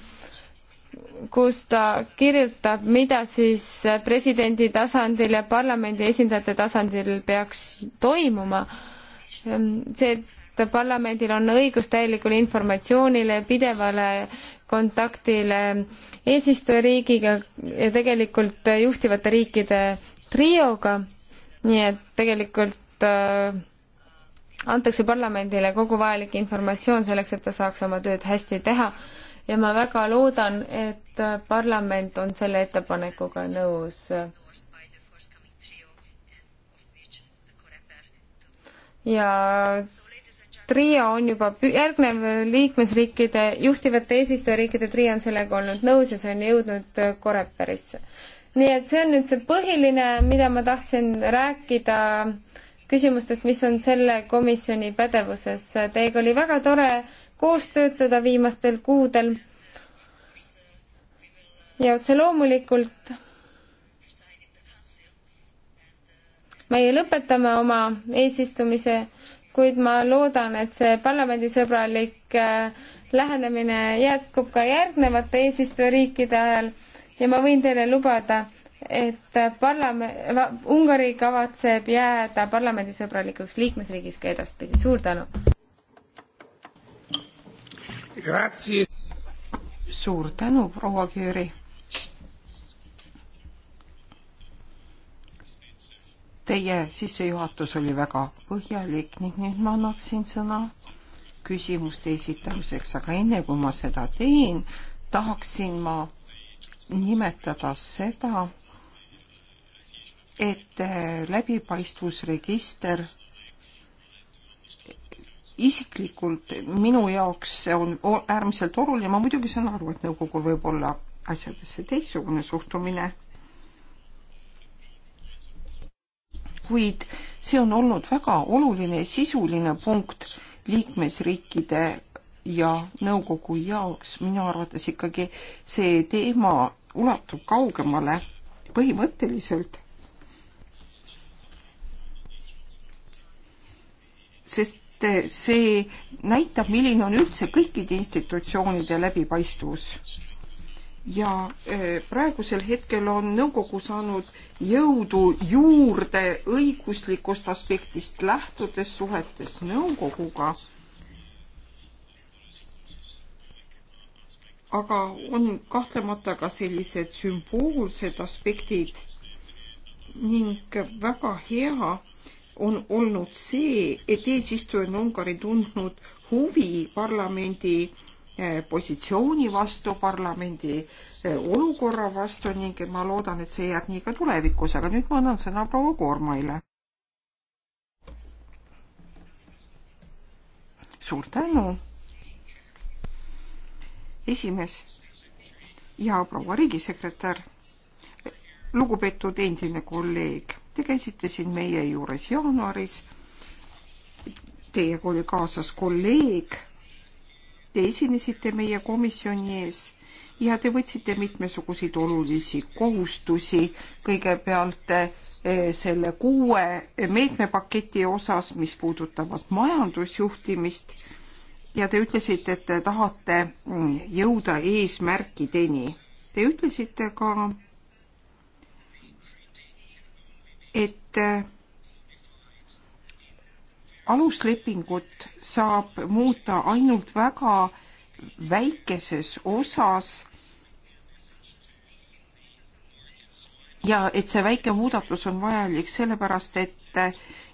Speaker 3: kus ta kirjutab, mida siis presidendi tasandil ja parlamendi esindajate tasandil peaks toimuma. see, et parlamendil on õigus täielikule informatsioonile, pidevale kontaktile eesistujariigiga ja tegelikult juhtivate riikide trioga, nii et tegelikult äh, antakse parlamendile kogu vajalik informatsioon selleks, et ta saaks oma tööd hästi teha ja ma väga loodan, et parlament on selle ettepanekuga nõus. ja trio on juba järgnev liikmesriikide, juhtivate eesistujariikide trio on sellega olnud nõus ja see on jõudnud Koreperisse. nii et see on nüüd see põhiline, mida ma tahtsin rääkida küsimustest, mis on selle komisjoni pädevuses. Teiega oli väga tore koos töötada viimastel kuudel. ja otse loomulikult meie lõpetame oma eesistumise, kuid ma loodan, et see parlamendisõbralik äh, lähenemine jätkub ka järgnevate eesistujariikide ajal ja ma võin teile lubada, et parlament, Ungari kavatseb jääda parlamendisõbralikuks liikmesriigis ka edaspidi. suur tänu!
Speaker 2: suur tänu, proua Küüri. Teie sissejuhatus oli väga põhjalik ning nüüd ma annaksin sõna küsimuste esitamiseks, aga enne kui ma seda teen, tahaksin ma nimetada seda, et läbipaistvusregister isiklikult minu jaoks see on äärmiselt oluline, ma muidugi saan aru, et nõukogul võib olla asjadesse teistsugune suhtumine. kuid see on olnud väga oluline sisuline punkt liikmesriikide ja nõukogu jaoks, minu arvates ikkagi see teema ulatub kaugemale põhimõtteliselt. sest et see näitab, milline on üldse kõikide institutsioonide läbipaistvus. ja äh, praegusel hetkel on nõukogu saanud jõudu juurde õiguslikust aspektist lähtudes suhetes nõukoguga. aga on kahtlemata ka sellised sümboolsed aspektid ning väga hea on olnud see, et eesistuja on Ungari tundnud huvi parlamendi eh, positsiooni vastu, parlamendi eh, olukorra vastu ning ma loodan, et see jääb nii ka tulevikus, aga nüüd ma annan sõna proua Koormaile. suur tänu, esimees ja proua riigisekretär, lugupeetud endine kolleeg Te käisite siin meie juures jaanuaris. Teiega oli kaasas kolleeg. Te esinesite meie komisjoni ees ja te võtsite mitmesuguseid olulisi kohustusi. kõigepealt eh, selle kuue meetmepaketi osas, mis puudutavad majandusjuhtimist ja te ütlesite, et te tahate mm, jõuda eesmärkideni. Te ütlesite ka, et äh, aluslepingut saab muuta ainult väga väikeses osas ja et see väike muudatus on vajalik sellepärast, et,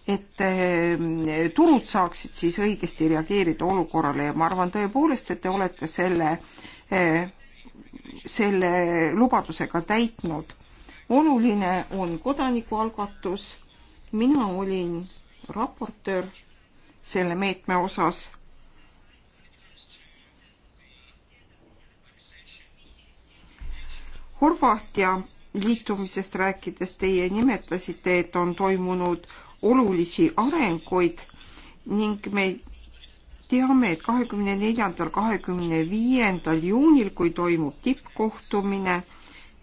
Speaker 2: et äh, turud saaksid siis õigesti reageerida olukorrale ja ma arvan tõepoolest, et te olete selle, äh, selle lubadusega täitnud oluline on kodanikualgatus. mina olin raportöör selle meetme osas. Horvaatia liitumisest rääkides teie nimetasite, et on toimunud olulisi arenguid ning me teame, et kahekümne neljandal, kahekümne viiendal juunil, kui toimub tippkohtumine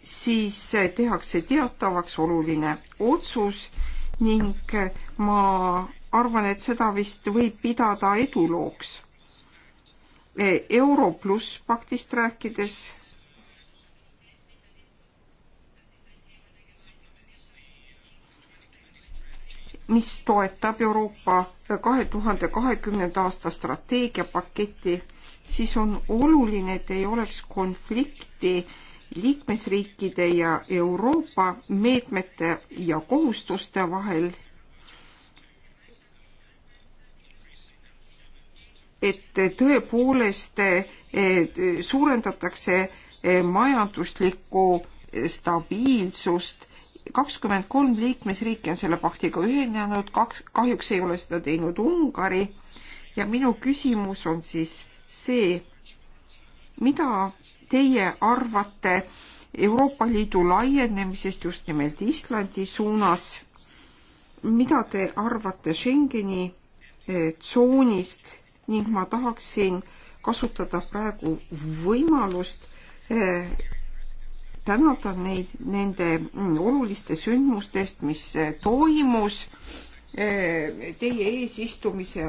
Speaker 2: siis tehakse teatavaks oluline otsus ning ma arvan, et seda vist võib pidada edulooks. euro pluss paktist rääkides mis toetab Euroopa kahe tuhande kahekümnenda aasta strateegiapaketti, siis on oluline, et ei oleks konflikti liikmesriikide ja Euroopa meetmete ja kohustuste vahel, et tõepoolest suurendatakse majanduslikku stabiilsust kakskümmend kolm liikmesriiki on selle paktiga ühinenud, kaks, kahjuks ei ole seda teinud Ungari ja minu küsimus on siis see, mida teie arvate Euroopa Liidu laienemisest just nimelt Islandi suunas? mida te arvate Schengeni eh, tsoonist ning ma tahaksin kasutada praegu võimalust eh, tänada neid nende mm, oluliste sündmustest, mis eh, toimus teie eesistumise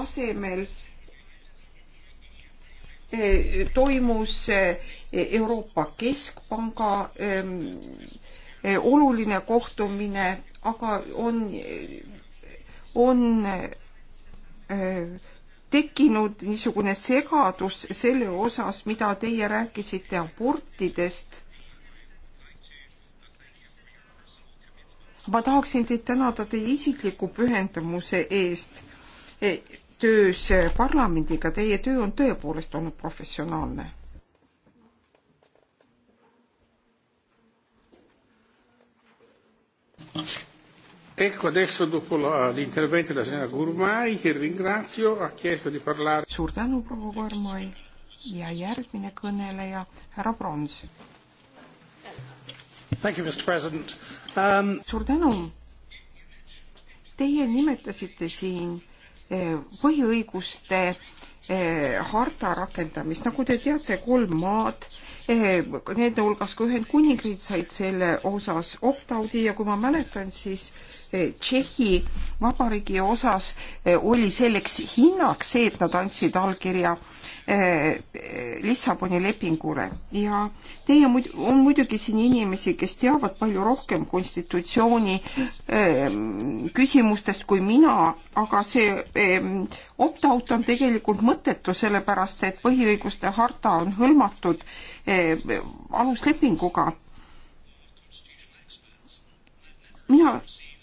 Speaker 2: asemel Äh, toimus äh, Euroopa Keskpanga ähm, äh, oluline kohtumine, aga on, on tekkinud niisugune segadus selle osas, mida teie rääkisite abortidest. ma tahaksin teid tänada teie isikliku pühendumuse eest töös parlamendiga, teie töö on tõepoolest olnud professionaalne.
Speaker 1: Ecco adesso dopo l'intervento della signora Gurmai che ringrazio ha chiesto di parlare. Suur tänu
Speaker 2: proua Gurmai ja järgmine kõneleja härra Brons. Thank you, Mr President um.... suur tänu. Teie nimetasite siin Eh, põhiõiguste eh, harta rakendamist. nagu te teate, kolm maad, eh, nende hulgas ka Ühendkuningriik said selle osas opt-out'i ja kui ma mäletan, siis Tšehhi Vabariigi osas oli selleks hinnaks see, et nad andsid allkirja Eh, Lissaboni lepingule ja teie muid, on muidugi siin inimesi, kes teavad palju rohkem konstitutsiooni ehm, küsimustest kui mina, aga see ehm, opt-out on tegelikult mõttetu, sellepärast et põhiõiguste harta on hõlmatud ehm, aluslepinguga. mina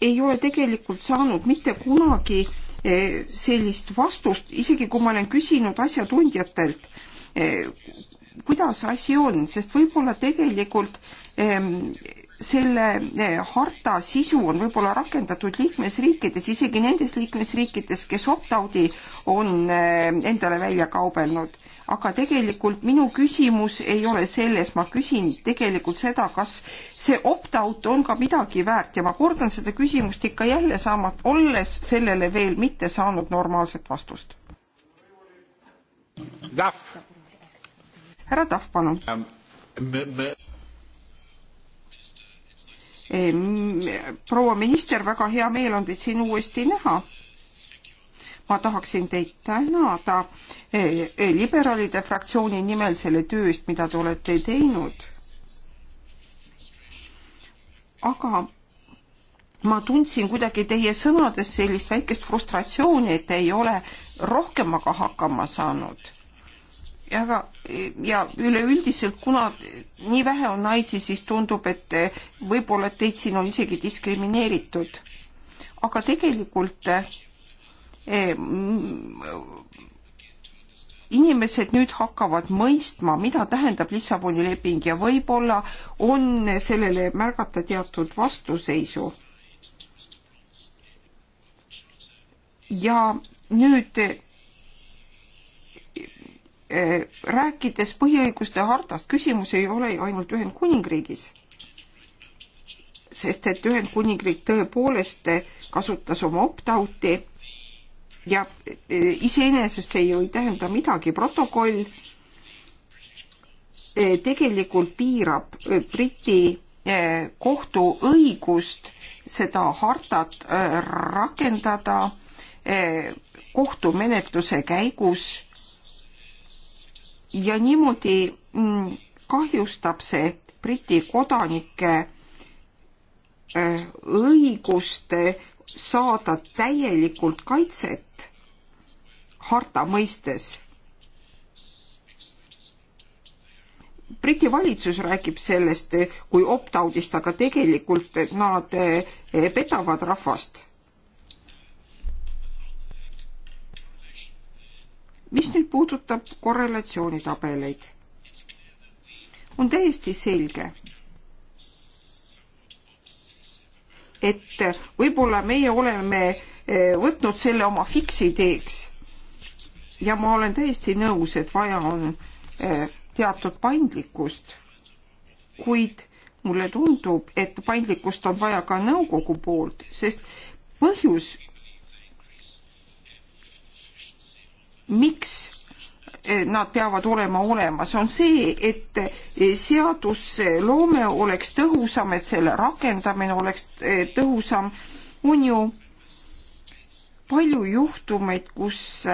Speaker 2: ei ole tegelikult saanud mitte kunagi E, sellist vastust, isegi kui ma olen küsinud asjatundjatelt, e, kuidas asi on, sest võib-olla tegelikult selle eh, harta sisu on võib-olla rakendatud liikmesriikides, isegi nendes liikmesriikides, kes opt-out'i on eh, endale välja kaubelnud. aga tegelikult minu küsimus ei ole selles, ma küsin tegelikult seda, kas see opt-out on ka midagi väärt ja ma kordan seda küsimust ikka jälle saamat, olles sellele veel mitte saanud normaalset vastust. härra Tahv, palun um,. Me, me proua minister, väga hea meel on teid siin uuesti näha. ma tahaksin teid tänada e, e, liberaalide fraktsiooni nimel selle töö eest, mida te olete teinud. aga ma tundsin kuidagi teie sõnades sellist väikest frustratsiooni, et ei ole rohkemaga hakkama saanud aga ja üleüldiselt, kuna nii vähe on naisi, siis tundub, et võib-olla teid siin on isegi diskrimineeritud. aga tegelikult eh, mm, inimesed nüüd hakkavad mõistma, mida tähendab Lissaboni leping ja võib-olla on sellele märgata teatud vastuseisu. ja nüüd Eh, rääkides põhiõiguste hartast, küsimus ei ole ju ainult Ühendkuningriigis, sest et Ühendkuningriik tõepoolest kasutas oma opt-out'i ja eh, iseenesest see ju ei tähenda midagi, protokoll eh, tegelikult piirab Briti kohtu õigust seda hartat rakendada kohtumenetluse käigus ja niimoodi mm, kahjustab see Briti kodanike äh, õigust saada täielikult kaitset harta mõistes. Briti valitsus räägib sellest kui opt-out'ist, aga tegelikult nad äh, petavad rahvast mis nüüd puudutab korrelatsioonitabeleid, on täiesti selge, et võib-olla meie oleme eh, võtnud selle oma fiksi teeks. ja ma olen täiesti nõus, et vaja on eh, teatud paindlikkust, kuid mulle tundub, et paindlikkust on vaja ka nõukogu poolt, sest põhjus, miks eh, nad peavad olema olemas, on see, et eh, seadusloome oleks tõhusam, et selle rakendamine oleks eh, tõhusam. on ju palju juhtumeid, kus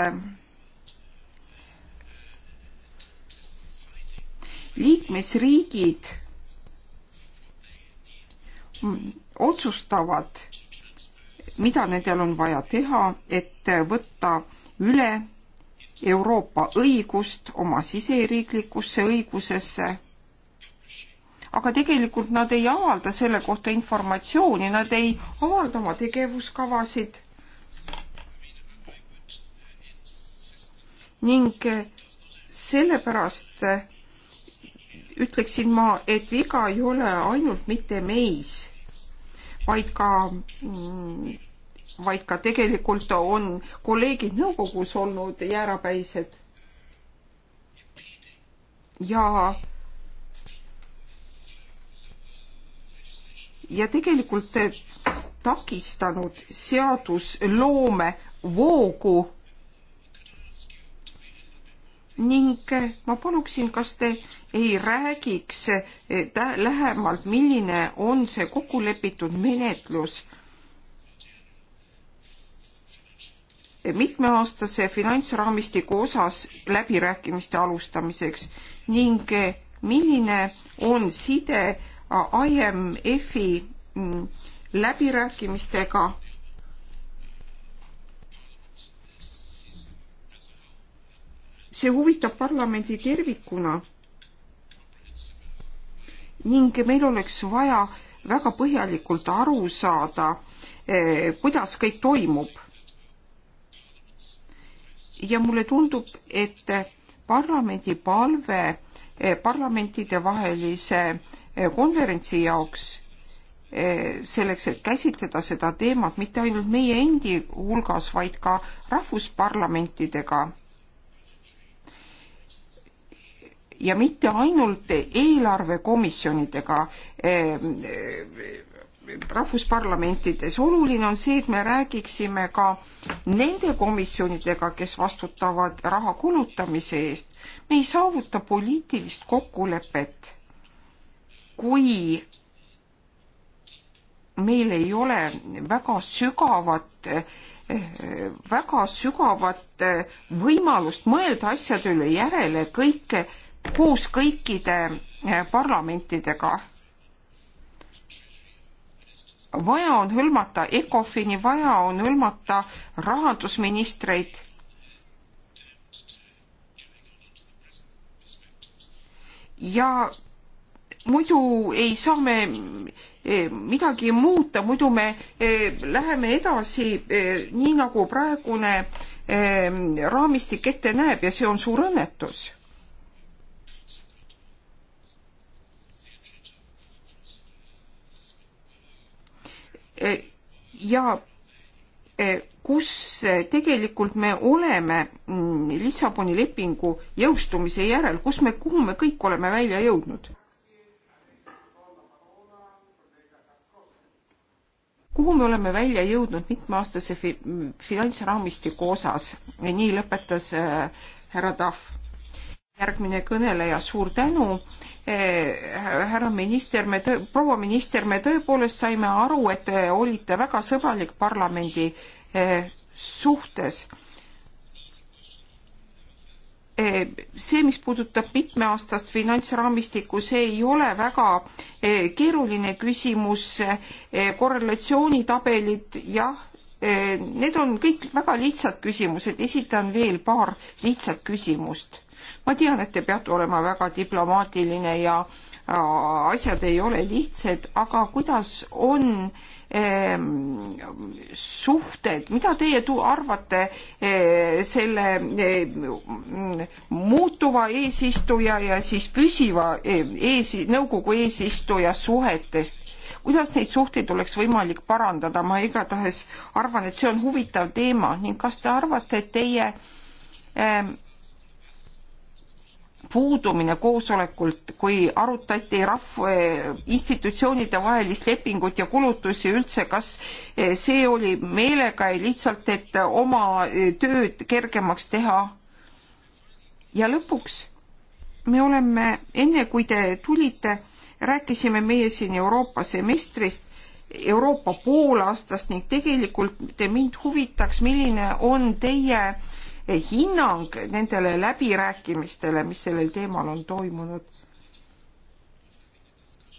Speaker 2: liikmesriigid otsustavad, mida nendel on vaja teha, et võtta üle Euroopa õigust oma siseriiklikusse õigusesse aga tegelikult nad ei avalda selle kohta informatsiooni, nad ei avalda oma tegevuskavasid. ning eh, sellepärast eh, ütleksin ma, et viga ei ole ainult mitte meis, vaid ka mm, vaid ka tegelikult on kolleegid nõukogus olnud jäärapäised. ja ja tegelikult takistanud seadusloome voogu ning ma paluksin, kas te ei räägiks eh, lähemalt, milline on see kokkulepitud menetlus mitmeaastase finantsraamistiku osas läbirääkimiste alustamiseks ning eh, milline on side IMF-i mm, läbirääkimistega see huvitab parlamendi tervikuna ning meil oleks vaja väga põhjalikult aru saada, eh, kuidas kõik toimub ja mulle tundub, et parlamendi palve eh, parlamentidevahelise eh, konverentsi jaoks eh, selleks, et käsitleda seda teemat mitte ainult meie endi hulgas, vaid ka rahvusparlamentidega. ja mitte ainult eelarvekomisjonidega rahvusparlamentides. oluline on see, et me räägiksime ka nende komisjonidega, kes vastutavad raha kulutamise eest. me ei saavuta poliitilist kokkulepet, kui meil ei ole väga sügavat väga sügavat võimalust mõelda asjade üle järele kõike koos kõikide parlamentidega vaja on hõlmata ECOFIN-i, vaja on hõlmata rahandusministreid. ja muidu ei saa me e, midagi muuta, muidu me e, läheme edasi e, nii, nagu praegune raamistik ette näeb ja see on suur õnnetus ja e, kus tegelikult me oleme mm, Lissaboni lepingu jõustumise järel, kus me, kuhu me kõik oleme välja jõudnud? kuhu me oleme välja jõudnud mitmeaastase finantsraamistiku osas, nii lõpetas e, härra Tahv järgmine kõneleja, suur tänu. Eh, härra minister, me tõ-, proua minister, me tõepoolest saime aru, et te olite väga sõbralik parlamendi eh, suhtes. Eh, see, mis puudutab mitmeaastast finantsraamistikku, see ei ole väga keeruline küsimus. korrelatsioonitabelid, jah Need on kõik väga lihtsad küsimused, esitan veel paar lihtsat küsimust ma tean, et te peate olema väga diplomaatiline ja äh, asjad ei ole lihtsad, aga kuidas on ehm, suhted, mida teie arvate eh, selle eh, muutuva eesistuja ja siis püsiva eh, ees, nõukogu eesistuja suhetest? kuidas neid suhteid oleks võimalik parandada, ma igatahes arvan, et see on huvitav teema ning kas te arvate, et teie ähm, puudumine koosolekult, kui arutati rahv-, eh, institutsioonide vahelist lepingut ja kulutusi üldse, kas eh, see oli meelega ja lihtsalt, et oma eh, tööd kergemaks teha? ja lõpuks me oleme, enne kui te tulite, rääkisime meie siin Euroopa semestrist, Euroopa poolaastast ning tegelikult mind huvitaks, milline on teie äh, hinnang nendele läbirääkimistele, mis sellel teemal on toimunud.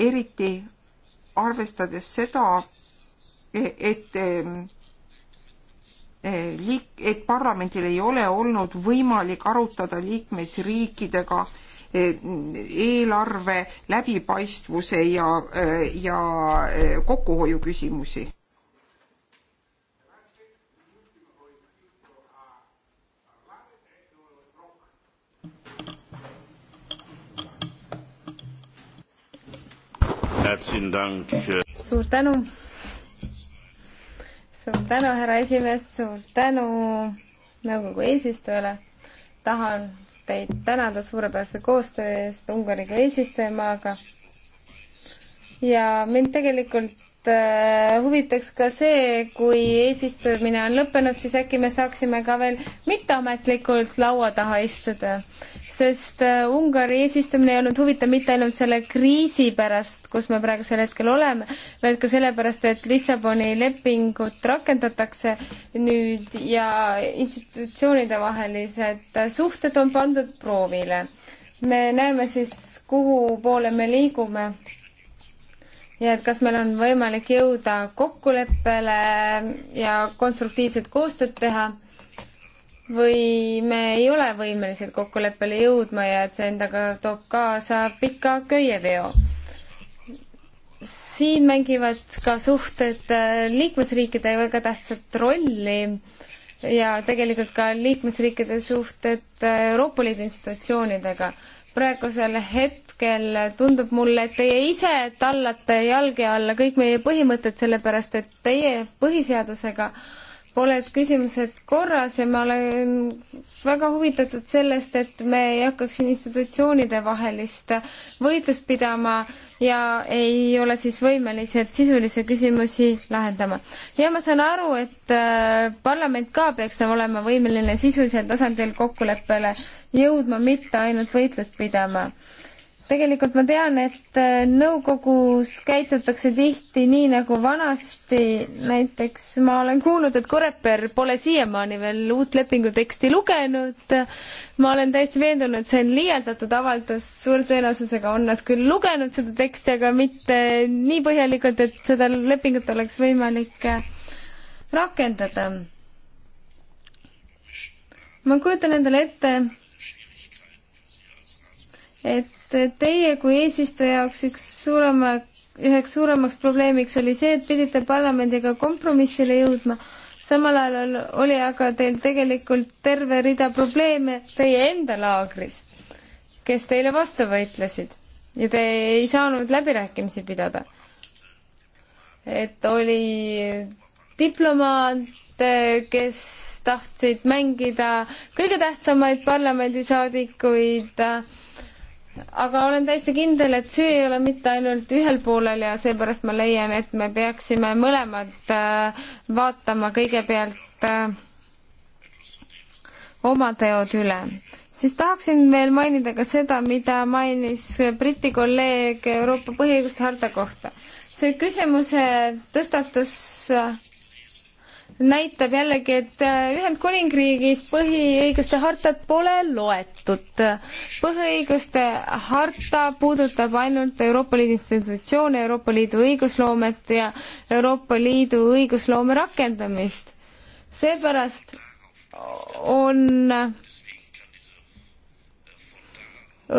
Speaker 2: eriti arvestades seda, et ehm, eh, liik-, et parlamendil ei ole olnud võimalik arutada liikmesriikidega eh, eelarve läbipaistvuse ja, eh, ja kokkuhoiu küsimusi. Äh,
Speaker 3: suur tänu. suur tänu, härra esimees, suur tänu nõukogu eesistujale. tahan teid tänada suurepärase koostöö eest Ungari kui eesistujamaaga. ja mind tegelikult äh, huvitaks ka see, kui eesistumine on lõppenud, siis äkki me saaksime ka veel mitteametlikult laua taha istuda sest äh, Ungari eesistumine ei olnud huvitav mitte ainult selle kriisi pärast, kus me praegusel hetkel oleme, vaid ka sellepärast, et Lissaboni lepingut rakendatakse nüüd ja institutsioonide vahelised suhted on pandud proovile. me näeme siis, kuhu poole me liigume ja et kas meil on võimalik jõuda kokkuleppele ja konstruktiivset koostööd teha või me ei ole võimelised kokkuleppele jõudma ja et see endaga toob kaasa pika köieveo. siin mängivad ka suhted äh, liikmesriikide väga tähtsat rolli ja tegelikult ka liikmesriikide suhted äh, Euroopa Liidu institutsioonidega. praegusel hetkel tundub mulle, et teie ise tallate jalge alla kõik meie põhimõtted, sellepärast et teie põhiseadusega äh, oled küsimused korras ja ma olen väga huvitatud sellest, et me ei hakkaks siin institutsioonide vahelist võitlust pidama ja ei ole siis võimelised sisulisi küsimusi lahendama. ja ma saan aru, et äh, parlament ka peaks nagu olema võimeline sisulisel tasandil kokkuleppele jõudma, mitte ainult võitlust pidama tegelikult ma tean, et äh, nõukogus käitutakse tihti nii nagu vanasti, näiteks ma olen kuulnud, et Koreper pole siiamaani veel uut lepinguteksti lugenud. ma olen täiesti veendunud, see on liialdatud avaldus, suure tõenäosusega on nad küll lugenud seda teksti, aga mitte nii põhjalikult, et seda lepingut oleks võimalik äh, rakendada. ma kujutan endale ette, et teie kui eesistuja jaoks üks suurema, üheks suuremaks probleemiks oli see, et pidite parlamendiga kompromissile jõudma. samal ajal oli aga teil tegelikult terve rida probleeme teie enda laagris, kes teile vastu võitlesid ja te ei saanud läbirääkimisi pidada. et oli diplomaate, kes tahtsid mängida kõige tähtsamaid parlamendisaadikuid äh, aga olen täiesti kindel, et süü ei ole mitte ainult ühel poolel ja seepärast ma leian, et me peaksime mõlemad äh, vaatama kõigepealt äh, oma teod üle. siis tahaksin veel mainida ka seda, mida mainis Briti kolleeg Euroopa põhiõiguste harta kohta. see küsimuse tõstatus äh, näitab jällegi, et äh, Ühendkuningriigis põhiõiguste hartat pole loetud. põhiõiguste harta puudutab ainult Euroopa Liidu institutsioone, Euroopa Liidu õigusloomet ja Euroopa Liidu õigusloome rakendamist. seepärast on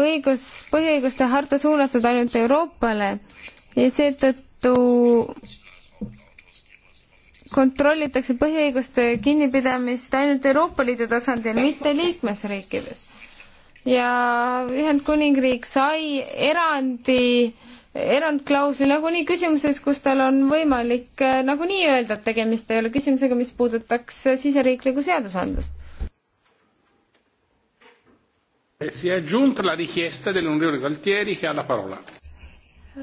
Speaker 3: õigus, põhiõiguste harta suunatud ainult Euroopale ja seetõttu kontrollitakse põhiõiguste kinnipidamist ainult Euroopa Liidu tasandil, mitte liikmesriikides. ja Ühendkuningriik sai erandi, erandklausli nagunii küsimuses, kus tal on võimalik eh, nagunii öelda, et tegemist ei ole küsimusega, mis puudutaks siseriiklikku seadusandlust.
Speaker 1: Si è aggiunta la richiesta dell'onorevole Galtieri che ha la parola.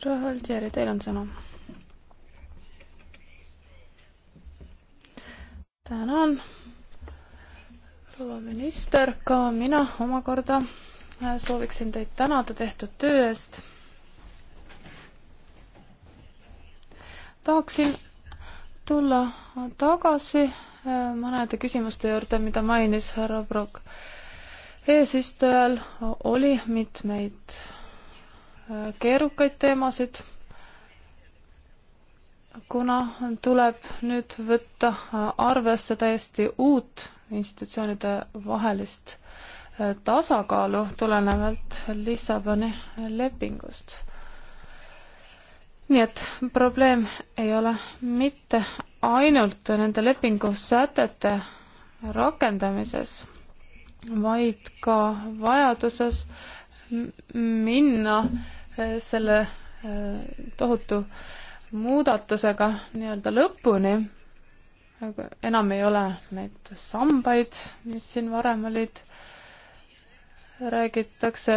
Speaker 4: Rohaltieri, teil on sõna tänan, proua minister, ka mina omakorda äh, sooviksin teid tänada tehtud töö eest. tahaksin tulla tagasi äh, mõnede küsimuste juurde, mida mainis härra Brock. eesistujal oli mitmeid äh, keerukaid teemasid kuna tuleb nüüd võtta arvesse täiesti uut institutsioonide vahelist äh, tasakaalu tulenevalt Lissaboni lepingust. nii et probleem ei ole mitte ainult nende lepingusätete rakendamises, vaid ka vajaduses minna äh, selle äh, tohutu äh, muudatusega nii-öelda lõpuni, aga enam ei ole neid sambaid, mis siin varem olid, räägitakse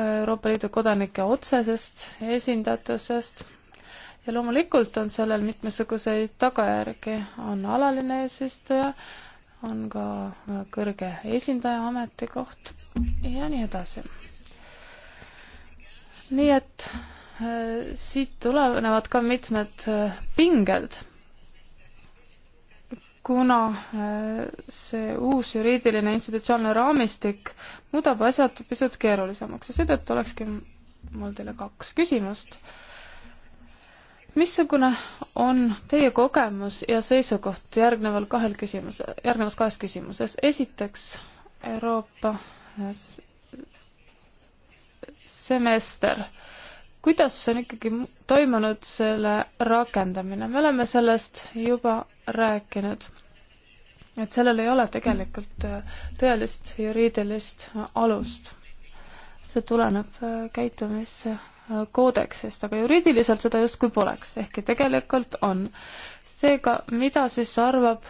Speaker 4: Euroopa Liidu kodanike otsesest esindatusest ja loomulikult on sellel mitmesuguseid tagajärgi, on alaline eesistuja, on ka kõrge esindaja ametikoht ja nii edasi. nii et Äh, siit tulenevad ka mitmed äh, pinged, kuna äh, see uus juriidiline institutsionaalne raamistik muudab asjad pisut keerulisemaks ja seetõttu olekski mul teile kaks küsimust. missugune on teie kogemus ja seisukoht järgneval kahel küsimusel, järgnevas kahes küsimuses? esiteks Euroopa semester äh, kuidas on ikkagi toimunud selle rakendamine, me oleme sellest juba rääkinud. et sellel ei ole tegelikult äh, tõelist juriidilist äh, alust. see tuleneb äh, käitumiskoodeksist, aga juriidiliselt seda justkui poleks, ehkki tegelikult on. seega, mida siis arvab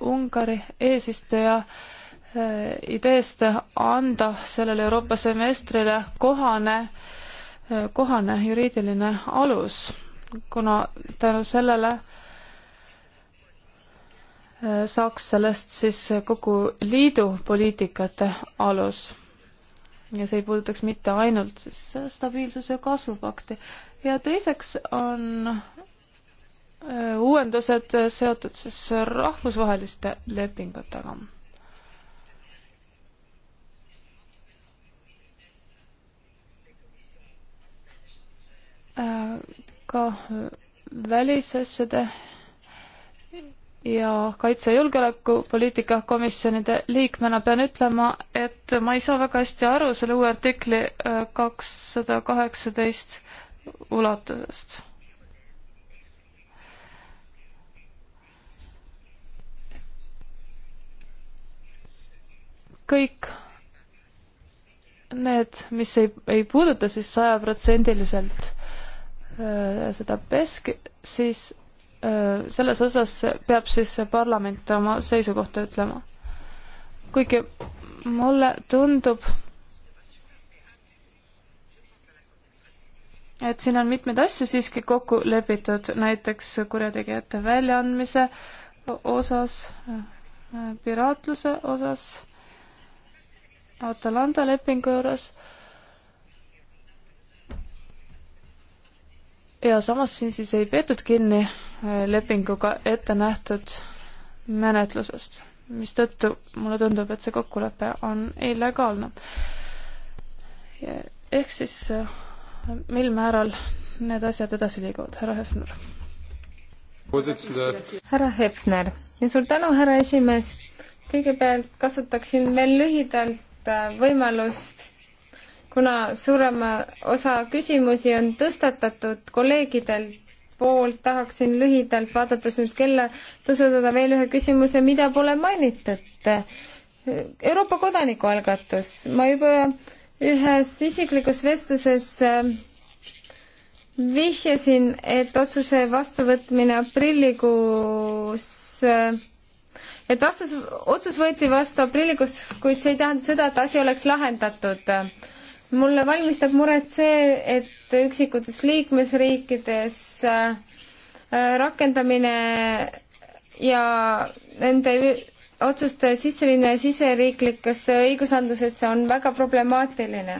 Speaker 4: Ungari eesistuja ideest anda sellele Euroopa semestrile kohane äh, kohane juriidiline alus, kuna tänu sellele äh, saaks sellest siis kogu liidu poliitikate alus. ja see ei puudutaks mitte ainult siis stabiilsuse ja kasvupakti. ja teiseks on äh, uuendused seotud siis rahvusvaheliste lepingutega ka välisasjade ja kaitse- ja julgeolekupoliitika komisjonide liikmena pean ütlema, et ma ei saa väga hästi aru selle uue artikli äh, kakssada kaheksateist ulatusest. kõik need, mis ei, ei puuduta siis sajaprotsendiliselt Äh, seda PESC, siis äh, selles osas peab siis parlament oma seisukohta ütlema. kuigi mulle tundub, et siin on mitmeid asju siiski kokku lepitud, näiteks kurjategijate väljaandmise osas, äh, piraatluse osas, Atalanta lepingu juures ja samas siin siis ei peetud kinni äh, lepinguga ette nähtud menetlusest, mistõttu mulle tundub, et see kokkulepe on illegaalne. ehk siis äh, mil määral need asjad edasi liiguvad, härra Hefner?
Speaker 3: härra Hefner ja suur tänu, härra esimees. kõigepealt kasutaksin veel lühidalt äh, võimalust kuna suurema osa küsimusi on tõstatatud kolleegidel poolt, tahaksin lühidalt, vaadates nüüd kella, tõstatada veel ühe küsimuse, mida pole mainitud. Euroopa kodanikualgatus, ma juba ühes isiklikus vestluses äh, vihjasin, et otsuse vastuvõtmine aprillikuus äh, et vastus, otsus võeti vastu aprillikuus, kuid see ei tähenda seda, et asi oleks lahendatud mulle valmistab muret see, et üksikutes liikmesriikides äh, rakendamine ja nende otsuste sisseviimine siseriiklikesse õigusandlusesse on väga problemaatiline.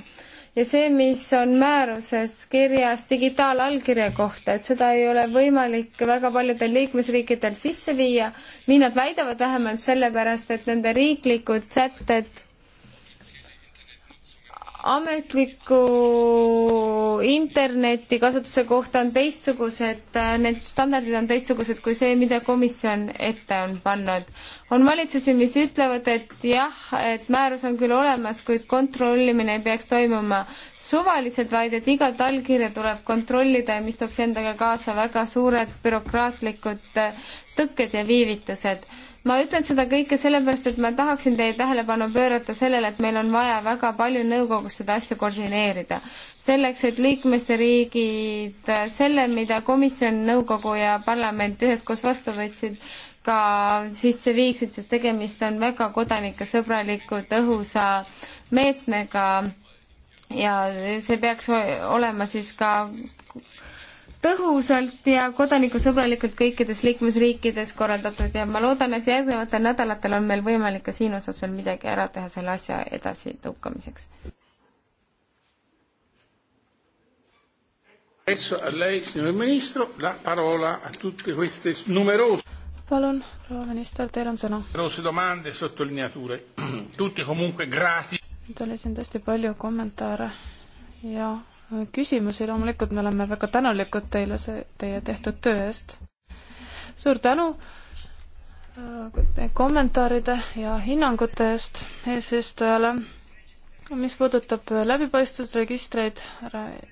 Speaker 3: ja see, mis on määruses kirjas digitaalallkirja kohta, et seda ei ole võimalik väga paljudel liikmesriikidel sisse viia, nii nad väidavad vähemalt sellepärast, et nende riiklikud sätted ametliku interneti kasutuse kohta on teistsugused, need standardid on teistsugused kui see, mida komisjon ette on pannud on valitsusi, mis ütlevad, et jah, et määrus on küll olemas, kuid kontrollimine ei peaks toimuma suvaliselt, vaid et igat allkirja tuleb kontrollida ja mis tooks endaga kaasa väga suured bürokraatlikud äh, tõkked ja viivitused. ma ütlen seda kõike sellepärast, et ma tahaksin teie tähelepanu pöörata sellele, et meil on vaja väga palju nõukogus seda asja koordineerida. selleks, et liikmesriigid äh, selle, mida komisjon, nõukogu ja parlament üheskoos vastu võtsid, ka sisse viiksid, sest tegemist on väga kodanikesõbraliku tõhusa meetmega ja see peaks olema siis ka tõhusalt ja kodanikusõbralikult kõikides liikmesriikides korraldatud ja ma loodan, et järgnevatel nädalatel on meil võimalik ka siin osas veel midagi ära teha selle asja edasitõukamiseks.
Speaker 1: Adesso a lei, signor Ministro, la parola a tutte queste numerose
Speaker 4: palun, proua minister, teil on sõna. Nüüd oli siin tõesti palju kommentaare ja küsimusi, loomulikult me oleme väga tänulikud teile see, teie tehtud töö eest. suur tänu äh, kommentaaride ja hinnangute eest eesistujale. mis puudutab läbipaistvusregistreid, härra e-,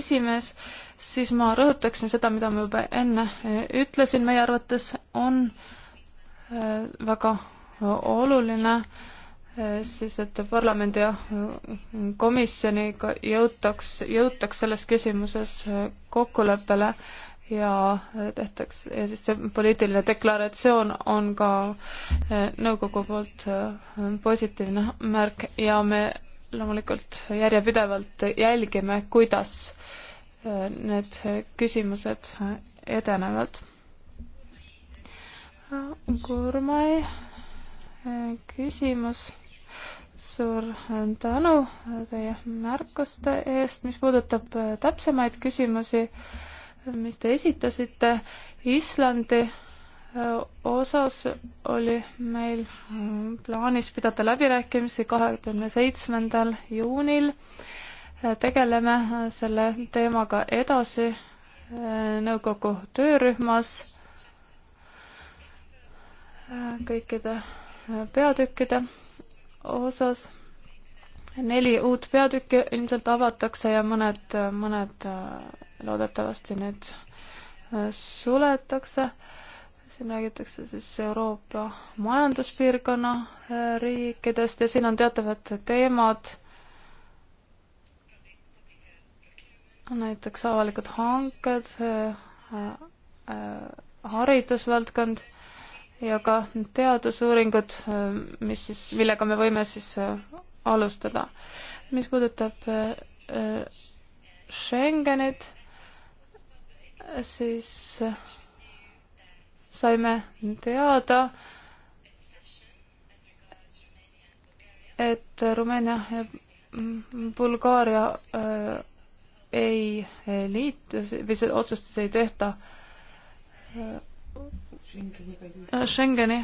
Speaker 4: esimees, siis ma rõhutaksin seda, mida ma juba enne eh, ütlesin, meie arvates on eh, väga oluline eh, siis, et parlamendi ja komisjoniga jõutaks, jõutaks selles küsimuses kokkuleppele ja tehtaks, ja siis see poliitiline deklaratsioon on ka nõukogu poolt positiivne märk ja me loomulikult järjepidevalt jälgime, kuidas need küsimused edenevad. Gurmai küsimus. suur tänu teie märkuste eest, mis puudutab täpsemaid küsimusi, mis te esitasite. Islandi osas oli meil plaanis pidada läbirääkimisi kahekümne seitsmendal juunil tegeleme selle teemaga edasi äh, nõukogu töörühmas äh, kõikide peatükkide osas. neli uut peatükki ilmselt avatakse ja mõned, mõned äh, loodetavasti nüüd suletakse. siin räägitakse siis Euroopa majanduspiirkonna riikidest ja siin on teatavad teemad näiteks avalikud hanked, äh, äh, haridusvaldkond ja ka teadusuuringud, äh, mis siis, millega me võime siis alustada. mis puudutab Schengenit, siis saime teada, et Rumeenia ja Bulgaaria ei liitu või seda otsust ei tehta äh, Schengeni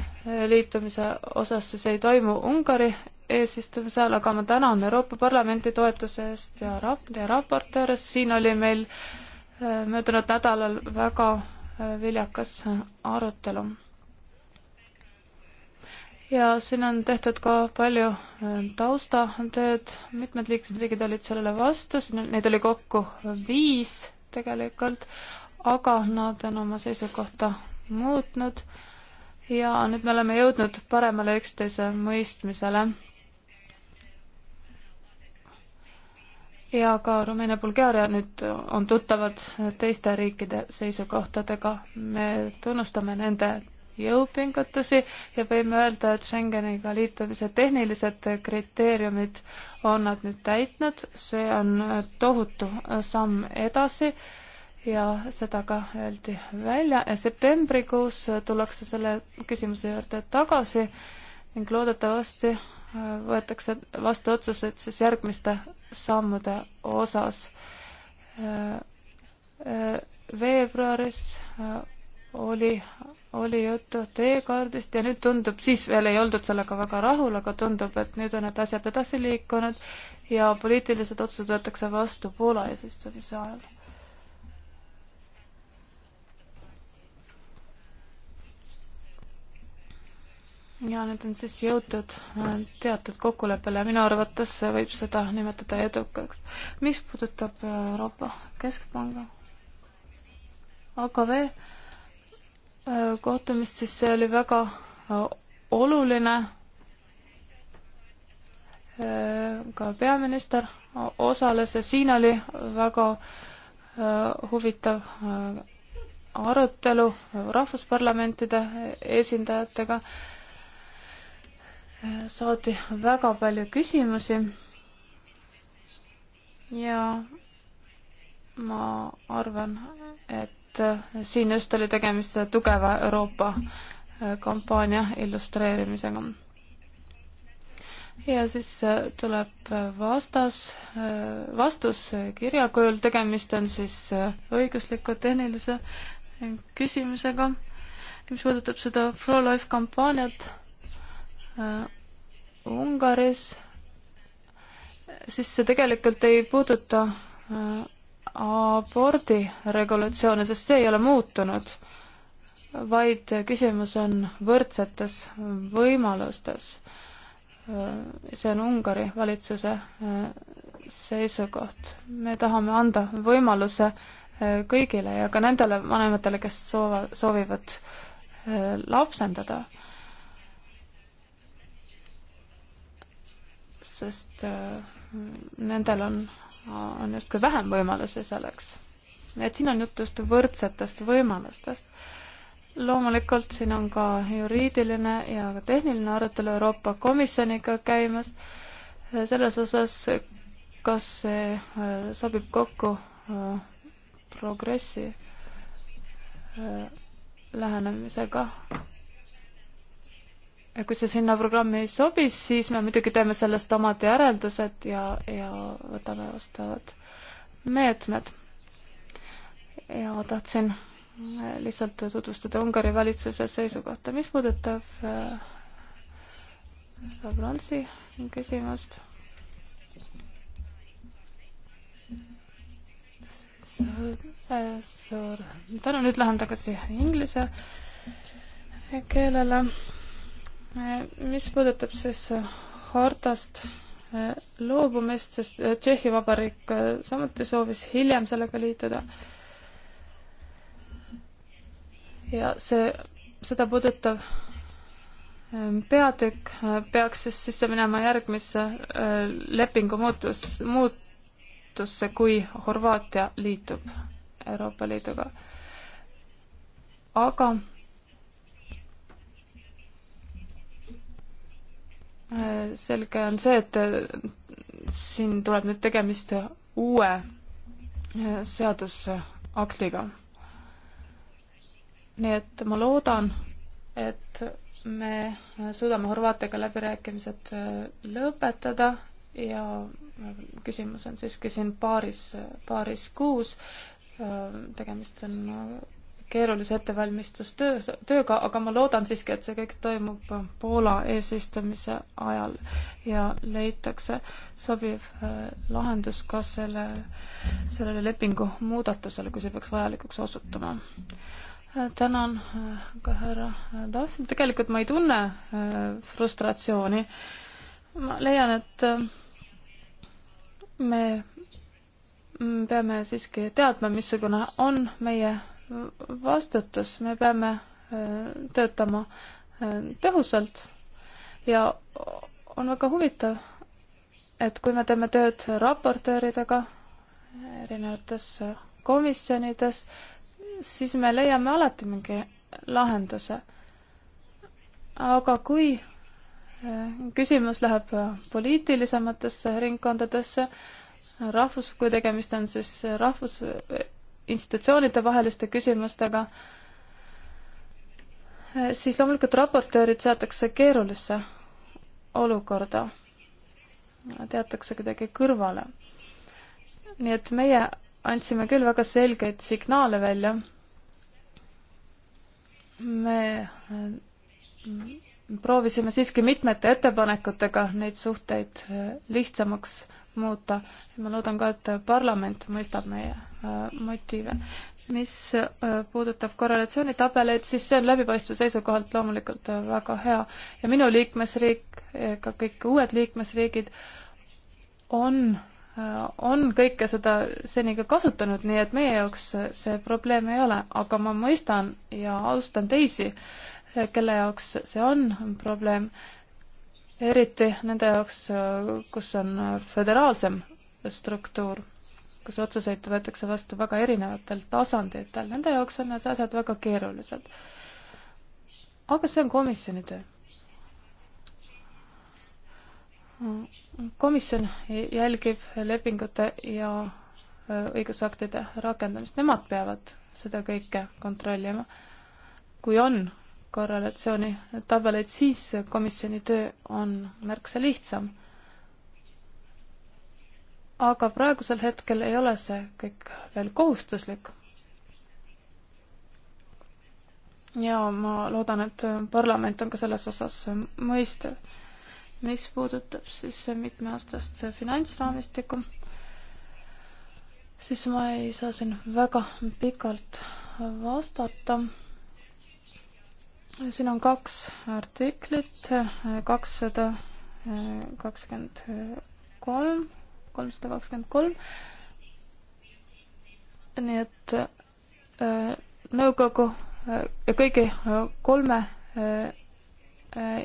Speaker 4: liitumise osas, siis ei toimu Ungari eesistumise ajal, aga ma tänan Euroopa Parlamenti toetuse eest ja rap-, ja raportööre, siin oli meil äh, möödunud nädalal väga äh, viljakas arutelu ja siin on tehtud ka palju äh, taustatööd, mitmed liikmesriigid olid sellele vastu, neid oli kokku viis tegelikult, aga nad on oma seisukohta muutnud ja nüüd me oleme jõudnud paremale üksteise mõistmisele. ja ka Rumeenia, Bulgaaria nüüd on tuttavad teiste riikide seisukohtadega, me tunnustame nende jõupingutusi ja võime öelda, et Schengeniga liitumise tehnilised kriteeriumid on nad nüüd täitnud, see on tohutu samm edasi ja seda ka öeldi välja ja septembrikuus tullakse selle küsimuse juurde tagasi ning loodetavasti võetakse vastu otsused siis järgmiste sammude osas äh, äh, veebruaris äh, oli oli juttu teekaardist ja nüüd tundub, siis veel ei oldud sellega väga rahul, aga tundub, et nüüd on need asjad edasi liikunud ja poliitilised otsused võetakse vastu Poola eesistumise ajal. ja nüüd on siis jõutud äh, teatud kokkuleppele ja minu arvates võib seda nimetada edukaks. mis puudutab Euroopa Keskpanga, AKV, kohtumist, siis see oli väga äh, oluline. Äh, ka peaminister osales ja siin oli väga äh, huvitav arutelu rahvusparlamentide esindajatega. saadi väga palju küsimusi. ja ma arvan, et et äh, siin just oli tegemist tugeva Euroopa äh, kampaania illustreerimisega. ja siis äh, tuleb vastas, vastus kirja kujul, tegemist on siis õigusliku tehnilise küsimusega, mis puudutab seda pro-life kampaaniat Ungaris, siis see tegelikult ei puuduta abordiregulatsioone, sest see ei ole muutunud, vaid küsimus on võrdsetes võimalustes. see on Ungari valitsuse eh, seisukoht. me tahame anda võimaluse eh, kõigile ja ka nendele vanematele, kes soova, soovivad eh, lapsendada. sest nendel on on justkui vähem võimalusi selleks. et siin on juttu just võrdsetest võimalustest. loomulikult siin on ka juriidiline ja ka tehniline arutelu Euroopa Komisjoniga käimas selles osas, kas see äh, sobib kokku äh, progressi äh, lähenemisega kui see sinna programmi sobis, siis me muidugi teeme sellest omad järeldused ja, ja võtame vastavad meetmed. ja tahtsin äh, lihtsalt tutvustada Ungari valitsuse seisukohta, mis puudutab äh, Labransi küsimust. Äh, suur tänu, nüüd lähen tagasi inglise keelele mis puudutab siis äh, hartast äh, loobumist, sest äh, Tšehhi Vabariik samuti soovis hiljem sellega liituda. ja see, seda puudutav ähm, peatükk peaks siis sisse minema järgmisse lepingu muutus, muutusse, kui Horvaatia liitub Euroopa Liiduga. aga selge on see, et äh, siin tuleb nüüd tegemist uue äh, seadusaktiga. nii et ma loodan, et me äh, suudame Horvaatiaga läbirääkimised lõpetada ja küsimus on siiski siin paaris, paaris kuus. tegemist on keerulise ettevalmistustöö, tööga, aga ma loodan siiski, et see kõik toimub Poola eesistumise ajal ja leitakse sobiv äh, lahendus ka selle, sellele lepingu muudatusele, kui see peaks vajalikuks osutuma. Äh, tänan äh, ka härra Tahv, tegelikult ma ei tunne frustratsiooni. ma leian, et me mm, peame siiski teadma, missugune on meie vastutus, me peame äh, töötama äh, tõhusalt ja on väga huvitav, et kui me teeme tööd raportööridega erinevates äh, komisjonides, siis me leiame alati mingi lahenduse. aga kui küsimus läheb poliitilisematesse ringkondadesse, rahvus, kui tegemist on siis rahvus, institutsioonide vaheliste küsimustega, siis loomulikult raportöörid seatakse keerulisse olukorda, teatakse kuidagi kõrvale. nii et meie andsime küll väga selgeid signaale välja. me mm, proovisime siiski mitmete ettepanekutega neid suhteid äh, lihtsamaks muuta ja ma loodan ka, et parlament mõistab meie motiive. mis äh, puudutab korrelatsioonitabeleid, siis see on läbipaistvuse seisukohalt loomulikult äh, väga hea ja minu liikmesriik, äh, ka kõik uued liikmesriigid on, on kõike seda seni ka kasutanud, nii et meie jaoks see probleem ei ole, aga ma mõistan ja austan teisi, kelle jaoks see on probleem, eriti nende jaoks, kus on föderaalsem struktuur kus otsuseid võetakse vastu väga erinevatel tasanditel, nende jaoks on need asjad väga keerulised. aga see on komisjoni töö. komisjon jälgib lepingute ja õigusaktide rakendamist, nemad peavad seda kõike kontrollima. kui on korrelatsiooni tabeleid, siis komisjoni töö on märksa lihtsam aga praegusel hetkel ei ole see kõik veel kohustuslik. ja ma loodan, et parlament on ka selles osas mõistev. mis puudutab siis mitmeaastast finantsraamistikku, siis ma ei saa siin väga pikalt vastata. siin on kaks artiklit, kakssada kakskümmend kolm kolmsada kakskümmend kolm. nii et äh, nõukogu äh, ja kõigi äh, kolme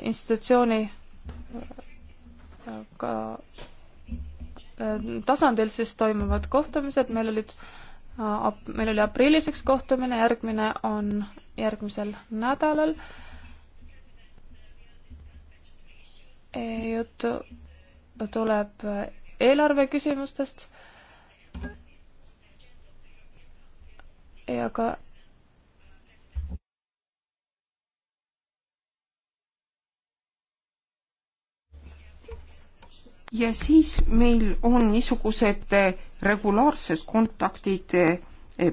Speaker 4: institutsiooni ka tasandil siis toimuvad kohtumised, meil olid, meil oli aprillis üks kohtumine, järgmine on järgmisel nädalal. juttu tuleb eelarve küsimustest ja ka
Speaker 2: ja siis meil on niisugused eh, regulaarsed kontaktid eh,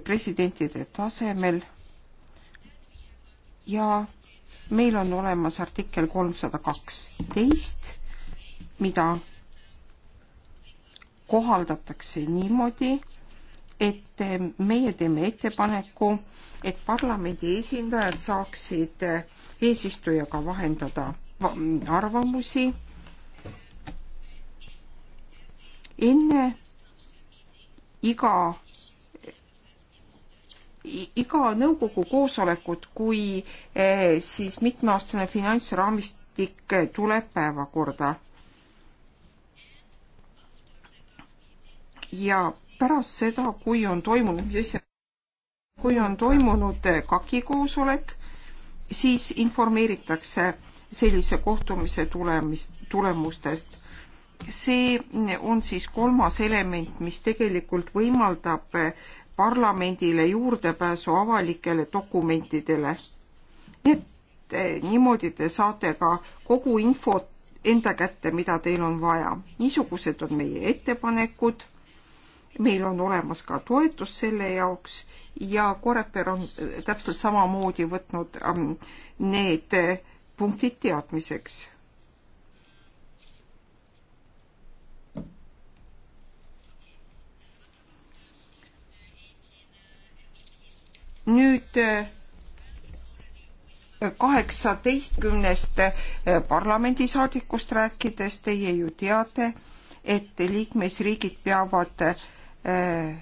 Speaker 2: presidentide tasemel ja meil on olemas artikkel kolmsada kaksteist, mida kohaldatakse niimoodi, et eh, meie teeme ettepaneku, et parlamendi esindajad saaksid eh, eesistujaga vahendada arvamusi enne iga iga nõukogu koosolekut, kui eh, siis mitmeaastane finantsraamistik tuleb päevakorda ja pärast seda, kui on toimunud, mis asja, kui on toimunud eh, KAK-i koosolek, siis informeeritakse sellise kohtumise tulemist, tulemustest. see on siis kolmas element, mis tegelikult võimaldab eh, parlamendile juurdepääsu avalikele dokumentidele. et eh, niimoodi te saate ka kogu infot enda kätte, mida teil on vaja. niisugused on meie ettepanekud meil on olemas ka toetus selle jaoks ja Koreper on äh, täpselt samamoodi võtnud ähm, need äh, punktid teadmiseks. nüüd äh, kaheksateistkümnest parlamendisaadikust rääkides teie ju teate, et liikmesriigid peavad Äh,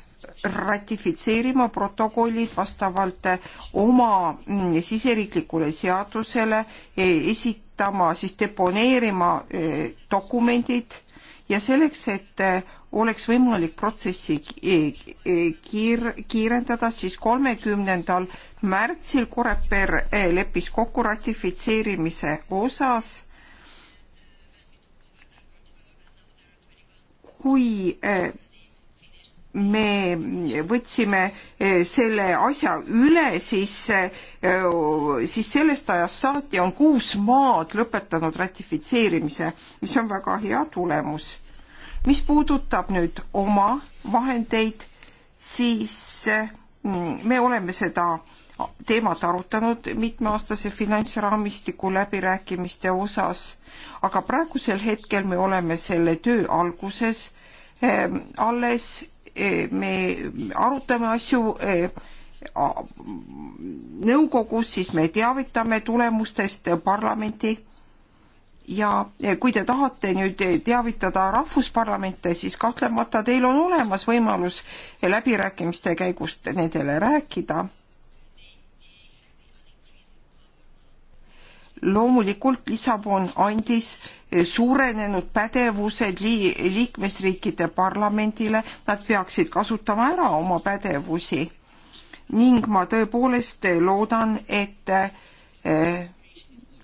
Speaker 2: ratifitseerima protokollid vastavalt oma mm, siseriiklikule seadusele, e, esitama, siis deponeerima äh, dokumendid ja selleks, et äh, oleks võimalik protsessi e, e, kiir-, kiirendada, siis kolmekümnendal märtsil Koreper leppis kokku ratifitseerimise osas kui me võtsime eh, selle asja üle, siis, eh, siis sellest ajast saati on kuus maad lõpetanud ratifitseerimise, mis on väga hea tulemus. mis puudutab nüüd oma vahendeid, siis mm, me oleme seda teemat arutanud mitmeaastase finantsraamistiku läbirääkimiste osas, aga praegusel hetkel me oleme selle töö alguses eh, alles E, me arutame asju e, nõukogus, siis me teavitame tulemustest parlamenti ja e, kui te tahate nüüd teavitada rahvusparlamente, siis kahtlemata teil on olemas võimalus läbirääkimiste käigust nendele rääkida loomulikult Lissabon andis eh, suurenenud pädevused li liikmesriikide parlamendile, nad peaksid kasutama ära oma pädevusi. ning ma tõepoolest eh, loodan, et eh,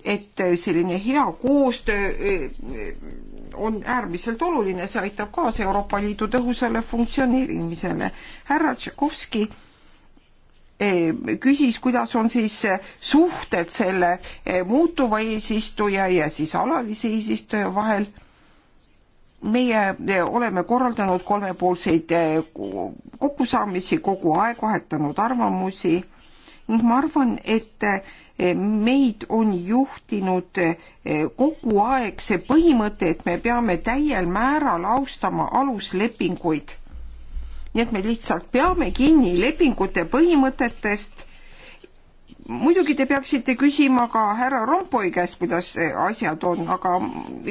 Speaker 2: et selline hea koostöö on äärmiselt oluline, see aitab kaasa Euroopa Liidu tõhusale funktsioneerimisele. härra Tšaikovski Eh, küsis, kuidas on siis eh, suhted selle eh, muutuva eesistuja ja siis alalise eesistuja vahel. meie oleme korraldanud kolmepoolseid kokkusaamisi kogu aeg, vahetanud arvamusi ning ma arvan, et meid on juhtinud kogu aeg see põhimõte, et me peame täiel määral austama aluslepinguid nii et me lihtsalt peame kinni lepingute põhimõtetest. muidugi te peaksite küsima ka härra Rompoi käest, kuidas asjad on, aga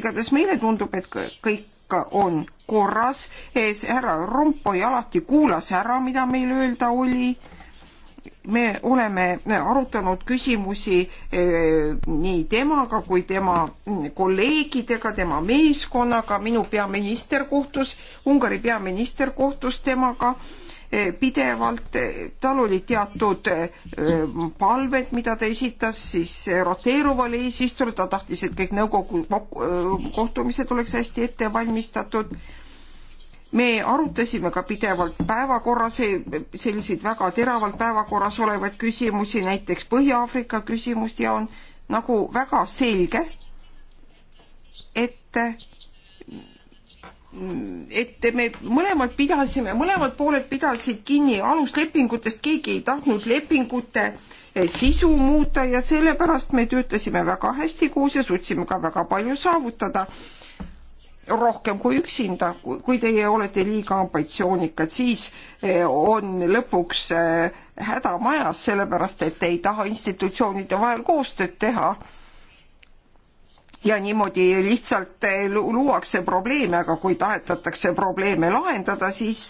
Speaker 2: igatahes meile tundub, et kõik on korras. härra Rompoi alati kuulas ära, mida meil öelda oli me oleme arutanud küsimusi eh, nii temaga kui tema kolleegidega, tema meeskonnaga, minu peaminister kohtus, Ungari peaminister kohtus temaga eh, pidevalt, tal olid teatud eh, palved, mida ta esitas siis roteeruvale eesistujale, ta tahtis, et kõik nõukogu kohtumised oleks hästi ette valmistatud me arutasime ka pidevalt päevakorras selliseid väga teravalt päevakorras olevaid küsimusi, näiteks Põhja-Aafrika küsimust ja on nagu väga selge, et et me mõlemad pidasime, mõlemad pooled pidasid kinni aluslepingutest, keegi ei tahtnud lepingute eh, sisu muuta ja sellepärast me töötasime väga hästi koos ja suutsime ka väga palju saavutada rohkem kui üksinda, kui teie olete liiga ambitsioonikad, siis eh, on lõpuks eh, häda majas, sellepärast et te ei taha institutsioonide vahel koostööd teha. ja niimoodi lihtsalt eh, luuakse probleeme, aga kui tahetatakse probleeme lahendada, siis,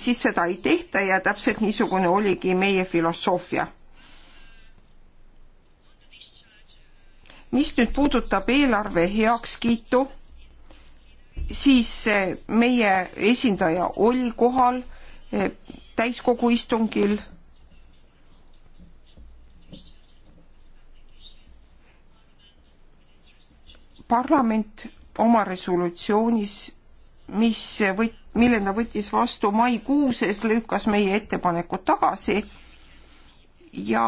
Speaker 2: siis seda ei tehta ja täpselt niisugune oligi meie filosoofia mis nüüd puudutab eelarve heakskiitu, siis eh, meie esindaja oli kohal eh, täiskogu istungil. parlament oma resolutsioonis, mis võt-, mille ta võttis vastu maikuuses, lükkas meie ettepanekud tagasi ja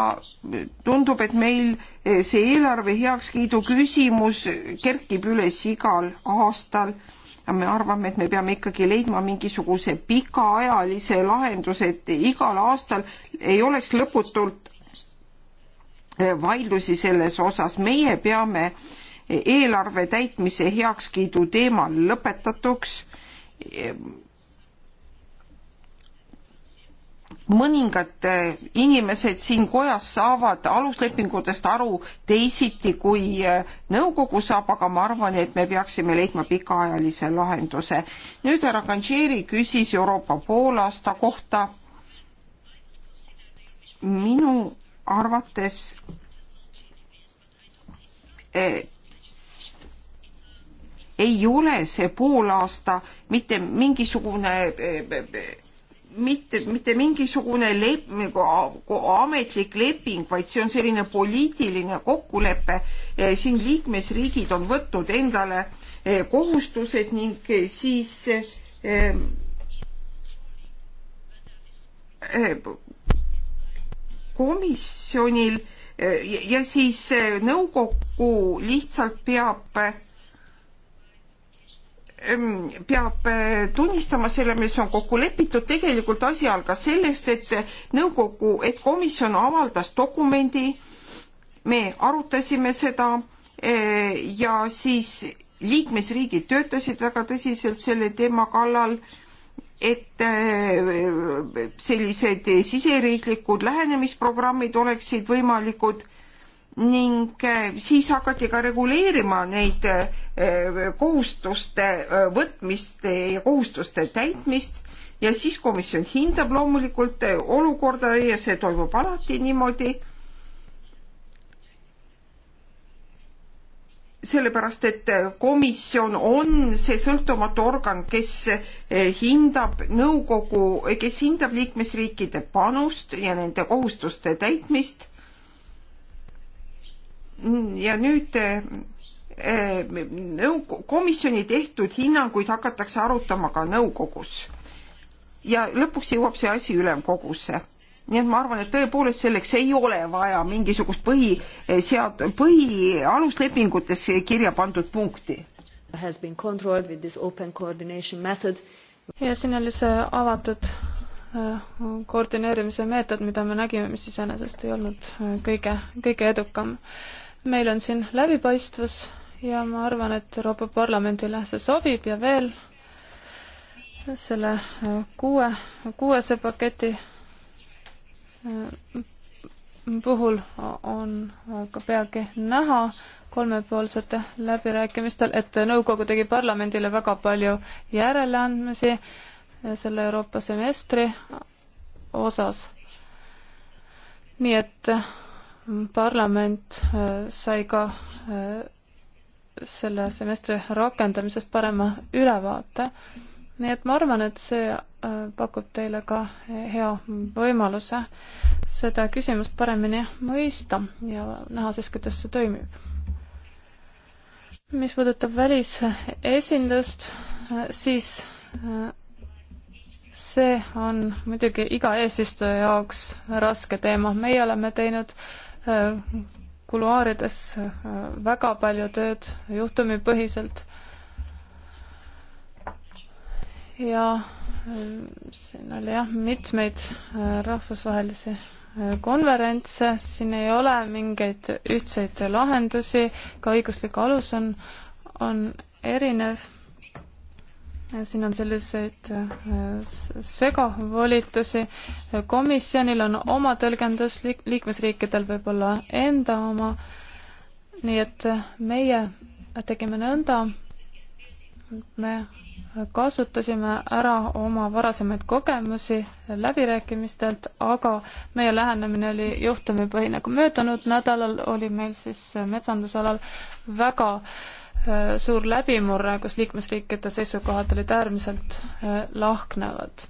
Speaker 2: tundub, et meil eh, see eelarve heakskiidu küsimus kerkib üles igal aastal me arvame, et me peame ikkagi leidma mingisuguse pikaajalise lahenduse, et igal aastal ei oleks lõputult eh, vaidlusi selles osas. meie peame eelarve täitmise heakskiidu teemal lõpetatuks mõningad inimesed siin kojas saavad aluslepingutest aru teisiti, kui äh, nõukogu saab, aga ma arvan, et me peaksime leidma pikaajalise lahenduse. nüüd härra Kanšeri küsis Euroopa poolaasta kohta. minu arvates äh, ei ole see poolaasta mitte mingisugune äh, mitte, mitte mingisugune lep-, nagu ametlik leping, vaid see on selline poliitiline kokkulepe. Eh, siin liikmesriigid on võtnud endale eh, kohustused ning eh, siis komisjonil ja siis nõukogu lihtsalt peab peab eh, tunnistama selle, mis on kokku lepitud, tegelikult asi algas sellest, et nõukogu, et komisjon avaldas dokumendi, me arutasime seda eh, ja siis liikmesriigid töötasid väga tõsiselt selle teema kallal et eh, sellised siseriiklikud lähenemisprogrammid oleksid võimalikud ning eh, siis hakati ka reguleerima neid eh, kohustuste eh, võtmist ja kohustuste täitmist ja siis komisjon hindab loomulikult olukorda ja see toimub alati niimoodi. sellepärast, et komisjon on see sõltumatu organ, kes hindab nõukogu, kes hindab liikmesriikide panust ja nende kohustuste täitmist ja nüüd eh, nõu-, komisjoni tehtud hinnanguid hakatakse arutama ka nõukogus. ja lõpuks jõuab see asi ülemkogusse. nii et ma arvan, et tõepoolest selleks ei ole vaja mingisugust põhisead-, eh, põhi aluslepingutes kirja pandud punkti.
Speaker 4: ja siin oli see avatud eh, koordineerimise meetod, mida me nägime, mis iseenesest ei olnud kõige, kõige edukam meil on siin läbipaistvus ja ma arvan, et Euroopa Parlamendile see sobib ja veel selle äh, kuue, kuuese paketi äh, puhul on ka peagi näha kolmepoolsete läbirääkimistel, et nõukogu tegi parlamendile väga palju järeleandmisi äh, selle Euroopa semestri osas. nii et parlament äh, sai ka äh, selle semestri rakendamisest parema ülevaate. nii et ma arvan, et see äh, pakub teile ka hea võimaluse seda küsimust paremini mõista ja näha siis, kuidas see toimib. mis puudutab välisesindust, siis see on muidugi iga eesistuja jaoks raske teema, meie oleme teinud äh, Äh, kuluaarides äh, väga palju tööd juhtumipõhiselt. ja äh, siin oli jah, mitmeid rahvusvahelisi konverentse, siin ei ole mingeid ühtseid lahendusi, ka õiguslik alus on, on erinev siin on selliseid äh, segavolitusi, komisjonil on oma tõlgendus, liik-, liikmesriikidel võib olla enda oma, nii et meie tegime nõnda, me kasutasime ära oma varasemaid kogemusi läbirääkimistelt, aga meie lähenemine oli juhtumipõhine. kui möödunud nädalal oli meil siis metsandusalal väga äh, Äh, suur läbimurre, kus liikmesriikide seisukohad olid äärmiselt äh, lahknevad.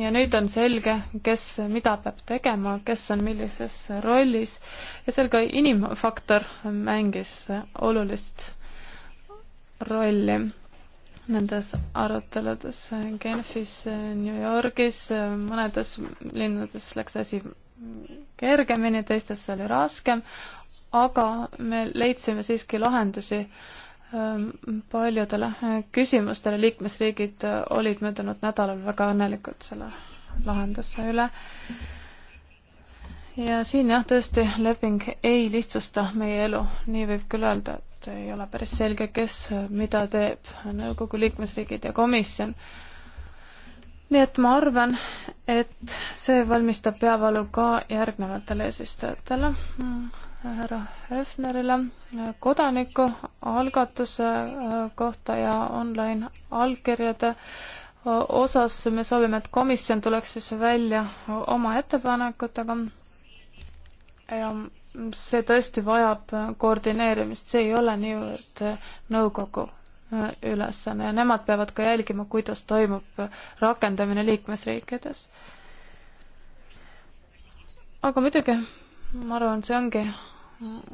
Speaker 4: ja nüüd on selge, kes mida peab tegema, kes on millises rollis ja seal ka inimfaktor mängis olulist rolli nendes aruteludes Genfis, New Yorgis, mõnedes linnades läks asi kergemini, teistes oli raskem, aga me leidsime siiski lahendusi äh, Ähm, paljudele äh, küsimustele. liikmesriigid äh, olid möödunud nädalal väga õnnelikud selle lahenduse üle. ja siin jah, tõesti, leping ei lihtsusta meie elu, nii võib küll öelda, et ei ole päris selge, kes äh, mida teeb, nõukogu liikmesriigid ja komisjon. nii et ma arvan, et see valmistab peavalu ka järgnevatele eesistujatele härra Hefnerile kodanikualgatuse äh, kohta ja online allkirjade äh, osas me soovime, et komisjon tuleks siis välja oma ettepanekutega. ja see tõesti vajab äh, koordineerimist, see ei ole niivõrd nõukogu ülesanne ja nemad peavad ka jälgima, kuidas toimub rakendamine liikmesriikides. aga muidugi ma arvan, see ongi,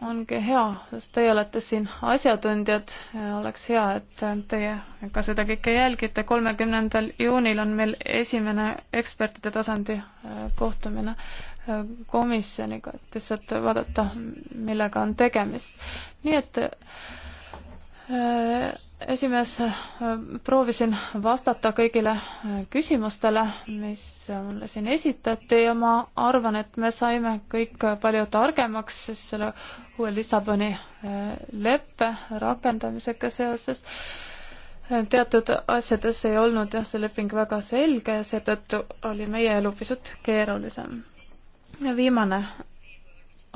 Speaker 4: ongi hea, sest teie olete siin asjatundjad ja oleks hea, et teie ka seda kõike jälgite. kolmekümnendal juunil on meil esimene ekspertide tasandi äh, kohtumine äh, komisjoniga, et lihtsalt vaadata, millega on tegemist. nii et Äh, esimees, äh, proovisin vastata kõigile äh, küsimustele, mis mulle siin esitati ja ma arvan, et me saime kõik palju targemaks siis selle uue Lissaboni leppe rakendamisega seoses. teatud asjades ei olnud jah, see leping väga selge ja seetõttu oli meie elu pisut keerulisem. ja viimane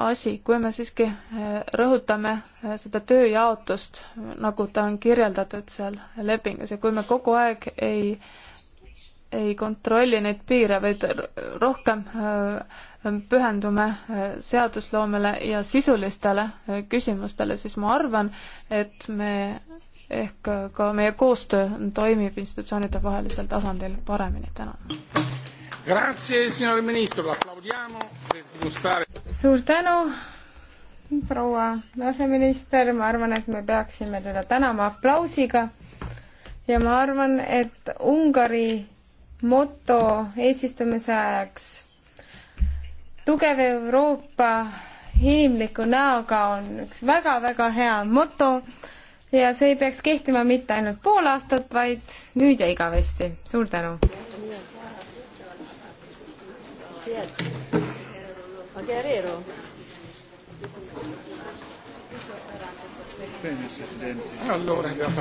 Speaker 4: asi, kui me siiski eh, rõhutame eh, seda tööjaotust, nagu ta on kirjeldatud seal lepingus ja kui me kogu aeg ei, ei kontrolli neid piire, vaid rohkem eh, pühendume seadusloomele ja sisulistele küsimustele, siis ma arvan, et me ehk ka meie koostöö toimib institutsioonide vahelisel tasandil paremini. tänan!
Speaker 1: Grazie, signor ministro, l'applaudiamo per dimostrare.
Speaker 3: suur tänu, proua aseminister, ma arvan, et me peaksime teda tänama aplausiga ja ma arvan, et Ungari moto eesistumise ajaks tugev Euroopa inimliku näoga on üks väga-väga hea moto ja see ei peaks kehtima mitte ainult pool aastat, vaid nüüd ja igavesti. suur tänu!
Speaker 6: Yes. Guerrero.
Speaker 1: Bene, Presidente. Allora, abbiamo